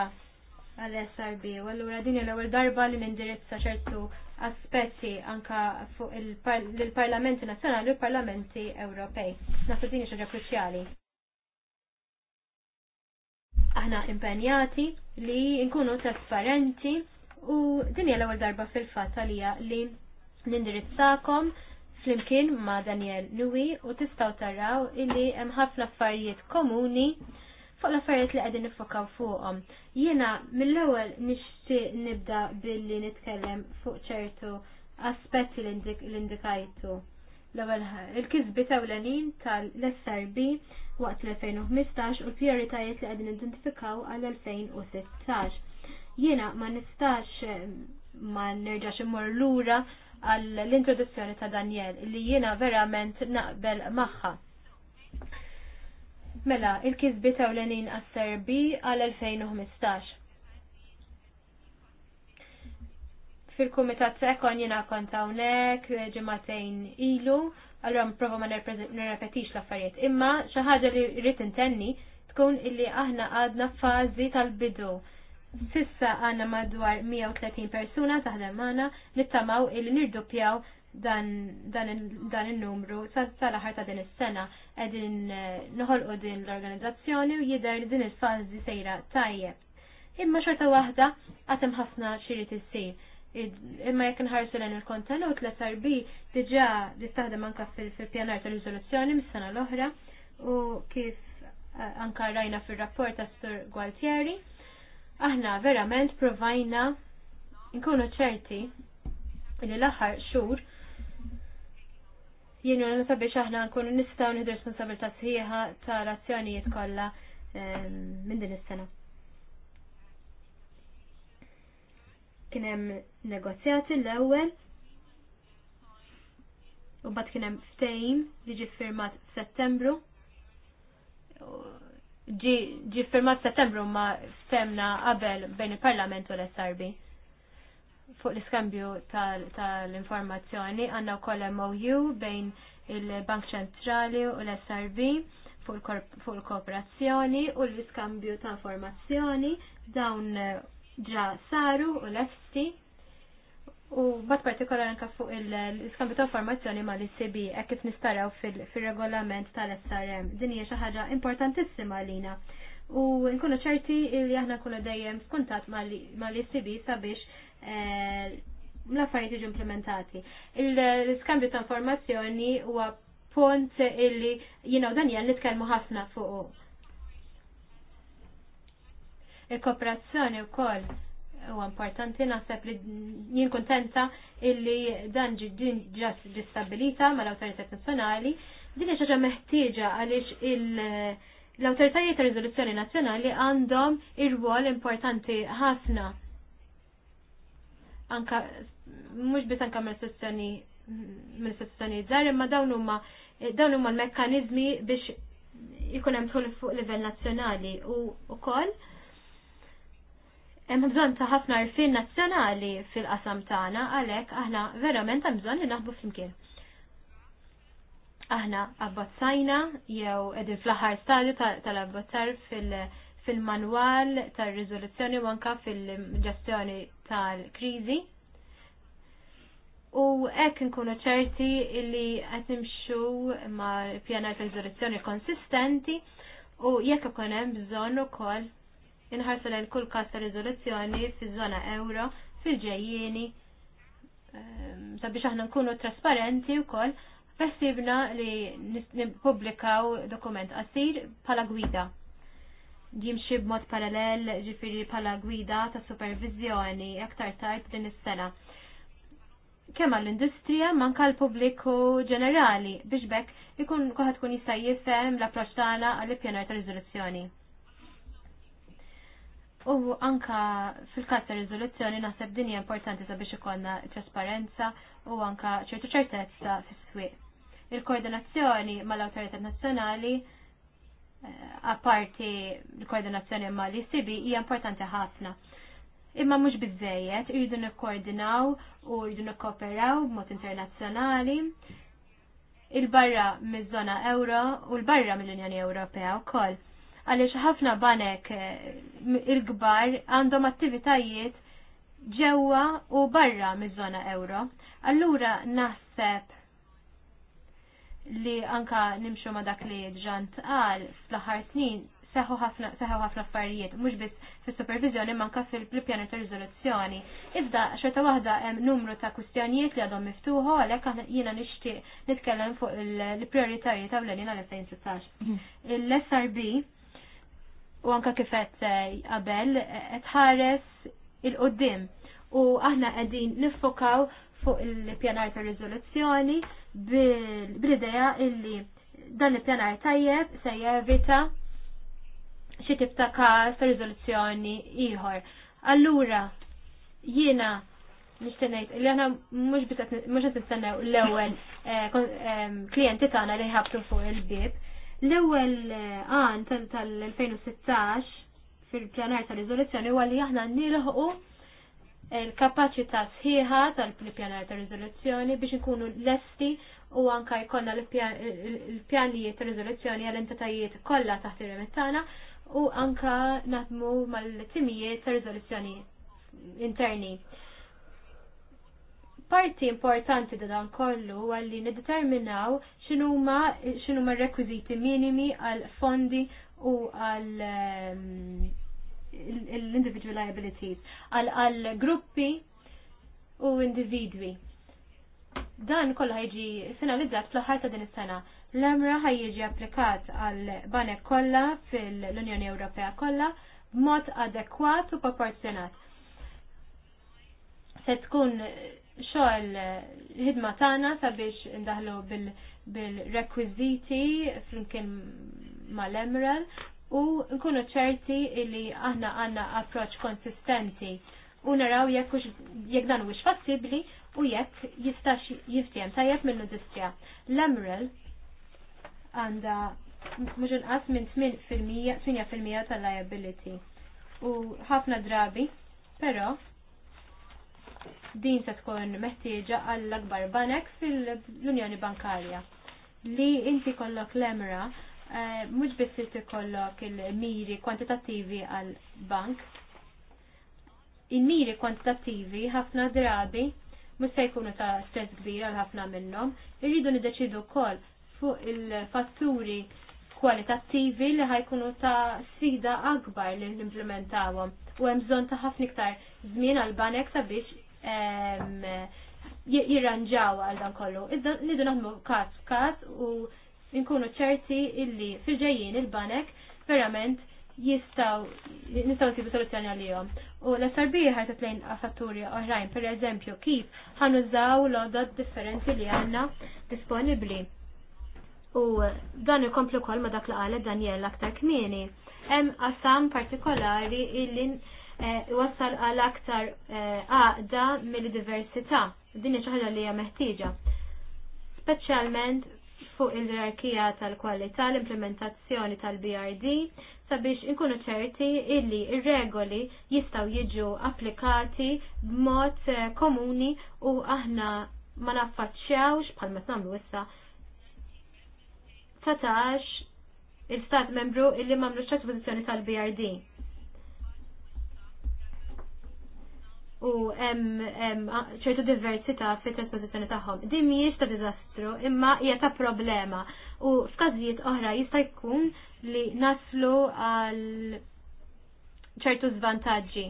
għall-SRB, u allura din l-ewwel darba li nindirizza ċertu aspetti anka fuq il-Parlamenti Nazzjonali u l-Parlamenti Ewropej. Nafu din xaġa kruċjali. Aħna impenjati li nkunu trasparenti u din hija l-ewwel darba fil-fatt għalija li nindirizzakom flimkien ma' Daniel Nui u tistgħu taraw illi hemm ħafna affarijiet komuni fuq l-affarijiet li qegħdin nifokaw fuqhom. Jiena mill-ewwel nixtieq nibda billi nitkellem fuq ċertu aspetti l-indikajtu. L-ewwel il-kisbit ewlenin tal-SRB waqt l-2015 u l-prijoritajiet li qegħdin identifikaw għal-2016. Jiena ma nistax ma nerġax immur lura għall introduzzjoni ta' Daniel li jiena verament naqbel magħha. Mela, il l-enin għas-Serbi għal-2015. Fil-Kumitat Ekon jina kont hawnhekk ġimagħtejn ilu, allura provo ma nerrepetix l-affarijiet. Imma xi ħaġa li rrid intenni tkun illi aħna għadna fazi tal-bidu. Sissa għandna madwar 130 persuna taħdem għana nittamaw illi nirdupjaw dan il-numru sal ħar ta' din is-sena qegħdin eh, noħolqu din l-organizzazzjoni u jidher li din il-fażi sejra tajjeb. Imma xorta waħda għatem ħafna xirrit issir. Imma jekk nħarsu l il-kontenut l sarbi diġà distaħdem anka fil-pjanar tal-riżoluzzjoni mis-sena l-oħra u kif eh, anka rajna fil-rapport ta' Stur Gualtieri. Aħna verament provajna nkunu ċerti li l-aħħar xhur jienu għanna sabiex aħna nkunu nistaw nħidu responsabilta sħiħa ta' razzjonijiet kollha ehm, minn din is-sena. Kien hemm negozjati l-ewwel u mbagħad kien hemm ftehim li ġie firmat f'Settembru. Ġi firmat f'Settembru ma femna qabel bejn il-Parlament u l-SRB fuq l-iskambju tal-informazzjoni tal għanna wkoll MOU bejn il-Bank Ċentrali u l-SRB fuq il-kooperazzjoni u l-iskambju ta' informazzjoni dawn eh, ġa saru u l-EFSI u bat partikolar anka fuq l-iskambju ta' informazzjoni ma' l-ICB e kif nistaraw fil-regolament tal-SRM. Din hija xi ħaġa importantissima lina u nkunu ċerti li aħna kuna dejjem f'kuntatt mal-ICB sabiex Eh, l-affarijiet jiġu implementati. Il-skambju ta' informazzjoni huwa pont illi jina u Daniel nitkellmu ħafna fuq. Il-kooperazzjoni wkoll huwa importanti naħseb li jien kuntenta illi dan ġas ġistabilita mal-awtoritet nazzjonali. Din hija ħaġa meħtieġa għaliex il- l-autoritajiet ta' rizoluzzjoni nazzjonali għandhom ir-rwol importanti ħafna anka mhux biss anka mill-istituzzjoni mill żgħar imma dawn huma dawn huma l-mekkaniżmi biex jkun hemm tħul fuq livell nazzjonali u wkoll hemm bżonn ta' ħafna rfin nazzjonali fil-qasam tagħna għalhekk aħna verament hemm bżonn li naħbu flimkien. Aħna abbozzajna jew qegħdin fl-aħħar stadju tal-abbozzar fil- fil-manwal tal-rizoluzzjoni u anka fil-ġestjoni tal-krizi. U hekk nkunu ċerti li qed nimxu ma' pjana tal-rizoluzzjoni konsistenti u jekk ikun hemm bżonn ukoll inħarsu lejn kull każ ta' riżoluzzjoni fiż-żona euro fil-ġejjieni ehm, sabiex aħna nkunu trasparenti wkoll ħsibna li nippubblikaw dokument qasir bħala gwida jimxi b'mod parallel ġifiri pala gwida ta' supervizjoni aktar tard din is-sena. Kemm għall-industrija manka l-pubbliku ġenerali biex bekk ikun koħat kun jista' jifhem l-approċċ tagħna għall-ippjanar ta' riżoluzzjoni. U anka fil-każ ta' riżoluzzjoni naħseb din hija importanti sabiex ikollna trasparenza u anka ċertu ċertezza fis-swieq. Il-koordinazzjoni mal-awtoritet nazzjonali Eh, apparti l-koordinazzjoni ma li sibi hija importanti ħafna. Imma mhux biżejjed, iridu nikkoordinaw u rridu nikkooperaw b'mod internazzjonali il-barra miż-żona euro u l-barra mill-Unjoni Ewropea wkoll. Għaliex ħafna banek eh, il-kbar għandhom attivitajiet ġewwa u barra miż-żona euro. Allura naħseb li anka nimxu ma dak li ġant għal fl-ħar snin seħu ħafna affarijiet, mhux biss fis-supervizjoni manka fil-pjan ta' riżoluzzjoni. Iżda xorta waħda hemm numru ta' kwistjonijiet li għadhom miftuħu għalhekk jiena nixtieq nitkellem fuq il-prijoritajiet ta' l-għalina l-2016. Mhm. L-SRB u anka kifet qabel eh, qed ħares il-qoddim u aħna qegħdin niffokaw fuq il-pjanar ta' riżoluzzjoni bil-ideja illi dan il-pjanar tajjeb se jevita xi tip ta' kas ta' riżoluzzjoni ieħor. Allura jiena nishtenajt, ngħid li aħna mhux mhux qed nistennew l-ewwel klijenti tagħna li jħabtu fuq il-bib. L-ewwel għan tal-2016 fil-pjanar ta' rizoluzzjoni huwa li aħna nilħu il-kapacità sħiħa tal pjanijiet ta' rizoluzzjoni biex nkunu lesti u anka jkollna l-pjanijiet ta' rizoluzzjoni għal-entitajiet kollha taħt ir tagħna u anka naħdmu mal-timijiet ta' rizoluzzjoni interni. Parti importanti da dan kollu għalli nideterminaw xinu ma' rekwiziti minimi għal fondi u għal ehm, l-individual liabilities għal gruppi u individwi. Dan kollu ħajġi finalizzat fl-ħar ta' din is-sena. L-emra ħajġi applikat għal banek kollha fil-Unjoni Ewropea kollha b'mod adekwat u proporzjonat. Se tkun xogħol ħidma tagħna sabiex indaħlu bil-rekwiżiti flimkien mal-Emerald u nkunu ċerti li aħna għanna approċ konsistenti u naraw jekk jekk dan wix possibbli u jekk jistax jiftjem tajjeb minnu industrija l emeril għanda mhux inqas minn 8% tal-liability u ħafna drabi, però din se tkun meħtieġa għall-akbar banek fil-Unjoni Bankarja li inti kollok l-emra Eh, mhux biss irid ikollok il-miri kwantitattivi għal bank. Il-miri kwantitattivi ħafna drabi mhux se jkunu ta' stress kbira għal ħafna minnhom, irridu niddeċidu wkoll fuq il-fatturi kwalitattivi li ħajkunu ta' sfida akbar li nimplementawhom u hemm bżonn ta' ħafna iktar żmien għal banek sabiex ehm, jirranġaw għal dan kollu. Iżda nidu naħdmu kas kas u inkunu ċerti illi fil-ġejjin il-banek verament jistaw nistaw sibu soluzzjoni għalihom. U l-SRB ta' tlejn fatturi oħrajn, per eżempju, kif ħanużaw l-odot differenti li għanna disponibli. U dan ikomplu kol ma dak li għale Daniel aktar kmini. Hemm qasam partikolari illi eh, wassal għal aktar eh, għaqda mill-diversità. Din ħaġa li hija meħtieġa. Speċjalment fuq il-rarkija tal-kwalità l-implementazzjoni tal-BRD sabiex inkunu ċerti illi ir-regoli jistaw jiġu applikati b'mod eh, komuni u aħna ma naffaċċjawx bħal ma nagħmlu issa Tatax il-stat membru illi mamlu ċertu pożizzjoni tal-BRD u hemm ċertu diversità fit trasposizzjoni tagħhom. Din mhijiex ta' diżastru, imma hija ta' problema u f'każijiet oħra jista' jkun li naslu għal ċertu żvantaġġi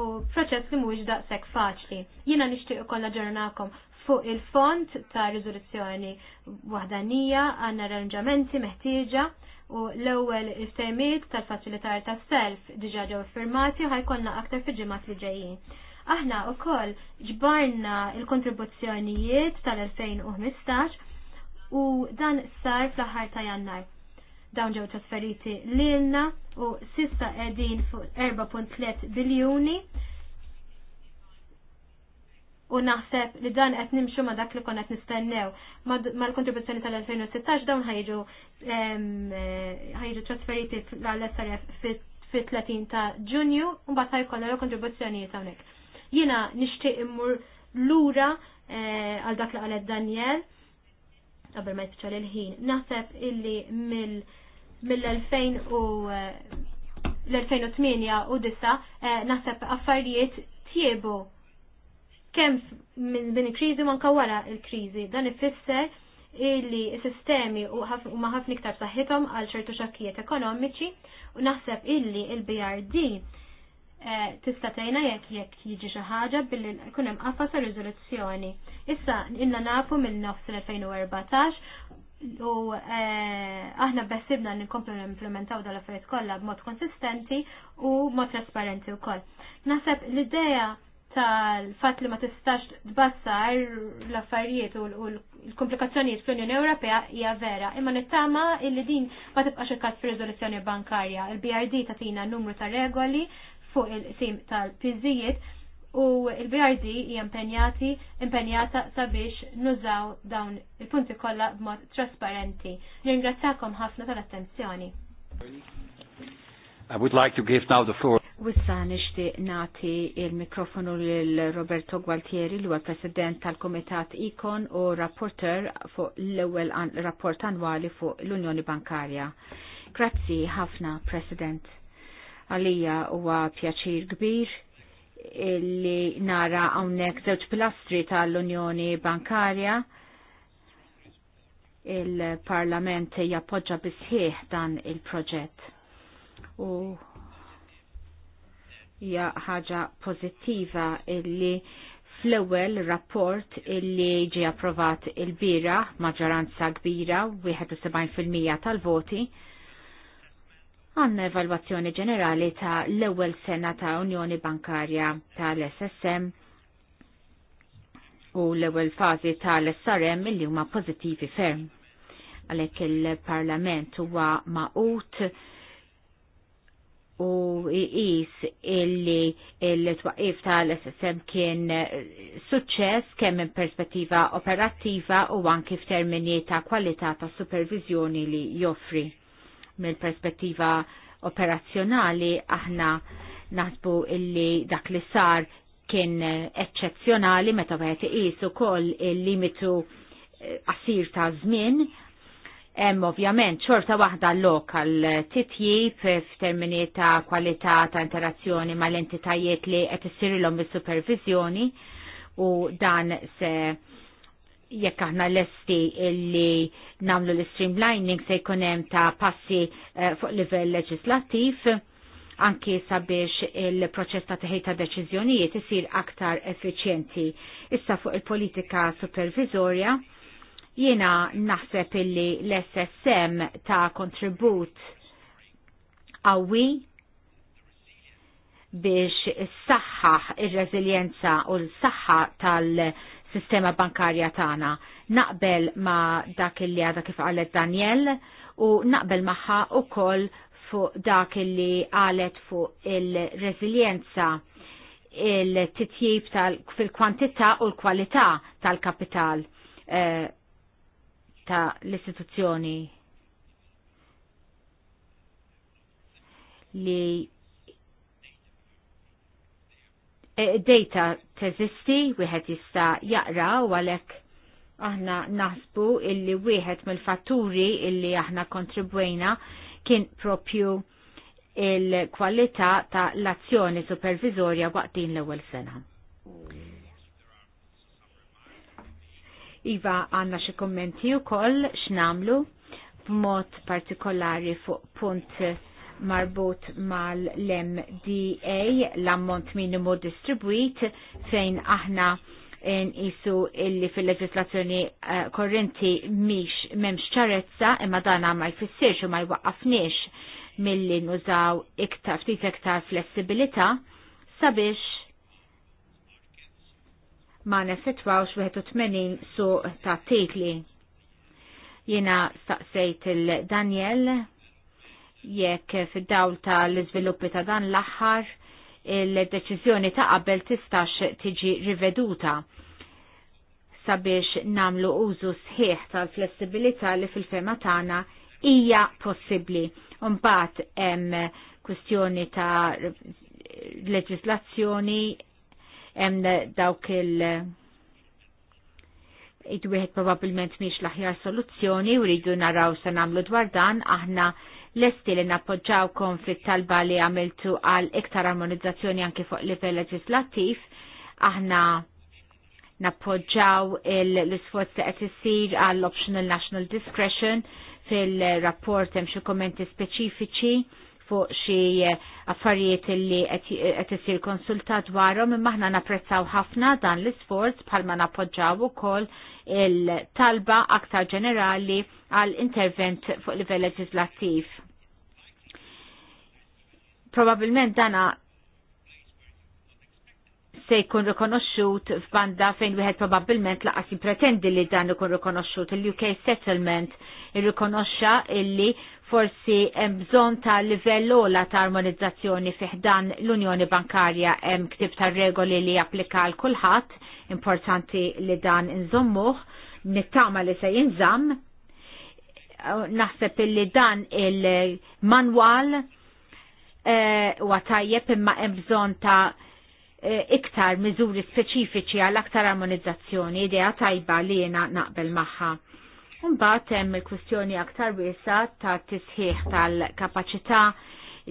u proċess li mhuwiex daqshekk faċli. Jiena nixtieq ukoll naġġornakom fuq il-font ta' riżoluzzjoni waħdanija għandna arranġamenti meħtieġa u l-ewwel istemiet tal facilitar tas-self diġa' ġew firmati ħajkonna aktar fil-ġimgħat li ġejjin. Aħna wkoll ġbarna l-kontribuzzjonijiet tal-2015 u dan sar fl ħar ta' Jannar. Dawn ġew trasferiti lilna u sissa qegħdin fuq 4.3 biljuni u naħseb li dan qed nimxu ma dak li konna qed nistennew mal kontribuzzjoni tal-2016 dawn ħajġu eh, ħajġu trasferiti għall-SRF fit-30 ta' Ġunju u mbagħad ħajkollha kontribuzzjonijiet hawnhekk. Jiena nixtieq immur lura eh, għal dak li qalet Daniel qabel ma jispiċċa il-ħin. Naħseb illi mill 2000 u eh, l-2008 u dissa naħseb affarijiet tiebu kemm min il krizi u wara il-kriżi. Dan ifisser illi sistemi u ma ħafna iktar saħħithom għal ċertu xakkijiet ekonomiċi u naħseb illi il-BRD eh, tista' tgħinha jekk jekk jiġi xi ħaġa billi jkun hemm qafas riżoluzzjoni. Issa inna nafu mill-nofs l-2014 u eh, aħna bessibna li nkomplu nimplementaw dal affarijiet kollha b'mod konsistenti u mod trasparenti wkoll. Naħseb l-idea tal-fat li ma tistax tbassar l-affarijiet u l-komplikazzjonijiet fl-Unjoni Ewropea hija vera. Imma nittama illi din ma tibqax il-każ fir-riżoluzzjoni bankarja. Il-BRD tatina numru ta' regoli fuq il-sim tal-piżijiet u il-BRD hija impenjati impenjata sabiex nużaw dawn il-punti kollha b'mod trasparenti. Ringrazzakom ħafna tal-attenzjoni. I would like to give now the floor. Wissa nishti nati il-mikrofonu l-Roberto Gualtieri li huwa president tal-Komitat Ikon u rapporter fuq l-ewwel rapport annwali fuq l-Unjoni Bankarja. Grazzi ħafna, President. Għalija huwa pjaċir kbir li nara hawnhekk żewġ pilastri tal-Unjoni Bankarja il-Parlament jappoġġa bisħieħ dan il-proġett u hija ħaġa pożittiva illi fl-ewwel rapport illi ġie approvat il-bira maġġoranza kbira 71% tal-voti għanna evalwazzjoni ġenerali ta' l-ewwel sena ta' Unjoni Bankarja tal-SSM u l-ewwel fażi tal-SRM illi huma pożittivi ferm. Għalhekk il-Parlament huwa maqut u jis illi il-twaqif tal-SSM kien suċċess kemm minn perspettiva operattiva u anki f'termini ta' kwalità ta' supervizjoni li joffri. Mill-perspettiva operazzjonali aħna naħsbu illi dak li sar kien eċċezzjonali meta wieħed iqis ukoll il-limitu eh, qasir ta' żmien Hemm ovvjament xorta waħda lokal titjib f'termini ta' kwalità ta' interazzjoni mal-entitajiet li qed issirilhom is-supervizjoni u dan se jekk aħna lesti illi namlu l-streamlining se jkun hemm ta' passi eh, fuq livell leġislattiv anki sabiex il-proċess ta' teħid ta' deċiżjonijiet isir aktar effiċjenti. Issa fuq il-politika supervizorja Jiena naħseb illi l-SSM ta' kontribut qawwi biex s-saxħaħ ir-reżiljenza u l-saxħa tal-sistema bankarja tagħna. Naqbel ma' dak illi għadha kif qalet Daniel u naqbel magħha ukoll fuq dak illi qalet fuq il rezilienza il-titjib fil-kwantità u l-kwalità tal-kapital. Uh, ta' l-istituzzjoni li eh, data teżisti, wieħed jista' jaqra u għalhekk aħna naħsbu illi wieħed mill-fatturi illi aħna kontribwejna kien propju il-kwalità ta' l-azzjoni supervizorja waqt din l-ewwel sena. Iva għanna xie kommenti u koll xnamlu b'mod partikolari fuq punt marbut mal-MDA, l-ammont minimu distribuit, fejn aħna nqisu illi fil-leġislazzjoni eh, korrenti miex memx ċarezza imma dana ma jfissirx u ma jwaqqafniex milli nużaw iktar ftit iktar flessibilità sabiex ma neffettwawx 81 su ta' titli. Jena staqsejt il-Daniel jekk fid-dawl ta' l-iżviluppi ta' dan l-aħħar il-deċiżjoni ta' qabel tistax tiġi riveduta sabiex namlu użu sħiħ tal-flessibilità li fil-fema tagħna hija possibbli. Mbagħad hemm kwistjoni ta' leġislazzjoni hemm dawk il- id-wieħed probabbilment miex l-aħjar soluzzjoni u rridu naraw se nagħmlu dwar dan aħna lesti li nappoġġawkom fit-talba li għamiltu għal iktar armonizzazzjoni anke fuq livell leġislattiv aħna nappoġġaw l-isforz li qed issir għall optional national discretion fil-rapport hemm xi kommenti speċifiċi fuq xi eh, affarijiet li eh, qed isir konsultat dwarhom imma aħna napprezzaw ħafna dan l-isforz bħalma nappoġġaw ukoll il-talba aktar ġenerali għal intervent fuq livell leġislattiv. Probabilment dana se jkun rikonoxxut f'banda fejn wieħed probabbilment laqas jippretendi li dan ikun rikonoxxut il-UK settlement irrikonoxxa illi forsi hemm bżonn ta' livell ola ta' armonizzazzjoni fih dan l-Unjoni Bankarja hemm ktib ta' regoli li japplika l kulħadd, importanti li dan inżommuh, nittama li se jinżamm. Naħseb li dan il-manwal eh, huwa għatajjeb tajjeb imma hemm bżonn ta' eh, iktar miżuri speċifiċi għal aktar armonizzazzjoni idea tajba li jiena naqbel magħha Imbagħad hemm il-kwistjoni aktar wiesa ta' tisħiħ tal-kapaċità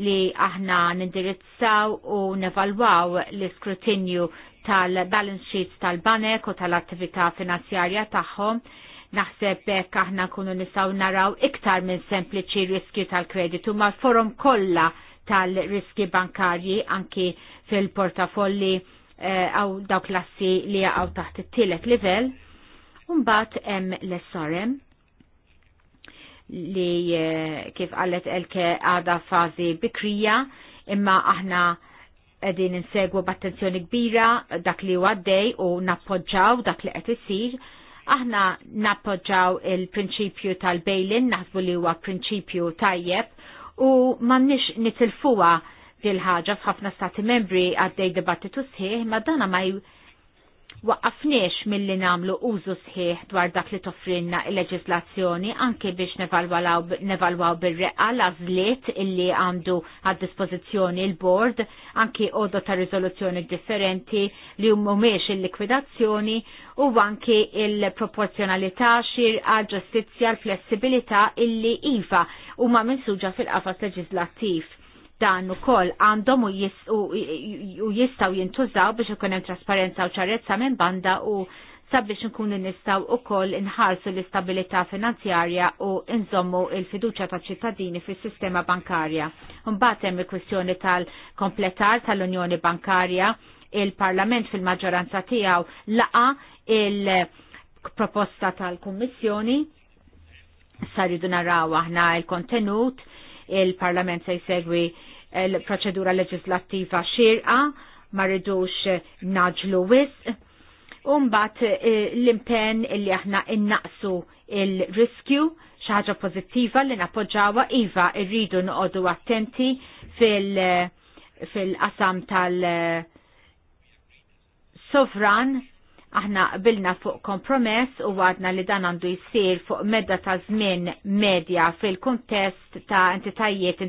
li aħna nindirizzaw u nevalwaw l-iskrutinju tal-balance sheets tal-banek u tal-attività finanzjarja tagħhom naħseb bekk aħna kunu nistgħu naraw iktar minn sempliċi riski tal-kreditu ma' forum kollha tal-riski bankarji anki fil-portafolli eh, għaw eh, daw klassi li għaw taħt it-tielet livell Unbat hemm l-SRM li eh, kif għallet elke għada fazi bikrija imma aħna għedin insegwu b'attenzjoni kbira dak li għaddej u nappoġġaw dak li qed isir. Aħna nappoġġaw il-prinċipju tal-bejlin, naħsbu li huwa prinċipju tajjeb u m'għandniex nitilfuha dil ħaġa f'ħafna stati membri għaddej dibattitu sħiħ, ma dana ma waqqafniex mill-li namlu użu sħiħ dwar dak li toffrinna il-leġislazzjoni anke biex nevalwaw bil-reqqa lażliet illi għandu għad dispożizzjoni il-bord anke odo ta' rizoluzzjoni differenti li mhumiex il-likwidazzjoni u anke il-proporzjonalità xirqa ġustizzja l-flessibilità illi iva u ma minsuġa fil-qafas leġislattiv dan ukoll għandhom u jistgħu jintużaw biex ikun hemm trasparenza u ċarezza minn banda u sabiex nkunu nistaw u kol inħarsu l istabilita finanzjarja u nżommu il-fiduċa ta' ċittadini fis sistema bankarja. Mbatem il-kwistjoni tal-kompletar tal-Unjoni Bankarja, il-Parlament fil-maġġoranza tiegħu laqa il-proposta tal-Kummissjoni, saridu naraw aħna il-kontenut, il-Parlament se jsegwi l-proċedura leġislattiva xirqa, ma rridux naġlu wisq. Umbat eh, l-impen li aħna innaqsu il-riskju, xaħġa pozittiva li napoġawa iva irridu noqodu attenti fil- fil-qasam tal- eh, sovran Aħna qbilna fuq kompromess u għadna li dan għandu jisir fuq medda ta' żmien medja fil-kontest ta' entitajiet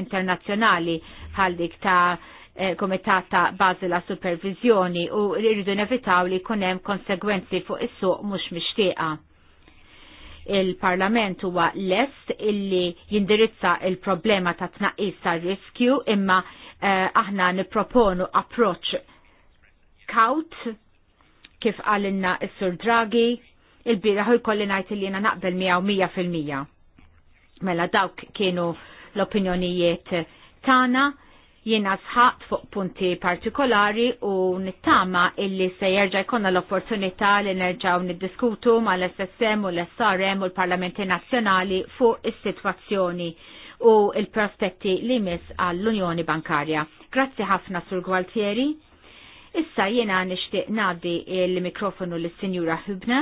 internazzjonali bħal dik ta' eh, komitat ta' bażi la' supervizjoni u rridu nevitaw li jkun hemm konsegwenzi fuq is-suq mhux mixtieqa. Il-Parlament huwa lest illi jindirizza il-problema ta' tnaqqis ta' riskju imma eh, aħna nipproponu approċ kaut kif għalinna s-sur Draghi, il-bira hu jkolli najt li jena naqbel 100%. Mela dawk kienu l-opinjonijiet tana, jiena sħaqt fuq punti partikolari u nittama illi se jerġa' jkollna l-opportunità li nerġgħu niddiskutu mal-SSM u l-SRM u l-Parlamenti Nazzjonali fuq is-sitwazzjoni u l prospetti li mis għall-Unjoni Bankarja. Grazzi ħafna Sur Gualtieri. Issa jena nishtiq nadi il-mikrofonu l-Sinjura Hubna.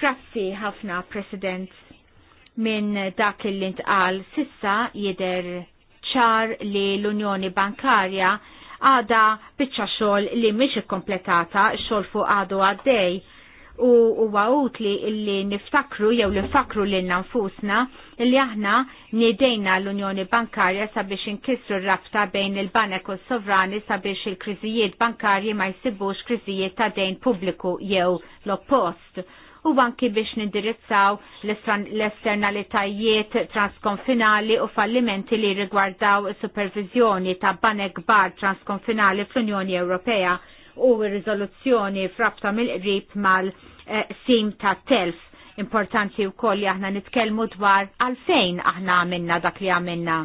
Grazzi ħafna, President, minn dak il-lintqal sissa jider ċar li l-Unjoni Bankarja għada bieċa xol li miex kompletata xol fuq għadu għaddej u huwa utli li niftakru jew li nfakru lil nfusna li aħna nidejna l-Unjoni Bankarja sabiex inkissru r-rabta bejn il-banek u s-sovrani sabiex il-kriżijiet bankarji ma jsibux kriżijiet ta' dejn pubbliku jew l-oppost u anki biex nindirizzaw l-esternalitajiet transkonfinali u fallimenti li rigwardaw supervizjoni ta' banek bar transkonfinali fl-Unjoni Ewropea u r-riżoluzzjoni frabta mill-qrib mal-sim ta' telf importanti u koll aħna nitkelmu dwar għalfejn aħna għamilna dak li għamilna.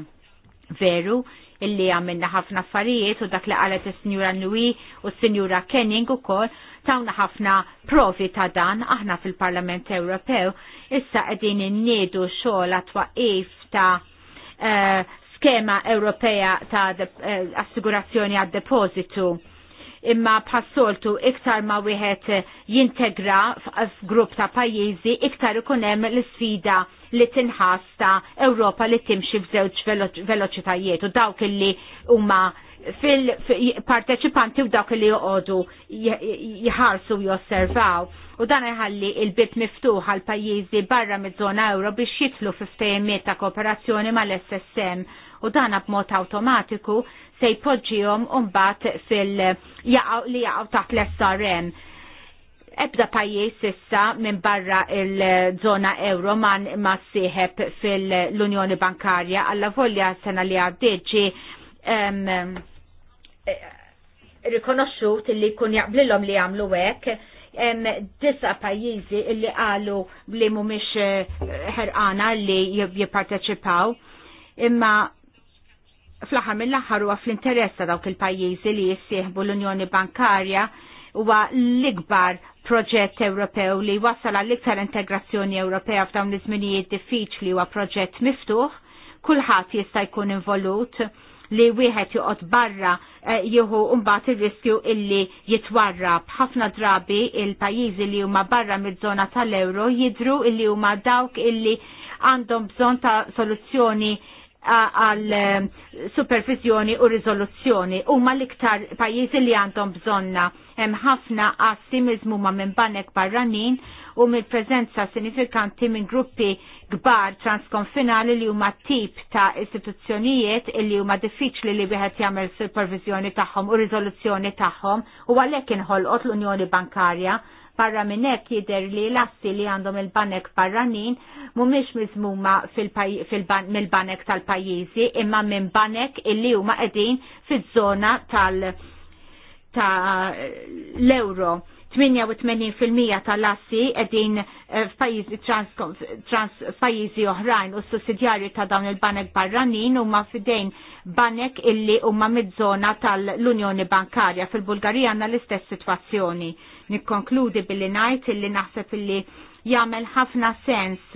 Veru, illi għamilna ħafna affarijiet u dak li għalet il-Sinjura Nui u s-Sinjura Kenning u koll tawna ħafna provi ta' dan aħna fil-Parlament Ewropew issa qegħdin inniedu xogħol għatwa if ta' uh, skema Ewropea ta' uh, assigurazzjoni għad-depositu imma passoltu iktar ma wieħed jintegra f'grupp ta' pajjiżi iktar ikun hemm l-sfida li tinħass ta' Ewropa li timxi f'żewġ veloċitajiet u dawk illi huma fil-parteċipanti u dawk li joqogħdu jħarsu josservaw u dan iħalli il-bib miftuħ għal pajjiżi barra mid-żona euro biex jitlu fi ftehimiet ta' kooperazzjoni mal-SSM u dan b'mod awtomatiku se jpoġġihom mbagħad fil jaqgħu li jaqgħu taħt l-SRM. Ebda pajjiż issa minn barra il-żona euro man ma sieħeb fil-Unjoni Bankarja alla volja sena li għaddiġi um, rikonoxxut li jkun jaqblilhom li jagħmlu hekk hemm disa pajjiżi li qalu li mhumiex eh, ħerqana li jipparteċipaw. Imma fl-aħħar mill-aħħar huwa fl-interess ta' dawk il-pajjiżi li jissieħbu l-Unjoni Bankarja huwa l-ikbar proġett Ewropew li wassal għall-iktar integrazzjoni Ewropea f'dawn iż-żminijiet diffiċli huwa proġett miftuħ, kulħadd jista' jkun involut li wieħed joqgħod barra eh, jieħu mbagħad ir-riskju illi jitwarrab. Ħafna drabi il-pajjiżi li huma barra miż-żona tal-euro jidru illi huma dawk illi għandhom bżonn ta' soluzzjoni għal eh, supervizjoni u rizoluzzjoni u ma l-iktar pajizi li għandhom bżonna hemm ħafna għassimizmu ma minn banek barranin u mill prezenza sinifikanti minn gruppi gbar transkonfinali li huma tip ta' istituzzjonijiet li huma diffiċli li wieħed jagħmel supervizjoni tagħhom u riżoluzzjoni tagħhom u għalhekk inħolqot l-Unjoni Bankarja Barra minn hekk jidher li l-assi li għandhom il-banek barranin mhumiex mizmuma fil-banek mill-banek tal-pajjiżi imma minn banek illi huma qegħdin fiż-żona tal- ta' l-euro. 88% tal-assi edin eh, f'pajjiżi trans pajjiżi oħrajn u s-sussidjarji ta' dawn il-banek barranin huma fidejn banek illi huma mid-żona tal-Unjoni Bankarja fil-Bulgarija għandna l-istess sitwazzjoni nikkonkludi billi najt illi naħseb illi jagħmel ħafna sens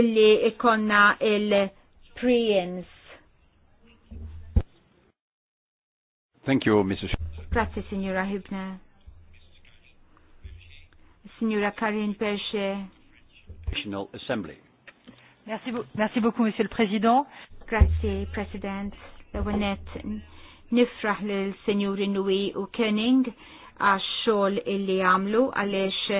illi ikonna il-preins. Thank you, Mrs. Grazie, signora Hübner. Signora Karin Perche. National Assembly. Merci, merci beaucoup, Monsieur le Président. Grazie, President. Lewenet, Nifraħ l Senjuri Nui u Kenning għax xogħol illi għamlu għaliex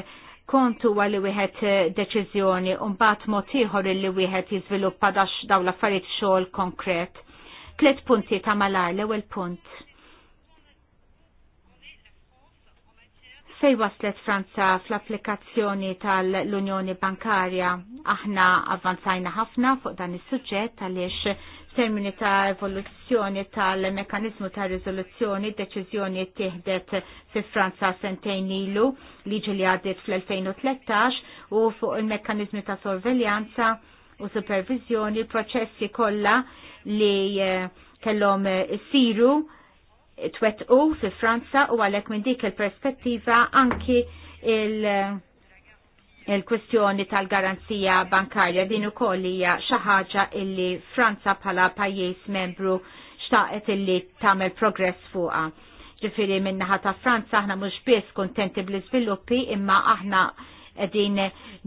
kontu għalli wieħed eh, deċiżjoni u mbagħad mod ieħor illi wieħed jiżviluppa dawn l-affarijiet xogħol konkret. Tliet punti ta' malar l-ewwel punt. Fej waslet Franza fl-applikazzjoni tal-Unjoni Bankarja aħna avvanzajna ħafna fuq dan is-suġġett għaliex termini ta' evoluzzjoni tal-mekanizmu ta' rizoluzzjoni deċiżjoni tieħdet fi Franza sentejn ilu li li għaddit fl-2013 u fuq il-mekanizmi ta' sorveljanza u supervizjoni proċessi kollha li eh, kellhom eh, isiru twettqu fi Franza u għalhekk minn dik il-perspettiva anki il- il-kwestjoni tal-garanzija bankarja din ukoll hija xi ħaġa illi Franza bħala pajjiż membru xtaqet illi tagħmel progress fuqha. Ġifiri min-naħa ta' Franza aħna mhux biss kuntenti bl-iżviluppi imma aħna qegħdin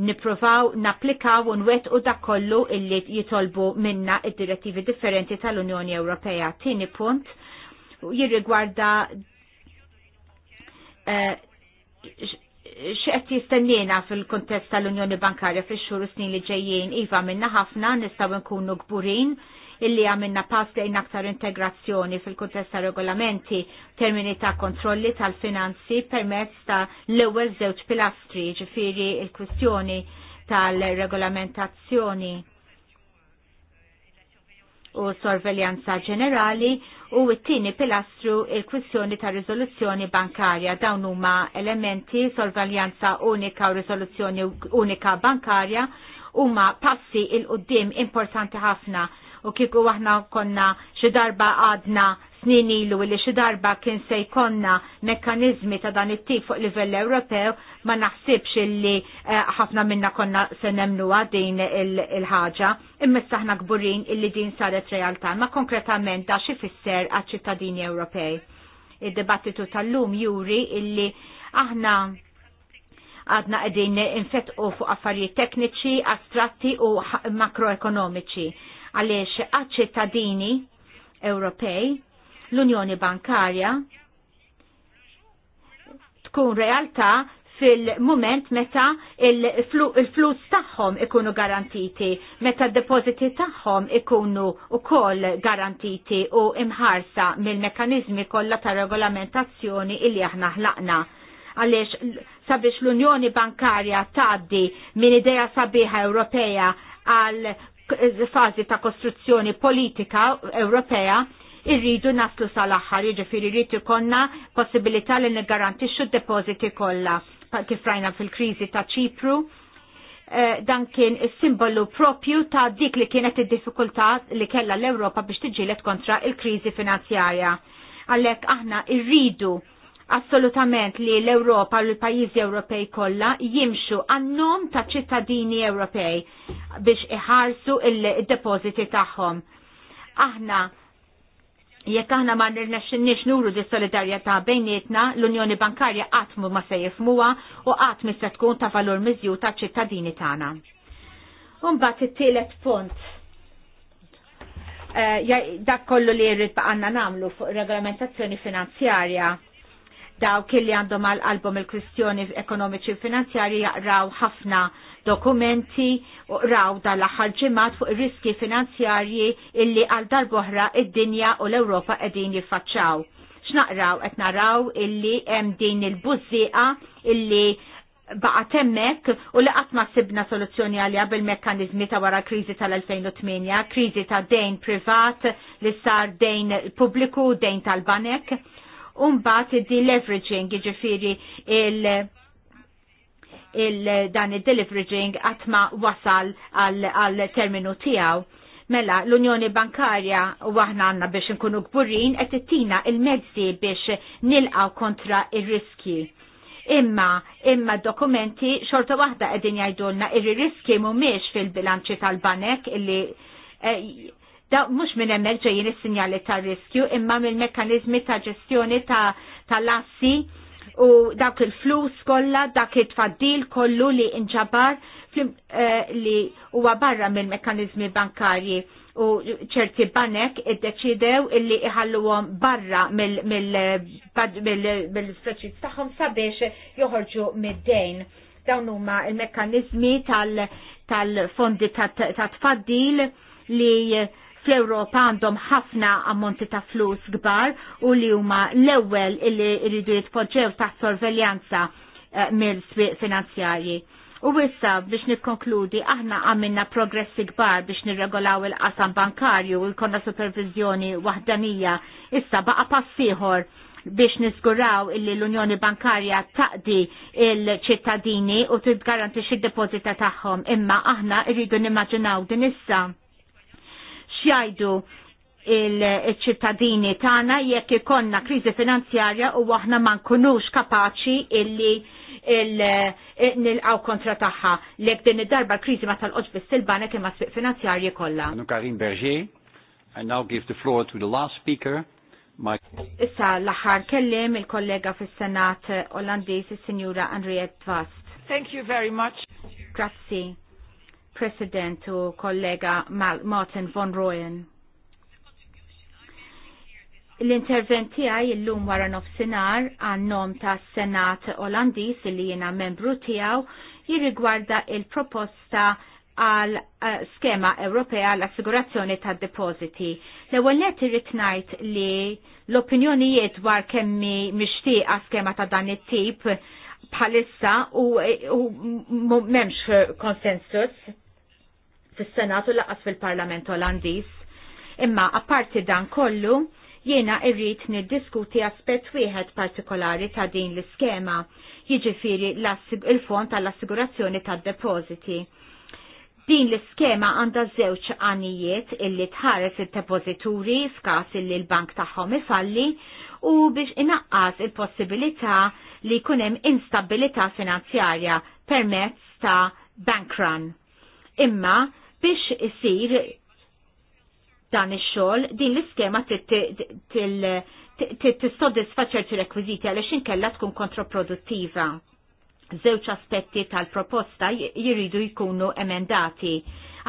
nippruvaw napplikaw u nwettqu dak kollu illi jitolbu minna id-direttivi differenti tal-Unjoni Ewropea. Tieni punt jirrigwarda eh, xeqt jistennina fil-kontest tal-Unjoni Bankarja fil xhur snin li ġejjien iva minna ħafna nistaw nkunu gburin illi għamilna pass lejn aktar integrazzjoni fil-kontest ta' regolamenti termini ta' kontrolli tal-finanzi permezz ta' l-ewwel żewġ pilastri ġifieri il-kwistjoni tal-regolamentazzjoni u sorveljanza ġenerali u t-tini pilastru il-kwissjoni ta' rizoluzzjoni bankarja dawn huma elementi sorveljanza unika u rizoluzzjoni unika bankarja huma passi il-qoddim importanti ħafna u kieku aħna konna xi darba għadna snin ilu li xi darba kien se jkonna mekkanizmi ta' dan it-tip fuq livell Ewropew ma naħsibx illi eh, ħafna minna konna se nemnuha din il-ħaġa imma saħna kburin illi din saret realtà ma konkretament da xi fisser għaċ-ċittadini Ewropej. Id-dibattitu tal-lum juri illi aħna għadna għedin infetqu fuq affarijiet tekniċi, astratti u makroekonomiċi. Għaliex għadċi ċittadini Ewropej l-Unjoni Bankarja tkun realtà fil-moment meta il-flus tagħhom ikunu garantiti, meta d-depositi tagħhom ikunu ukoll garantiti u imħarsa mill-mekanizmi kollha ta' regolamentazzjoni li aħna ħlaqna. Għaliex sabiex l-Unjoni Bankarja tgħaddi minn idea sabiħa Ewropea għal fażi ta' kostruzzjoni politika Ewropea, irridu naslu sal-axħar, jiġifieri rritu konna possibilità li niggarantixxu d-depożiti kollha kif rajna fil-kriżi ta' Ċipru. Eh, dan kien is-simbolu propju ta' dik li kienet id-diffikultà li kellha l-Ewropa biex tiġilet kontra il-kriżi finanzjarja. Għalhekk aħna rridu assolutament li l-Europa u l-pajizi Ewropej kollha jimxu għannom ta' ċittadini Ewropej biex iħarsu il-depositi tagħhom. Aħna jekk aħna ma nirnexxinniex nuru di solidarjetà bejnietna, l-Unjoni Bankarja qatt ma se jifmuha u qatt se tkun ta' valur miżju ta' ċittadini tagħna. Umbagħad it-tielet punt. Eh, dak kollu li jrid għandna nagħmlu fuq regolamentazzjoni finanzjarja dawk li għandhom għal-album il-kwistjoni ekonomiċi u finanzjarji jaqraw ħafna dokumenti u raw dal-aħħar ġimgħat fuq ir-riski finanzjarji illi għal darbohra id-dinja u l-Ewropa qegħdin jiffaċċaw. X'naqraw qed naraw illi hemm din il-bużieqa illi baqa temmek u li qatt ma sibna soluzzjoni għalja bil-mekkanizmi ta' wara kriżi tal-2008, kriżi ta' dejn privat li sar dejn pubbliku, dejn tal-banek. Umbat di leveraging, ġifiri il- il-dan il-deleveraging għatma wasal għal terminu tijaw. Mela, l-Unjoni Bankarja u għahna għanna biex nkunu gburin qed ittina il-mezzi biex nilqaw kontra ir-riski. Imma, imma dokumenti xorta waħda qegħdin jgħidulna ir-riski mhumiex fil-bilanċi tal-banek illi eh, da mux minn emmek ġejjin is-sinjali tar riskju imma mill mekkaniżmi ta' ġestjoni ta' tal-assi u dak il-flus kollha dak it-tfaddil kollu li inġabar li huwa barra mill-mekkaniżmi bankarji u ċerti banek iddeċidew illi iħalluhom barra mill-spreċit tagħhom sabiex joħorġu mid-dejn. Dawn huma l-mekkaniżmi tal-fondi tat-tfaddil li fl-Europa għandhom ħafna ammonti ta' flus gbar u li huma l-ewwel illi rridu jitpoġġew ta' sorveljanza eh, mill-swieq finanzjarji. U issa biex nikkonkludi, aħna għamilna progressi kbar biex nirregolaw il-qasam bankarju u l-konna supervizjoni waħdanija. Issa baqa passiħor biex nisguraw illi l-Unjoni Bankarja taqdi il-ċittadini u tidgaranti xid deposita tagħhom. Imma aħna rridu nimmaġinaw din issa xjajdu il-ċittadini tagħna jekk ikonna kriżi finanzjarja u aħna ma nkunux kapaċi illi nil-għaw kontra tagħha lek din id-darba krizi kriżi ma tal-qoġ bis-silbanek imma sfiq finanzjarji kollha. Karim Berger, I now give the floor to the last speaker, Issa l-aħħar kellim il-kollega fis-Senat Olandis, il sinjura Andriette Tvast. Thank you very much. Grazie. President u kollega Martin von Royen. L-intervent tiegħi lum wara nofsinhar għan-nom tas-Senat Olandiż li jiena membru tiegħu jirrigwarda il-proposta għal eh, skema Ewropea għal assigurazzjoni ta' depositi. L-ewwel net irrid ngħid li l-opinjonijiet dwar kemmi mixtieqa skema ta' dan it-tip bħalissa u, u memx konsensus fil-Senatu laqas fil-Parlament Olandiż. Imma apparti dan kollu, jiena irrit niddiskuti aspett wieħed partikolari ta' din l-iskema, jiġifieri il-fond tal-assigurazzjoni tad depoziti Din l-iskema għandha żewġ għanijiet illi tħares id-depożituri skas illi l-bank tagħhom ifalli u biex inaqqas il-possibilità li kunem instabilità finanzjarja permezz ta' bank run. Imma biex isir dan ix-xogħol din l-iskema tissodisfa ċerti rekwiżiti għaliex inkella tkun kontroproduttiva. Żewġ aspetti tal-proposta jiridu jkunu emendati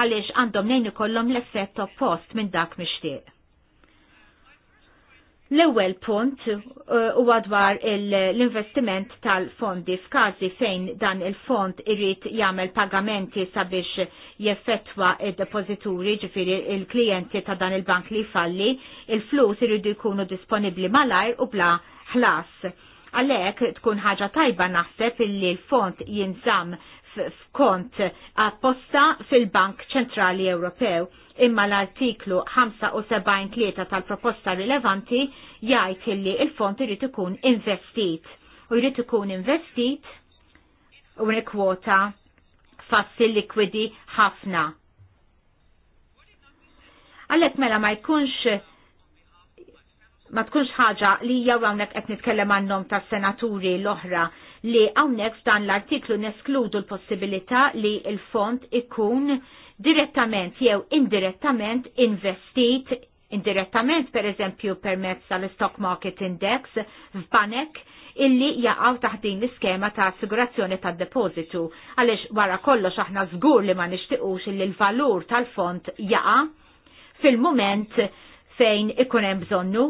għaliex għandhom nejn ikollhom l-effett oppost minn dak mixtieq. L-ewwel punt uh, huwa għadwar dwar l-investiment tal-fondi f'każi fejn dan il-fond irid jagħmel pagamenti sabiex jeffettwa id-depożituri ġifieri il-klijenti ta' dan il-bank li falli, il-flus iridu jkunu disponibbli malajr u bla ħlas. Għalhekk tkun ħaġa tajba naħseb illi l-fond jinżamm f'kont apposta fil-Bank Ċentrali Ewropew imma l-artiklu 75-3 tal-proposta rilevanti jgħid illi il-fond irid ikun investit u jrid ikun investit u kwota fassi likwidi ħafna. Għalek mela ma jkunx ma tkunx ħaġa li jew hawnhekk qed nitkellem għannom tas-senaturi l-oħra li hawnhekk f'dan l-artiklu neskludu l-possibilità li l-fond ikun direttament jew indirettament investit indirettament per eżempju permezz tal-Stock Market Index f'banek illi jaqaw taħdin l-iskema ta' assigurazzjoni ta' depositu għalix wara kollox aħna żgur li ma nixtiqux illi l-valur tal-font jaqa fil-moment fejn ikun hemm bżonnu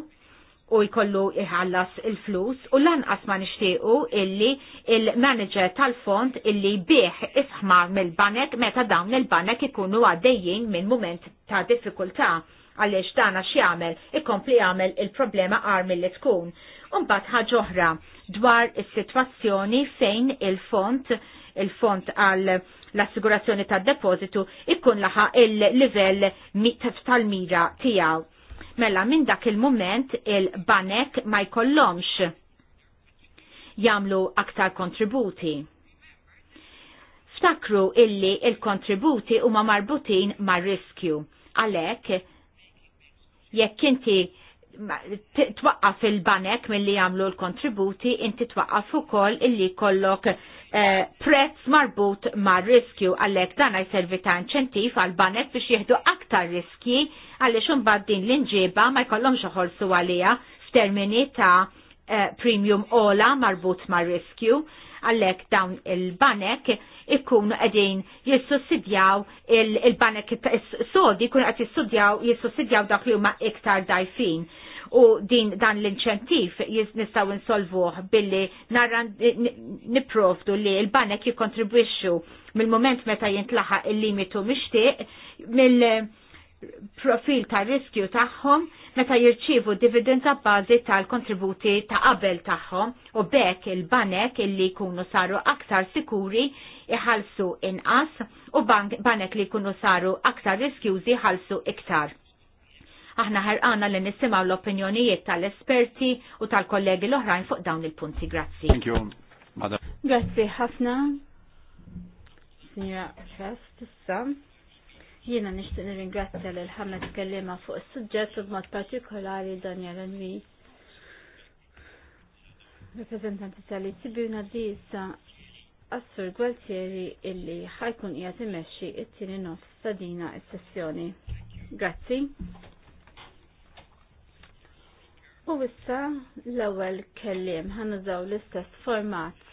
u jkollu iħallas il-flus u lanqas ma nixtiequ illi il-manager tal-fond illi bieħ isħmar mill-banek meta dawn il-banek ikunu għaddejjin minn moment ta' diffikultà għaliex dana x'jagħmel ikompli jagħmel il-problema qar mill tkun. Umbagħad ħaġa oħra dwar is-sitwazzjoni fejn il-fond il font għal l-assigurazzjoni tad depozitu ikun laħa il-livell tal-mira tijaw mela minn dak il-moment il-banek ma jkollomx jamlu aktar kontributi. Ftakru illi il-kontributi huma marbutin ma' riskju. Għalek, jekk inti twaqqaf il-banek mill-li jamlu l-kontributi, inti twaqqaf u koll illi kollok eh, prezz marbut ma' riskju għalek dan għaj servita inċentif għal-banek biex jihdu aktar riski għaliex imbagħad din l-inġiba ma jkollhomx iħolsu għaliha f'termini ta' eh, premium ola marbut ma' riskju għallek dawn il-banek ikkunu għedin jissussidjaw il-banek sodi kun għed jissussidjaw dak li huma iktar dajfin. U din dan l-inċentif nistaw insolvuħ billi narran niprofdu li il-banek jikontribwixxu mill-moment meta jintlaħa il-limitu mixtieq mill- profil ta' riskju tagħhom meta jirċivu dividend ta' bażi tal-kontributi ta' qabel tagħhom u bekk il-banek illi jkunu saru aktar sikuri iħalsu inqas u banek li jkunu saru aktar riskjużi ħalsu iktar. Aħna ħarqana li nisimgħu l-opinjonijiet tal-esperti u tal-kollegi l-oħrajn fuq dawn il-punti. Grazzi. Thank you, madam. Grazzi ħafna. Signora Fest, Jiena nishtiq nirringrazzja lil ħames kellima fuq is-suġġett u b'mod partikolari Daniel Enwi. Rappresentanti tal itibuna di issa Assur Gualtieri illi ħajkun qiegħed imexxi t-tieni nofs ta' dina s-sessjoni. Grazzi. U issa l-ewwel kelliem ħanużaw l-istess format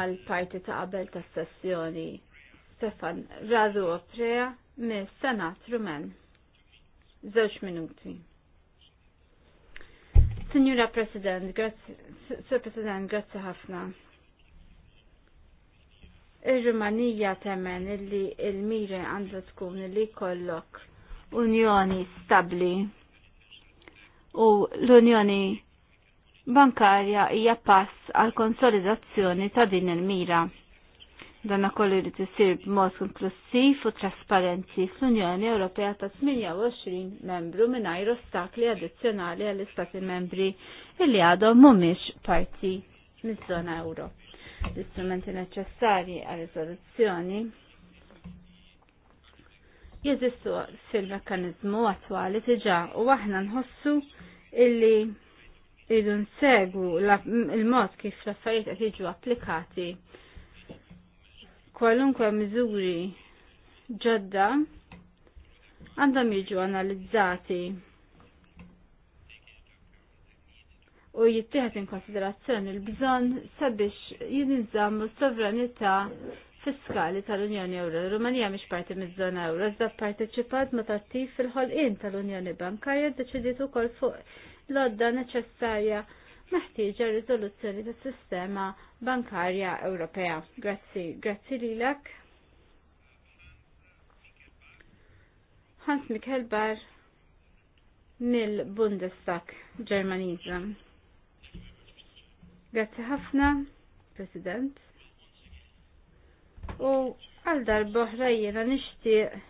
għal parti ta' qabel tas-sessjoni Stefan Radu Oprea me Senat Rumen. Zewġ minuti. Signora President, Sir President, grazzi ħafna. Ir-Rumanija temen illi il-mire għandu tkun illi kollok unjoni stabli u l-unjoni bankarja hija pass għal konsolidazzjoni ta' din il-mira. Danna kolli li b b'mod inklusiv u trasparenti fl-Unjoni Ewropea ta' 28 membru mingħajr ostakli addizzjonali għall-Istati membri illi għadhom mhumiex parti miż-żona euro. L-istrumenti neċessari għal riżoluzzjoni jeżistu fil-mekkanizmu attwali diġà u aħna nħossu illi id-dun segu il-mod kif l-affarijiet qed jiġu applikati kwalunkwe miżuri ġodda għandhom jiġu analizzati u jittieħed in konsiderazzjoni l-bżonn sabiex jinżammu s-sovranità fiskali tal-Unjoni Ewro. Rumanija mhix parti miż-żona Ewro, iżda pparteċipat ma tattiv fil-ħolqien tal-Unjoni Bankarja ddeċidiet ukoll fuq l-odda neċessarja meħtieġa riżoluzzjoni tas sistema bankarja Ewropea. Grazzi, grazzi lilek. Hans Mikel Bar mill-Bundestag Ġermaniża. Grazzi ħafna, President. U għal oħra jiena nixtieq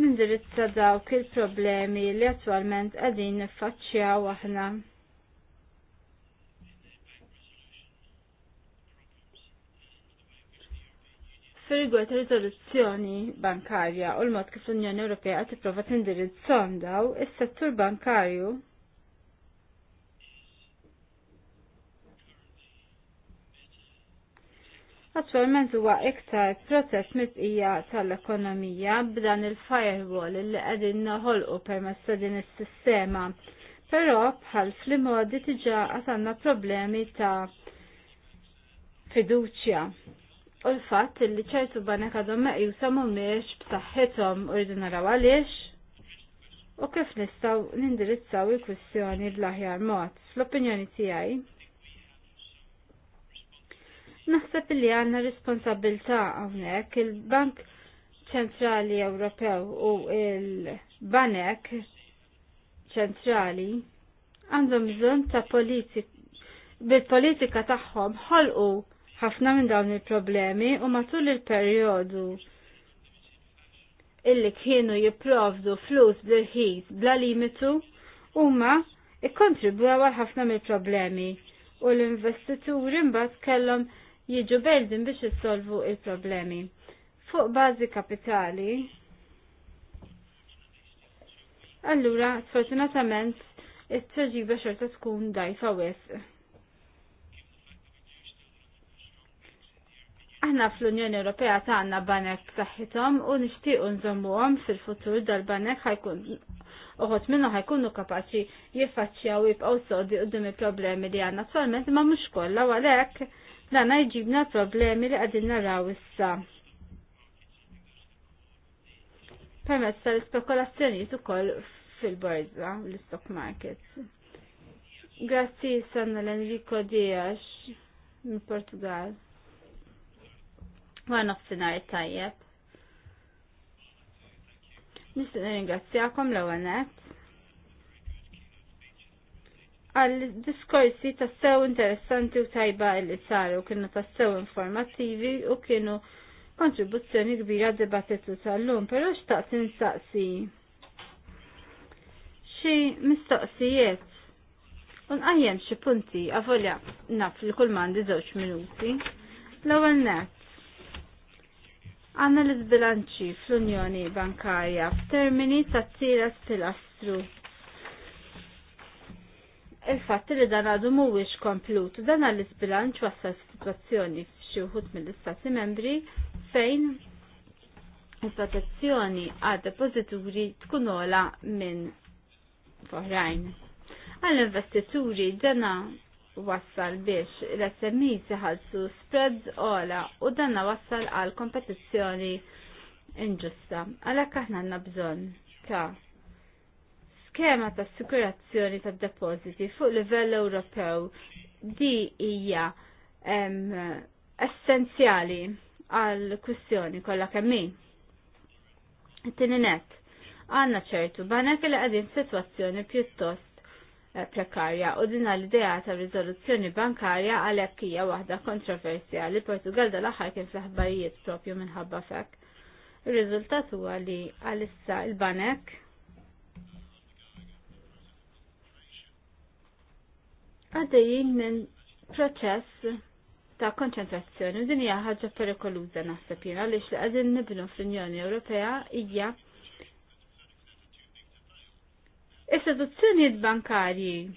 nindirizza dawk il-problemi li attwalment għadin niffaċċjaw aħna fil-rigward riżoluzzjoni bankarja u l-mod kif l-Unjoni Ewropea qed tipprova tindirizzhom daw is-settur bankarju Attualment huwa iktar protest mitqija tal-ekonomija b'dan il-firewall li qegħdin noħolqu permezz din is-sistema. Però bħal fli modi għad għandna problemi ta' fiduċja u l-fatt li ċertu banek għadhom meqjusa mhumiex b'saħħithom u rridu naraw għaliex u kif nistgħu nindirizzaw il-kwistjoni bl-aħjar mod. Fl-opinjoni tiegħi Naħseb li għanna responsabilta għawnek il-Bank ċentrali Ewropew u il-Banek ċentrali għandhom bżonn ta' politika bil-politika tagħhom ħolqu ħafna minn dawn il-problemi u matul il-perjodu illi kienu jipprovdu flus bl-ħid bla limitu huma ikkontribwew għal ħafna mill-problemi u l-investituri mbagħad kellhom jiġu beldin biex jissolvu il-problemi. Fuq bażi kapitali, Allura, sfortunatament, it-tweġiba xorta tkun dajfa wisq. Aħna fl-Unjoni Ewropea tagħna banek saħħithom u nixtiequ nżommuhom fil-futur dal-banek ħajkun uħot minnu ħajkunu kapaċi jiffaċċjaw jibqgħu sodi qudiem il-problemi li għandna attualment ma mhux kollha għalhekk dan jġibna problemi li qegħdin naraw issa. Permezz tal-spekulazzjonijiet ukoll fil-borza l-stock markets. Grazzi Sanna l-Enrico Diaz, mill-Portugal. Ma nofsinar tajjeb. Nista' nirringrazzjakom l-ewwel nett għal diskorsi ta' sew interessanti u tajba li saru kienu ta' sew informattivi u kienu kontribuzzjoni kbira dibattitu tal-lum, pero xtaqt nistaqsi. Xi mistoqsijiet unqajjem xi punti għavolja naf li kull mandi żewġ minuti. L-ewwel net għanna l izbilanċi fl-Unjoni Bankarja f'termini ta' t-tira pilastru. Il-fatt li dan għadu mhuwiex komplut, dan għal l-izbilanċ wassal situazzjoni f'xi wħud mill-Istati membri fejn il-protezzjoni għad depozituri tkun ola minn foħrajn. Għall-investituri dana wassal biex l-SMEs iħallsu spreads ola u danna wassal għal kompetizzjoni inġusta. Għalhekk aħna għandna bżonn ta' skema ta' assikurazzjoni ta' depositi fuq livell Ewropew di hija essenzjali għal kwistjoni kollha kemm hi. Tininet, għandna ċertu banek li għadin situazzjoni pjuttost Eh, prekarja u dina l-idea ta' rizoluzzjoni bankarja għalhekk hija waħda kontroversja li Portugal dal-aħħar kien fl-aħbarijiet propju minħabba fek. Ir-riżultat huwa li għalissa il-banek għaddejjin minn proċess ta' konċentrazzjoni u din hija ħaġa perikoluża naħseb jiena għaliex li qegħdin nibnu fl-Unjoni Ewropea hija istituzzjonijiet bankarji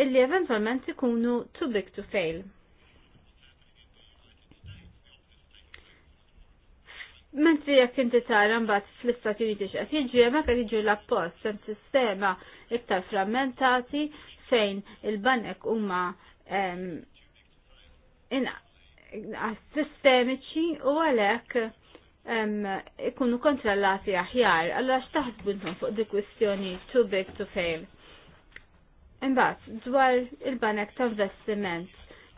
illi eventualment ikunu too big to fail. Mentri jekk inti tara mbagħad fl-Istati Uniti x'qed jiġri hemmhekk qed jiġri l-appost hemm sistema iktar frammentati fejn il-banek huma ehm, sistemiċi u għalhekk ikunu kontrallati aħjar, allora xtaħsbu ntom fuq di kwistjoni too big to fail. Imbagħad dwar il-banek ta' investiment,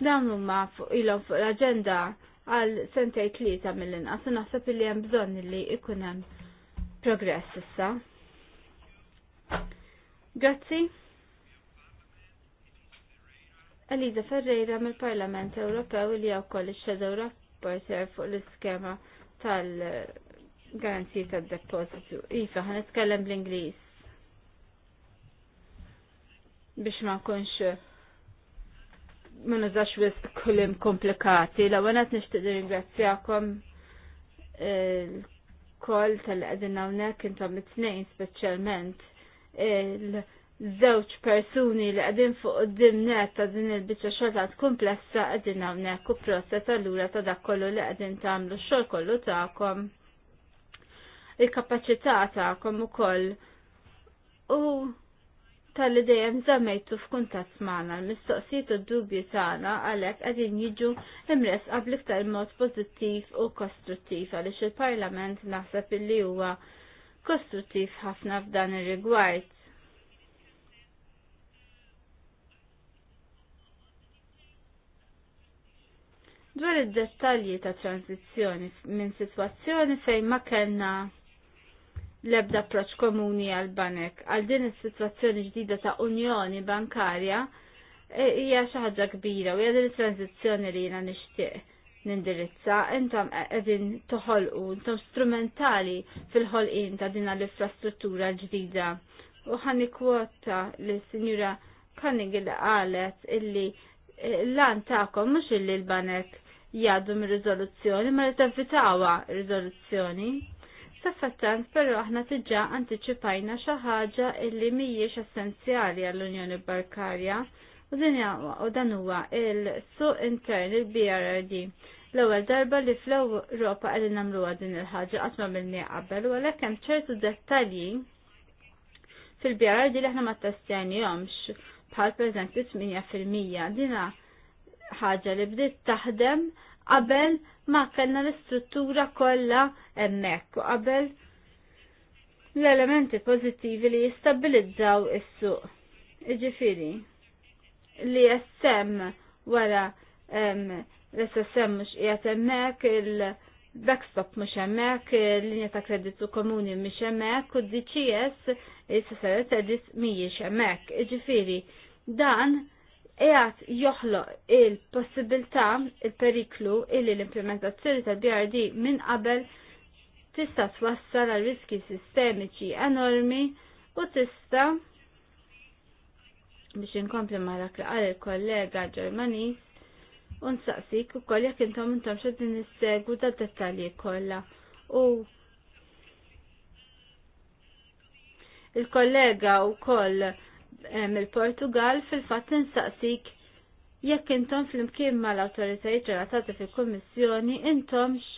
dawn huma fuq ilhom fuq l-aġenda għal sentej tlieta mill-inqas u naħseb li hemm bżonn li ikun hemm progress issa. Grazzi. Eliza Ferreira mill-Parlament Ewropew li wkoll ix-Shadow Rapporter fuq l-iskema tal-garanzija tad-depositu. Iva, għan nitkellem bl-Ingliż biex ma nkunx ma nazax wisq kulim komplikati. La ewwel qed nixtieq ringrazzjakom il eh, tal-qegħdin hawnhekk intom it-tnejn speċjalment il- żewġ persuni li għadin fuq dimnet ta' din il-bicċa xorta komplessa għadin għawnek u prosta tal ta' dak kollu li għadin tamlu xor kollu ta'kom. Il-kapacità ta'kom u koll u tal-li dejjem zamejtu f'kuntat magħna l-mistoqsijiet u d dubju tagħna għalhekk qegħdin jiġu imres qabl iktar mod pożittiv u kostruttiv għaliex il-Parlament naħseb illi huwa kostruttiv ħafna f'dan ir-rigward dwar id-dettalji ta' tranzizzjoni minn sitwazzjoni fejn ma kellna l-ebda approċ komuni għal banek għal din is-sitwazzjoni ġdida ta' unjoni bankarja e, hija xi ħaġa kbira u hija din it-tranzizzjoni li jiena nixtieq nindirizza, intom qegħdin toħolqu, intom strumentali fil-ħolqien ta' din l-infrastruttura ġdida. U ħani kwota li sinjura Kanning qalet illi e, l-lan ta'kom mhux illi l-banek jgħaddu mir-riżoluzzjoni ma li rizoluzzjoni. riżoluzzjoni. Saffattant però aħna tiġa antiċipajna xi ħaġa illi mhijiex essenzjali għall-Unjoni Bankarja u din u dan huwa il-suq intern il-BRRD. L-ewwel darba li fl-Ewropa qegħdin nagħmluha din il-ħaġa qatt ma minni qabel u għalhekk hemm ċertu dettalji fil-BRRD li aħna ma testjanihomx bħal pereżempju 8 fil-mija dina ħaġa li bdiet taħdem qabel ma kellna l-istruttura kollha hemmhekk u qabel l-elementi pożittivi li jistabilizzaw is-suq. Iġifieri li jessem wara l-SSM mhux qiegħed hemmhekk il-backstop mhux hemmhekk, il-linja ta' kreditu komuni mhux hemmhekk u d-DCS is-sesseret mhijiex hemmhekk. Iġifieri dan qiegħed joħloq il-possibilità il-periklu illi l-implementazzjoni tal-BRD minn qabel tista' twassal għal riski sistemiċi enormi u tista' biex inkompli ma' dak li qal il-kollega Ġermaniż u nsaqsik ukoll jekk intom intom xedin nissegu ta' dettalji kollha u il-kollega u koll Eh, mill-Portugal fil-fatt nsaqsik jekk intom fl-imkien mal-awtoritajiet relatati fil-Kummissjoni intomx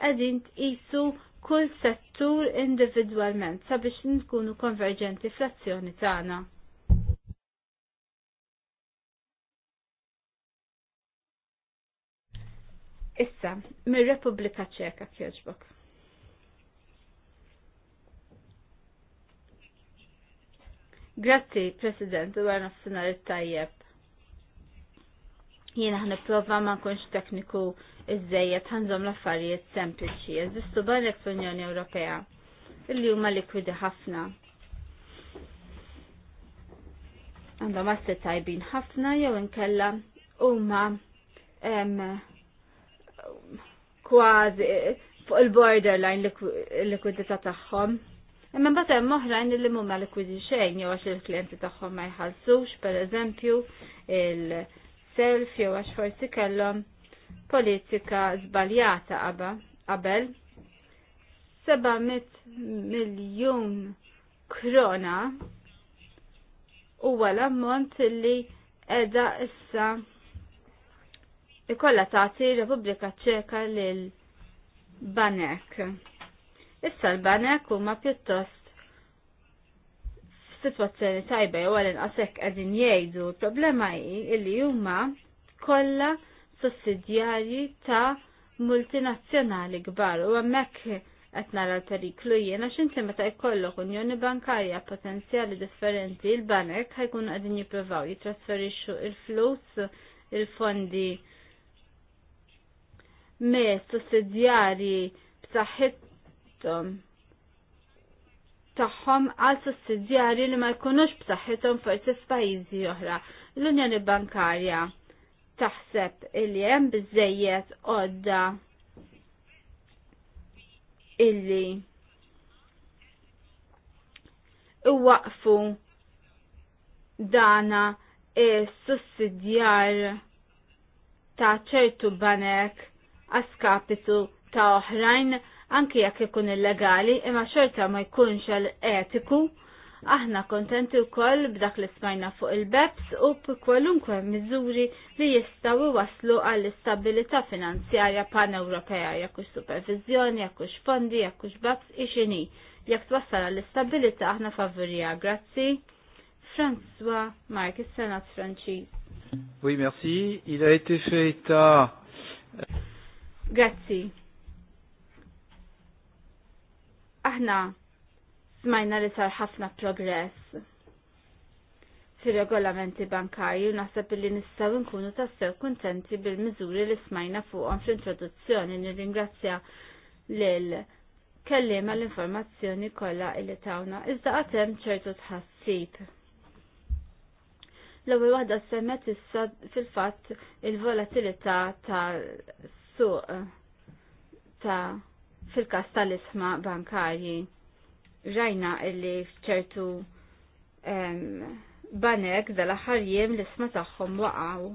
qegħdin tqisu kull settur individwalment sabiex nkunu konverġenti fl-azzjoni tagħna. Issa, mir-Repubblika Ċeka kjoġbok. Grazzi, President, u għarna f-sinar il-tajjeb. Jiena ħna prova ma nkunx tekniku iż żejja tħanżom l-affarijiet sempliċi. Eżistu barrek fl-Unjoni Ewropea illi huma likwidi ħafna. Għandhom asset tajbin ħafna jew inkella huma kważi fuq il-borderline likwidità tagħhom. Imma mbagħad hemm oħrajn li huma likwidi xejn jew għax il-klijenti tagħhom ma jħallsux pereżempju il-self jew għax forsi kellhom politika żbaljata qabel. 700 miljun krona huwa l-ammont li qiegħda issa ikolla tagħti Repubblika Ċeka lil Banek. Issa l-banek huma pjuttost f'sitwazzjoni tajba jew għal inqas hekk qegħdin jgħidu l-problema hi illi huma kollha sussidjarji ta' multinazzjonali kbar u hemmhekk qed nara l-periklu jiena x'inti meta jkollok unjoni bankarja potenzjali differenti il-banek ħajkun qegħdin jippruvaw jitrasferixxu il-flus il-fondi me sussidjarji b'saħħit tagħhom għal sussidjarji li ma jkunux b'saħħithom forsi f'pajjiżi oħra. L-Unjoni Bankarja taħseb illi hemm biżejjed għodda illi iwaqfu dana s sussidjar ta' ċertu banek għaskapitu ta' oħrajn anki jekk ikun illegali imma xorta ma jkunx etiku aħna kontenti wkoll b'dak li smajna fuq il-BEPS u b'kwalunkwe miżuri li jistgħu waslu għall istabilità finanzjarja pan-Ewropea jekk hux supervizjoni, jekk hux fondi, jekk hux i xini. Jekk twassal għall istabilità aħna favorija. Grazzi. François Marc, Senat Franċiż. Oui, merci. Il a été fait à... Grazie. Aħna smajna li sar ħafna progress fil-regolamenti bankarji u naħseb li nistaw nkunu tassew kuntenti bil-miżuri li smajna fuqhom fl-introduzzjoni nirringrazzja lil kellima l-informazzjoni kollha li tawna iżda qatt hemm ċertu tħassib. L-ewwel waħda semmet issa fil-fatt il-volatilità tal-suq ta' fil-kas tal-isma bankarji. Rajna illi fċertu banek dal-aħħar jiem l-isma tagħhom waqgħu.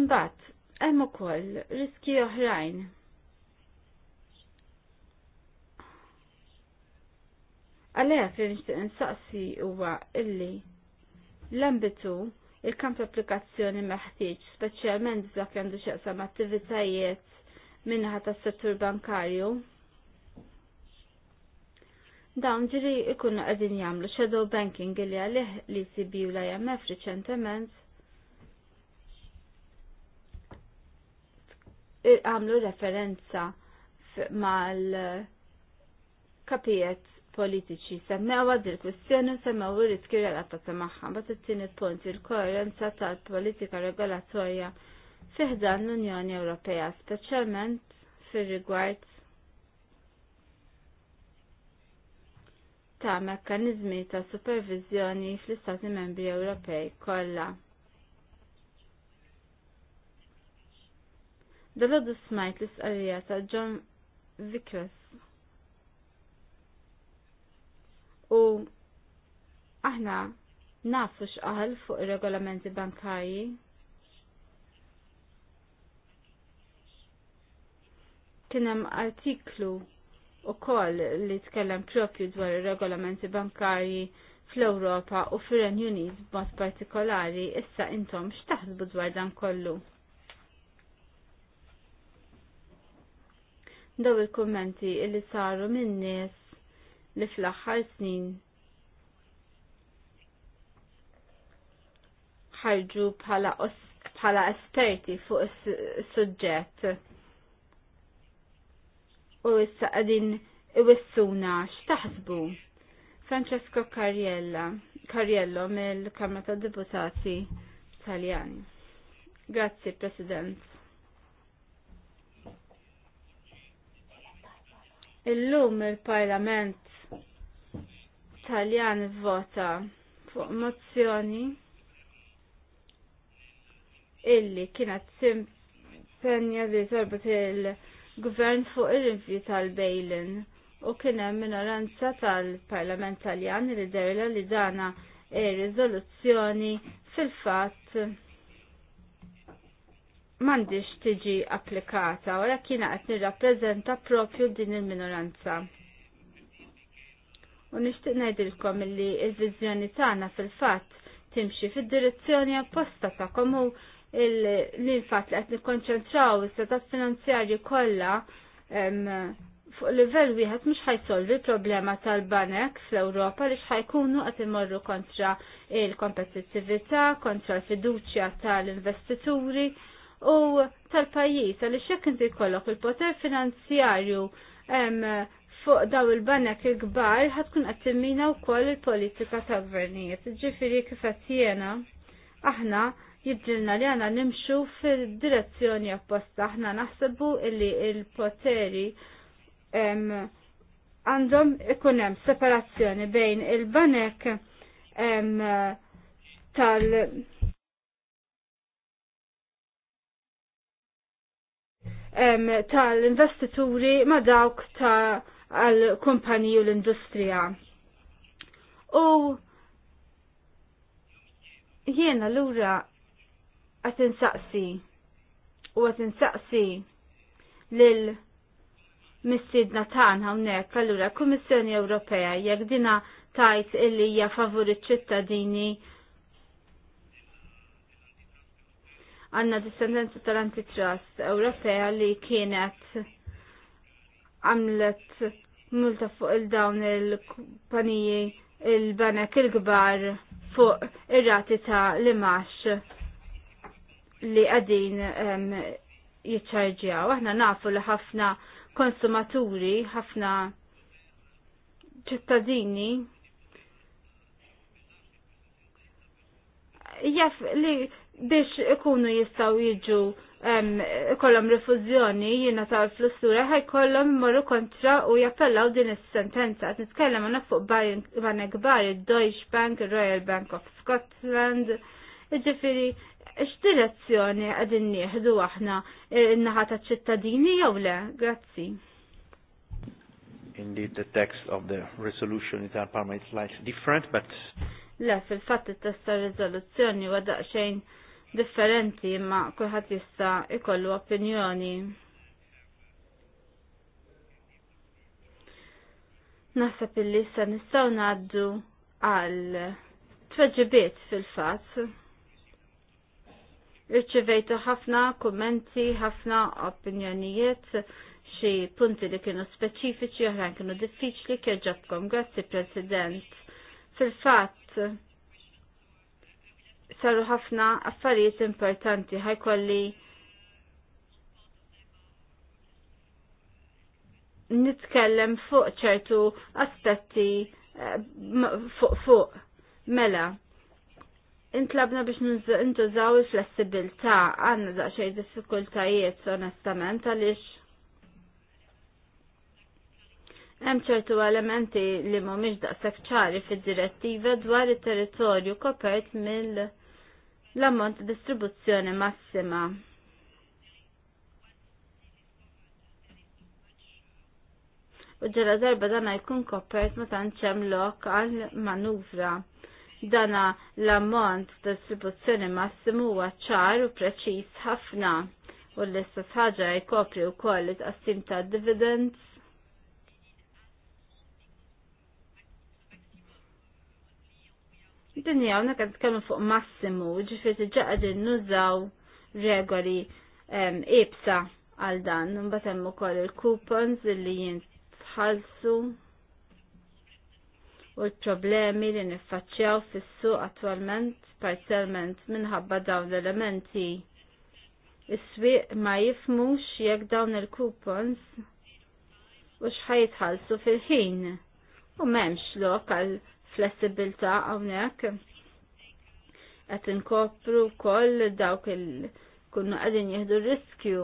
Imbagħad hemm ukoll riski oħrajn. Għalhekk fil nixtieq insaqsi huwa illi l-ambitu il-kamp applikazzjoni meħtieġ, speċjalment dak għandu xaqsam attivitajiet minnaħa tas-settur bankarju. Dawn ġiri ikunu qegħdin jagħmlu shadow banking li għalih li CB u l-IMF riċentement għamlu referenza mal kapijiet politiċi. Semmew għad il kwistjoni semmew il l relatata maħħa, bat it-tini punt il-koerenza tal-politika regolatorja fiħdan l-Unjoni Ewropea, specialment fil-rigward ta' mekkanizmi ta' supervizjoni fl-Istati Membri Ewropej kollha. Dalodu smajt l-isqarrija ta' John Vickers u aħna nafu x'qal fuq ir-regolamenti bankarji. Kien hemm artiklu wkoll li tkellem propju dwar ir-regolamenti bankarji fl-Ewropa u fir-Renju Unit b'mod partikolari issa intom x'taħsbu dwar dan kollu. Daw il-kummenti li saru minn nies li fl-aħħar snin ħarġu bħala esperti fuq is-suġġett. U issa qegħdin iwissuna x'taħsbu. Francesco Carriella, Carriello mill-Kamra tad-Deputati Taljani. Grazzi, President. Illum il-Parlament Taljan vota fuq mozzjoni illi kienet simpenja li torbot il-gvern fuq ir-revju tal-Bejlin u kien hemm minoranza tal-Parlament Taljan li derla li dana ir-riżoluzzjoni fil-fatt m'għandix tiġi applikata u jekk jiena qed nirrappreżenta propju din il-minoranza. U nixtieq ngħidilkom li l-viżjoni tagħna fil-fatt timxi fid-direzzjoni apposta ta' komu l-infatt li qed nikkonċentraw is-setat finanzjarji kollha fuq livell wieħed mhux ħajsolvi problema tal-banek fl-Ewropa li x'ħajkunu qed imorru kontra il-kompetittività, kontra l-fiduċja tal-investituri u tal-pajjiż għaliex jekk inti jkollok il-poter finanzjarju fuq daw il-banek il-gbar ħatkun għattimina u koll il-politika ta' gvernijiet. Ġifiri kifat jena, aħna jidġilna li għana nimxu fil-direzzjoni apposta. Aħna naħsebu illi il-poteri għandhom ikunem separazzjoni bejn il-banek tal- tal-investituri ma dawk ta' għal kumpaniji u l-industrija. U jiena l-ura għat insaqsi u għat insaqsi lil mistidna tan hawnhekk allura Kummissjoni Ewropea jekk dina tajt illi hija favur iċ-ċittadini għandna dissendenza tal-antitrust Ewropea li kienet għamlet multa fuq il-dawn il-kumpaniji il-banek il-gbar fuq ir-rati ta' li max li għadin jitċarġjaw. Aħna nafu li ħafna konsumaturi, ħafna ċittadini jaff li biex ikunu jistaw jiġu kollom refuzjoni jina ta' l-flussura ħaj kollom morru kontra u jappellaw din is-sentenza. Nitkellem għana fuq banek bar, il-Deutsche Bank, il-Royal Bank of Scotland, iġifiri. x-direzzjoni għadin nieħdu aħna eh, n-naħa ta' ċittadini jew le? Grazzi. Indeed, the text of the resolution in Parma is slightly different, but... Le, fil-fat il-testa rizoluzzjoni għada xejn differenti imma kulħadd jista' ikollu opinjoni. Naħseb illi issa nistgħu ngħaddu għal tweġibiet fil-fatt. Irċivejtu ħafna kummenti, ħafna opinjonijiet, xi punti li kienu speċifiċi, oħrajn kienu diffiċli, kieġobkom, grazzi President. Fil-fatt, saru ħafna affarijiet importanti ħajkolli nitkellem fuq ċertu aspetti eh, fuq fuq mela intlabna biex nintużaw il-flessibilità għanna daqsxejn diffikultajiet onestament għaliex hemm ċertu elementi li mhumiex daqshekk ċari fid-direttiva dwar it-territorju kopert mill- l-ammont ta' distribuzzjoni massima. U ġara darba dana jkun koppert ma tanċem lok għal manuvra. Dana l-ammont ta' distribuzzjoni massimu huwa ċar u preċis ħafna u l-istess ħaġa jkopri wkoll it-qassim ta' dividends Dinja, għuna għad kemmu fuq massimu, ġifiri ġaqadin nużaw regoli ehm, ibsa għal dan, mbatem hemm ukoll il-coupons li jintħalsu u l-problemi li nifacċjaw fissu attualment parzialment minħabba dawn l-elementi. Is-swieq ma jifmux jekk dawn il-coupons u xħajtħalsu fil-ħin u memx lok għal flessibilta hawnhekk qed inkopru wkoll dawk il kunu qegħdin jieħdu riskju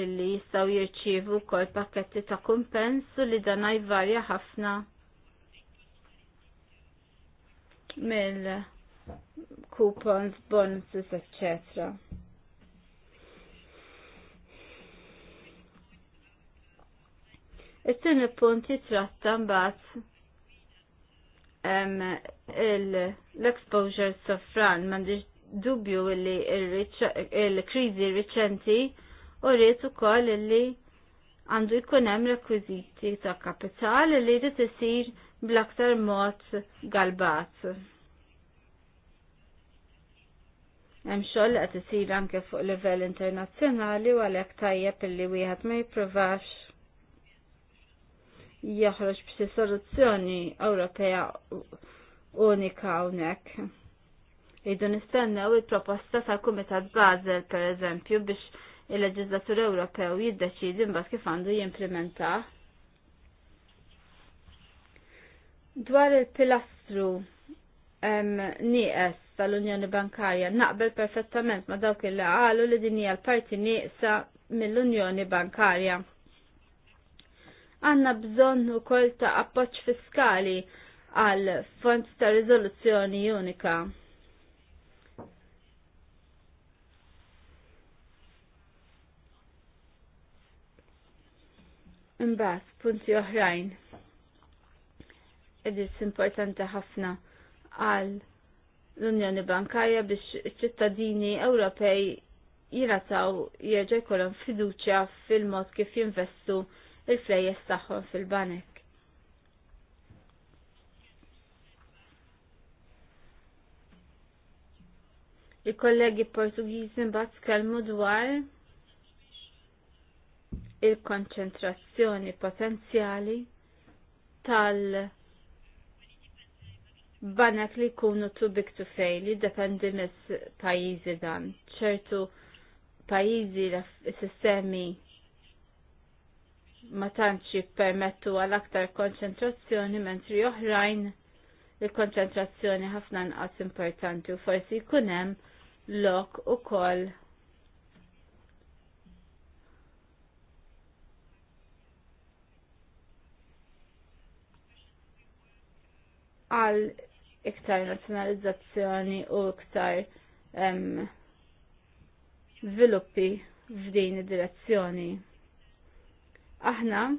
illi jistgħu jirċivu wkoll pakketti ta' kumpensu li dan jvarja ħafna mill coupons, bonuses, etc. it il-punti trattan mbagħad l-exposure sofran mandiġ dubju li il-krizi riċenti u rrit u koll li għandu jkunem rekwiziti ta' kapital li rrit isir bl-aktar mod galbat. Hemm xogħol qed isir anke fuq livell internazzjonali u għalhekk tajjeb illi wieħed ma jippruvax jaħroġ b'xi soluzzjoni Ewropea unika hawnhekk. Idu nistennew il-proposta tal-Kumitat Basel pereżempju biex il-leġislatur Ewropew jiddeċidi mbagħad kif għandu jimplementa. Dwar il-pilastru nieqes tal-Unjoni Bankarja naqbel perfettament ma dawk il laqalu li din hija l-parti nieqsa mill-Unjoni Bankarja għanna bżonn ukoll ta' appoġġ fiskali għal fond ta' riżoluzzjoni unika. Imbagħad punti oħrajn. Edis importanti ħafna għal l-Unjoni Bankarja biex ċittadini Ewropej jirataw jerġa' jkollhom fiduċja fil-mod kif jinvestu il-flejjes tagħhom fil-banek. Il-kollegi Portugiżi mbagħad tkellmu dwar il-konċentrazzjoni potenzjali tal- banek li kunu too big to fail, li dependi mis pajizi dan. ċertu pajizi sistemi ma tantx jippermettu għal aktar konċentrazzjoni mentri oħrajn il-konċentrazzjoni ħafna nqas importanti u forsi jkun hemm lok ukoll għal iktar nazzjonalizzazzjoni u iktar um, sviluppi f'din id-direzzjoni. Aħna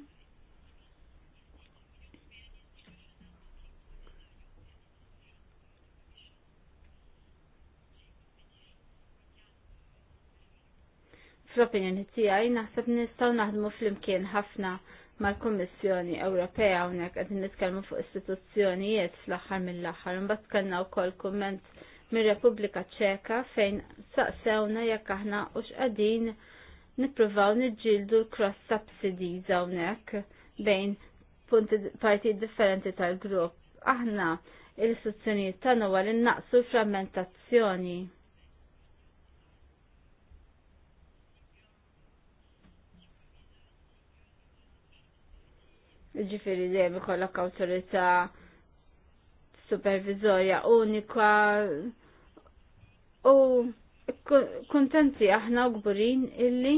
fl-opinjoni tiegħi naħseb nistgħu naħdmu flimkien ħafna mal-Kummissjoni Ewropea hawnhekk qed nitkellmu fuq istituzzjonijiet fl-aħħar mill-aħħar. Imbagħad kellna wkoll kumment mir-Repubblika Ċeka fejn saqsewna jekk aħna hux qegħdin nippruvaw niġġieldu l-cross subsidies hawnhekk bejn punti partijiet differenti tal-grupp. Aħna il-istituzzjonijiet tagħna wara li l-frammentazzjoni. ġifiri dejjem ikollok awtorità supervizorja unika u kontenti aħna u gburin illi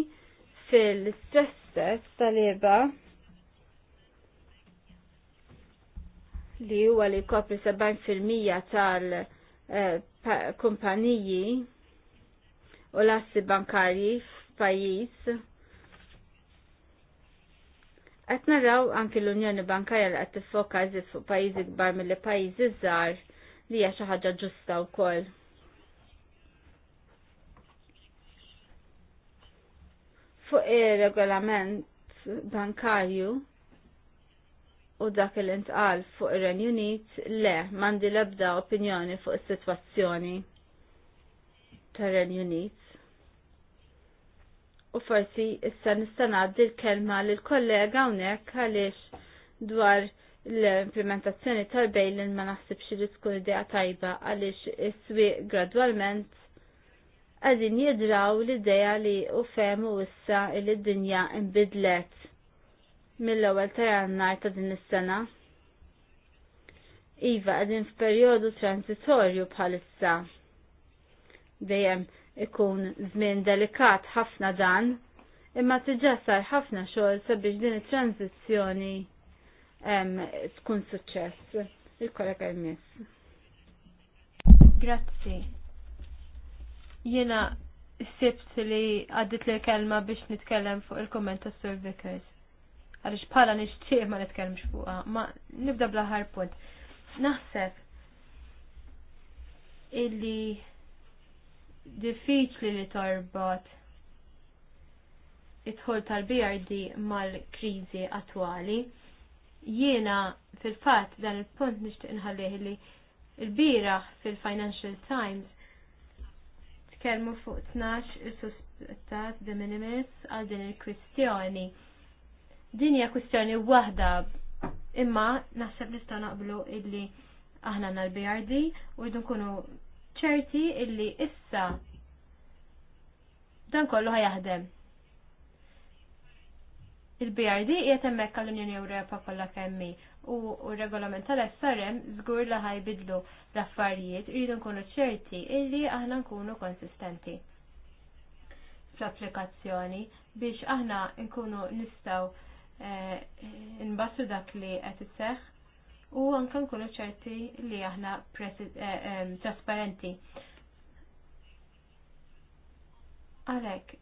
fil-stress test tal-eba li huwa li kopri 70% tal-kumpaniji eh, u l-assi bankarji f'pajjiż. Qed naraw anke l-Unjoni Bankarja li qed tiffoka fuq pajjiżi kbar mill-pajjiżi żgħar li hija xi ħaġa ġusta wkoll. fuq ir-regolament bankarju u dak il intqal fuq ir renju Unit le mandi lebda opinjoni fuq is-sitwazzjoni tar-Ren Unit. U forsi issa nista' ngħaddi l-kelma l kollega hawnhekk għaliex dwar l-implementazzjoni tal-bejlin ma naħsibx li tkun idea tajba għaliex is-swieq gradwalment għadin jidraw l-ideja li u femu issa li d-dinja imbidlet mill-ewwel ta' jannar ta' din is-sena. Iva għadin f'perjodu transitorju bħalissa. Dejjem ikun żmien delikat ħafna dan, imma tiġa sar ħafna xogħol sabiex din it-tranzizzjoni tkun suċċess. Il-kollega jmiss. Grazzi. Jena sibt li għaddit li kelma biex nitkellem fuq il-komment tas Sir Vickers. Għalix bħala nixtieq ma nitkellmx fuqha, ma nibda bl-aħħar punt. Naħseb illi diffiċli li torbot it-ħol tal-BRD mal-krizi attwali. Jiena fil-fat dan il-punt nishtiq nħallih li il bira fil-Financial Times nitkellmu fuq 12 il-suspettat de minimis għal din il-kwistjoni. Din hija kwistjoni waħda imma naħseb nista' naqblu illi aħna nal-BRD u jdu nkunu ċerti illi issa dan kollu ħajaħdem. Il-BRD qiegħed hemmhekk għall-Unjoni Ewropa kollha kemmi u regolament tal-SRM zgur li ħajbidlu l-affarijiet irridu nkunu ċerti illi aħna nkunu konsistenti fl-applikazzjoni biex aħna nkunu nistaw eh, nbassu dak li qed isseħħ u anke nkunu ċerti li aħna eh, eh, trasparenti. Għalhekk,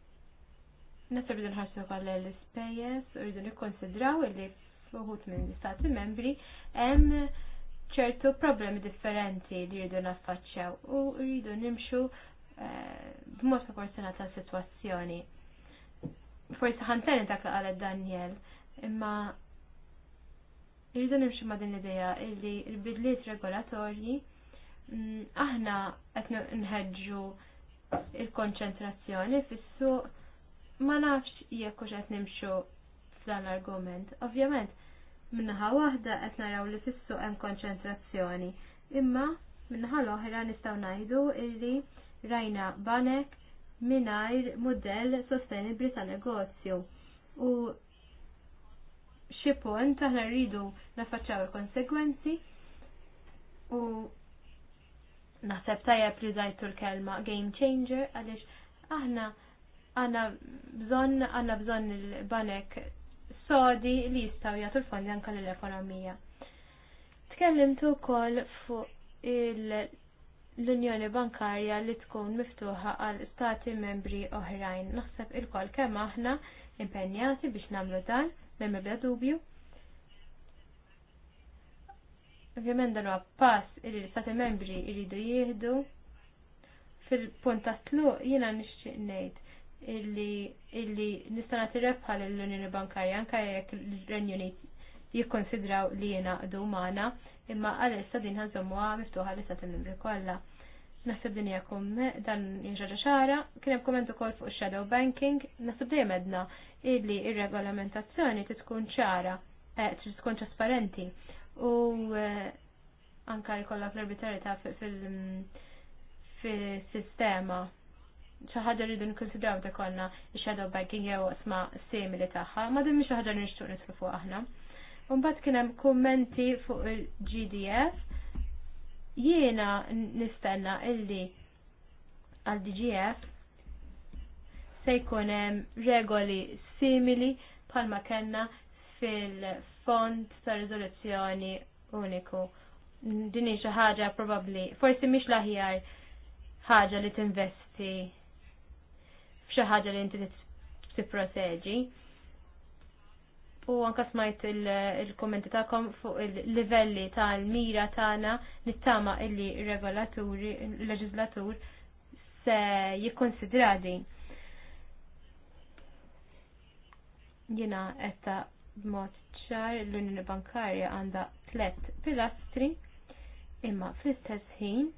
nasab rridu nħarsu kollha l-ispejjeż u rridu nikkonsidraw illi fl-uħut minn l-istati membri hemm ċertu problemi differenti li rridu naffaċċjaw u rridu nimxu eh, b'mod proporzjonat ta' situazzjoni. Forsi ħanteni dak li qalet Daniel, imma rridu nimxu ma' din l-idea illi l-bidliet regolatorji mm, aħna qed nħeġġu il-konċentrazzjoni fis-suq ma nafx jekk hux qed nimxu f'dan l-argument. Ovvjament, Minnaħa waħda qed naraw li fissu hemm konċentrazzjoni. Imma minnaħa l-oħra nistgħu ngħidu li rajna banek mingħajr mudell sostenibbli ta' negozju. U xi punt aħna rridu nafaċċaw il-konsegwenzi u naħseb tajjeb li żajtu l-kelma game changer għaliex aħna għanna bżonn għanna bżonn il-banek sodi li jistaw jagħtu l-fondi anka l-ekonomija. Tkellimtu wkoll fuq l-Unjoni Bankarja li tkun miftuħa għal stati membri oħrajn. Naħseb il-kol kemm aħna impenjati biex nagħmlu dan, minn mibda dubju. Ovvjament dan huwa pass li membri jridu jieħdu fil-punt ta' tluq jiena nixtieq ngħid illi illi nista' nagħti l lill-Unjoni Bankarja anke jekk l-Renju jikkonsidraw li jingħaqdu maħna imma għalissa din ħażommuha miftuħa li sa' membri kollha. Naħseb din jakum dan jinġaġa ċara, kien hemm kol ukoll fuq shadow banking, naħseb dejjem edna illi il regolamentazzjoni tkun ċara, eh, trid tkun trasparenti u eh, anka jkollha l arbitrarietà fil-sistema. Mm, xi ħaġa rridu nikkonsidraw ta' konna shadow banking jew isma simili tagħha, ma din mhix ħaġa nixtieq nitlu fuq aħna. Mbagħad kien hemm kummenti fuq il-GDF. Jiena nistenna illi għal DGF se jkun hemm regoli simili bħalma kellna fil-fond ta' Rizoluzzjoni uniku. Din hi xi ħaġa probabbli forsi mhix l-aħjar ħaġa li tinvesti xi ħaġa li inti tipproteġi. U anka smajt il-kommenti tagħkom fuq il-livelli tal-mira tagħna nittama illi regolaturi, il-leġislatur se jikkonsidra din. Jina qed b'mod ċar l-Unjoni Bankarja għandha tlet pilastri imma fl-istess ħin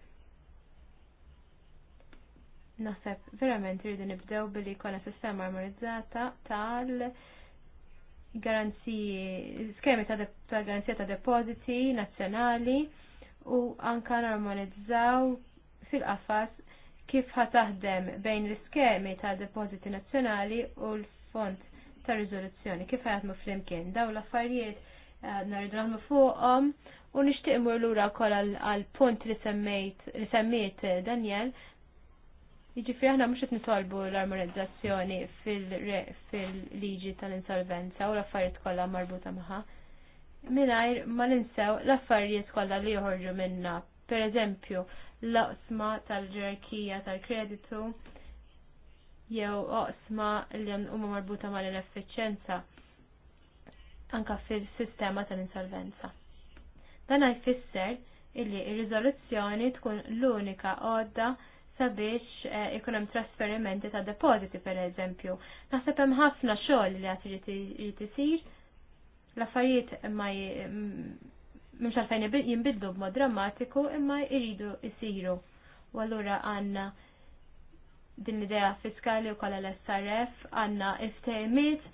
Naħseb verament rridu nibdew billi jkollna sistema armonizzata tal garanziji, skemi ta', ta garanzija ta' depositi nazzjonali u anka normalizzaw fil-qafas kif ħataħdem bejn l-iskemi ta' depositi nazzjonali u l-fond ta' rizoluzzjoni, kif ħajatmu fl-imkien. Daw l-affarijiet eh, naridu naħmu fuqhom u nixtieq imur lura wkoll għal punt li semmejt li semmiet eh, Daniel Jiġifieri aħna mhux qed nitolbu l-armonizzazzjoni fil-liġi tal-insolvenza u l-affarijiet kollha marbuta magħha. Mingħajr ma ninsew l-affarijiet kollha li joħorġu minna, pereżempju l-oqsma tal-ġerarkija tal-kreditu jew oqsma li huma marbuta mal efficienza anka fil-sistema tal-insolvenza. Dan jfisser illi ir-riżoluzzjoni tkun l-unika għodda sabiex eh, ikun hemm trasferimenti ta' depositi pereżempju. Naħseb hemm ħafna xogħol li għad irid isir l-affarijiet ma mm, mhux għalfejn jinbidlu b'mod drammatiku imma jridu jsiru. U allura għandna din l-idea fiskali u kolla l-SRF għandna iftejmiet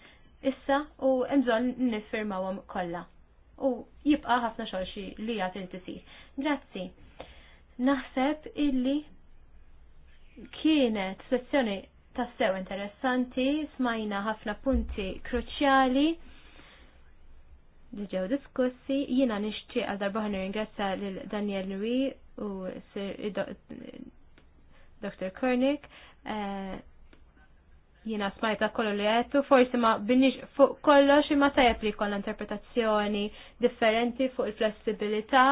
issa u bżonn niffirmawhom kollha. U jibqa' ħafna xogħol xi li għad irid isir. Grazzi. Naħseb illi Kienet sessjoni tassew interessanti, smajna ħafna punti kruċjali li ġew diskussi. Jiena nixtieq għal darba ħan ringrazzja lil Daniel Nui u Dr. Kornik. Eh, jiena smajta kollu li għettu, forsi ma binniġ fuq kollox imma tajab li kolla interpretazzjoni differenti fuq il-flessibilità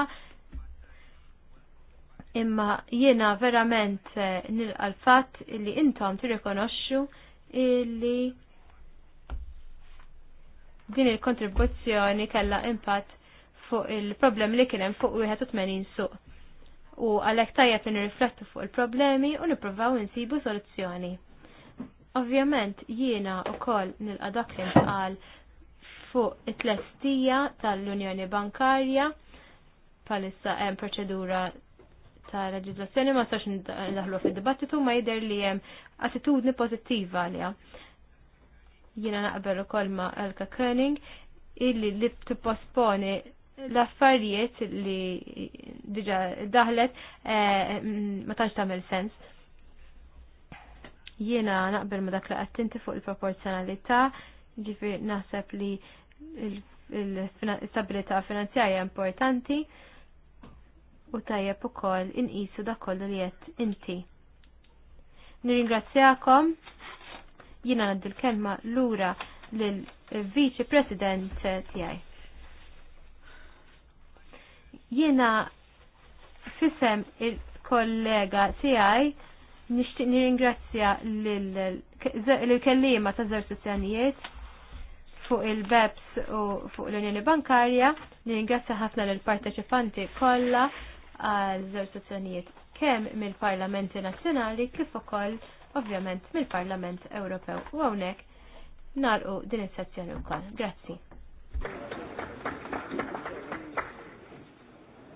imma jiena verament eh, nilqa l-fatt li intom tirrikonoxxu li din il-kontribuzzjoni kellha impatt fuq il-problemi li kien hemm fuq 81 suq. U għalhekk tajjeb li nirriflettu fuq il-problemi u nippruvaw insibu soluzzjoni. Ovvjament jiena kol nilqa dak li ntqal fuq it-tlestija tal-Unjoni Bankarja palissa hemm proċedura ta' leġislazzjoni ma sax naħlu fil-dibattitu ma jider li jem attitudni pozittiva għalija. Jiena naqbel ukoll ma' Elka Koenig illi li tipposponi l-affarijiet li diġa daħlet ma tantx tagħmel sens. Jiena naqbel ma dak li qattinti fuq il-proporzjonalità, ġifi naħseb li il-stabilità finanzjarja importanti u tajjeb ukoll inqisu dak kollu li qed inti. Nirringrazzjakom jiena ngħaddi l-kelma lura lil viċi President tiegħi. Jiena fisem il-kollega tiegħi nixtieq nirringrazzja lill kelliema ta' żewġ sessjonijiet fuq il-BEPS u fuq l-Unjoni Bankarja. Nirringrazzja ħafna l parteċipanti kollha għal żewġ sezzjonijiet kemm mill-Parlamenti Nazzjonali kif ukoll ovvjament mill-Parlament Ewropew u hawnhekk nagħlqu din is-sezzjoni wkoll. Grazzi.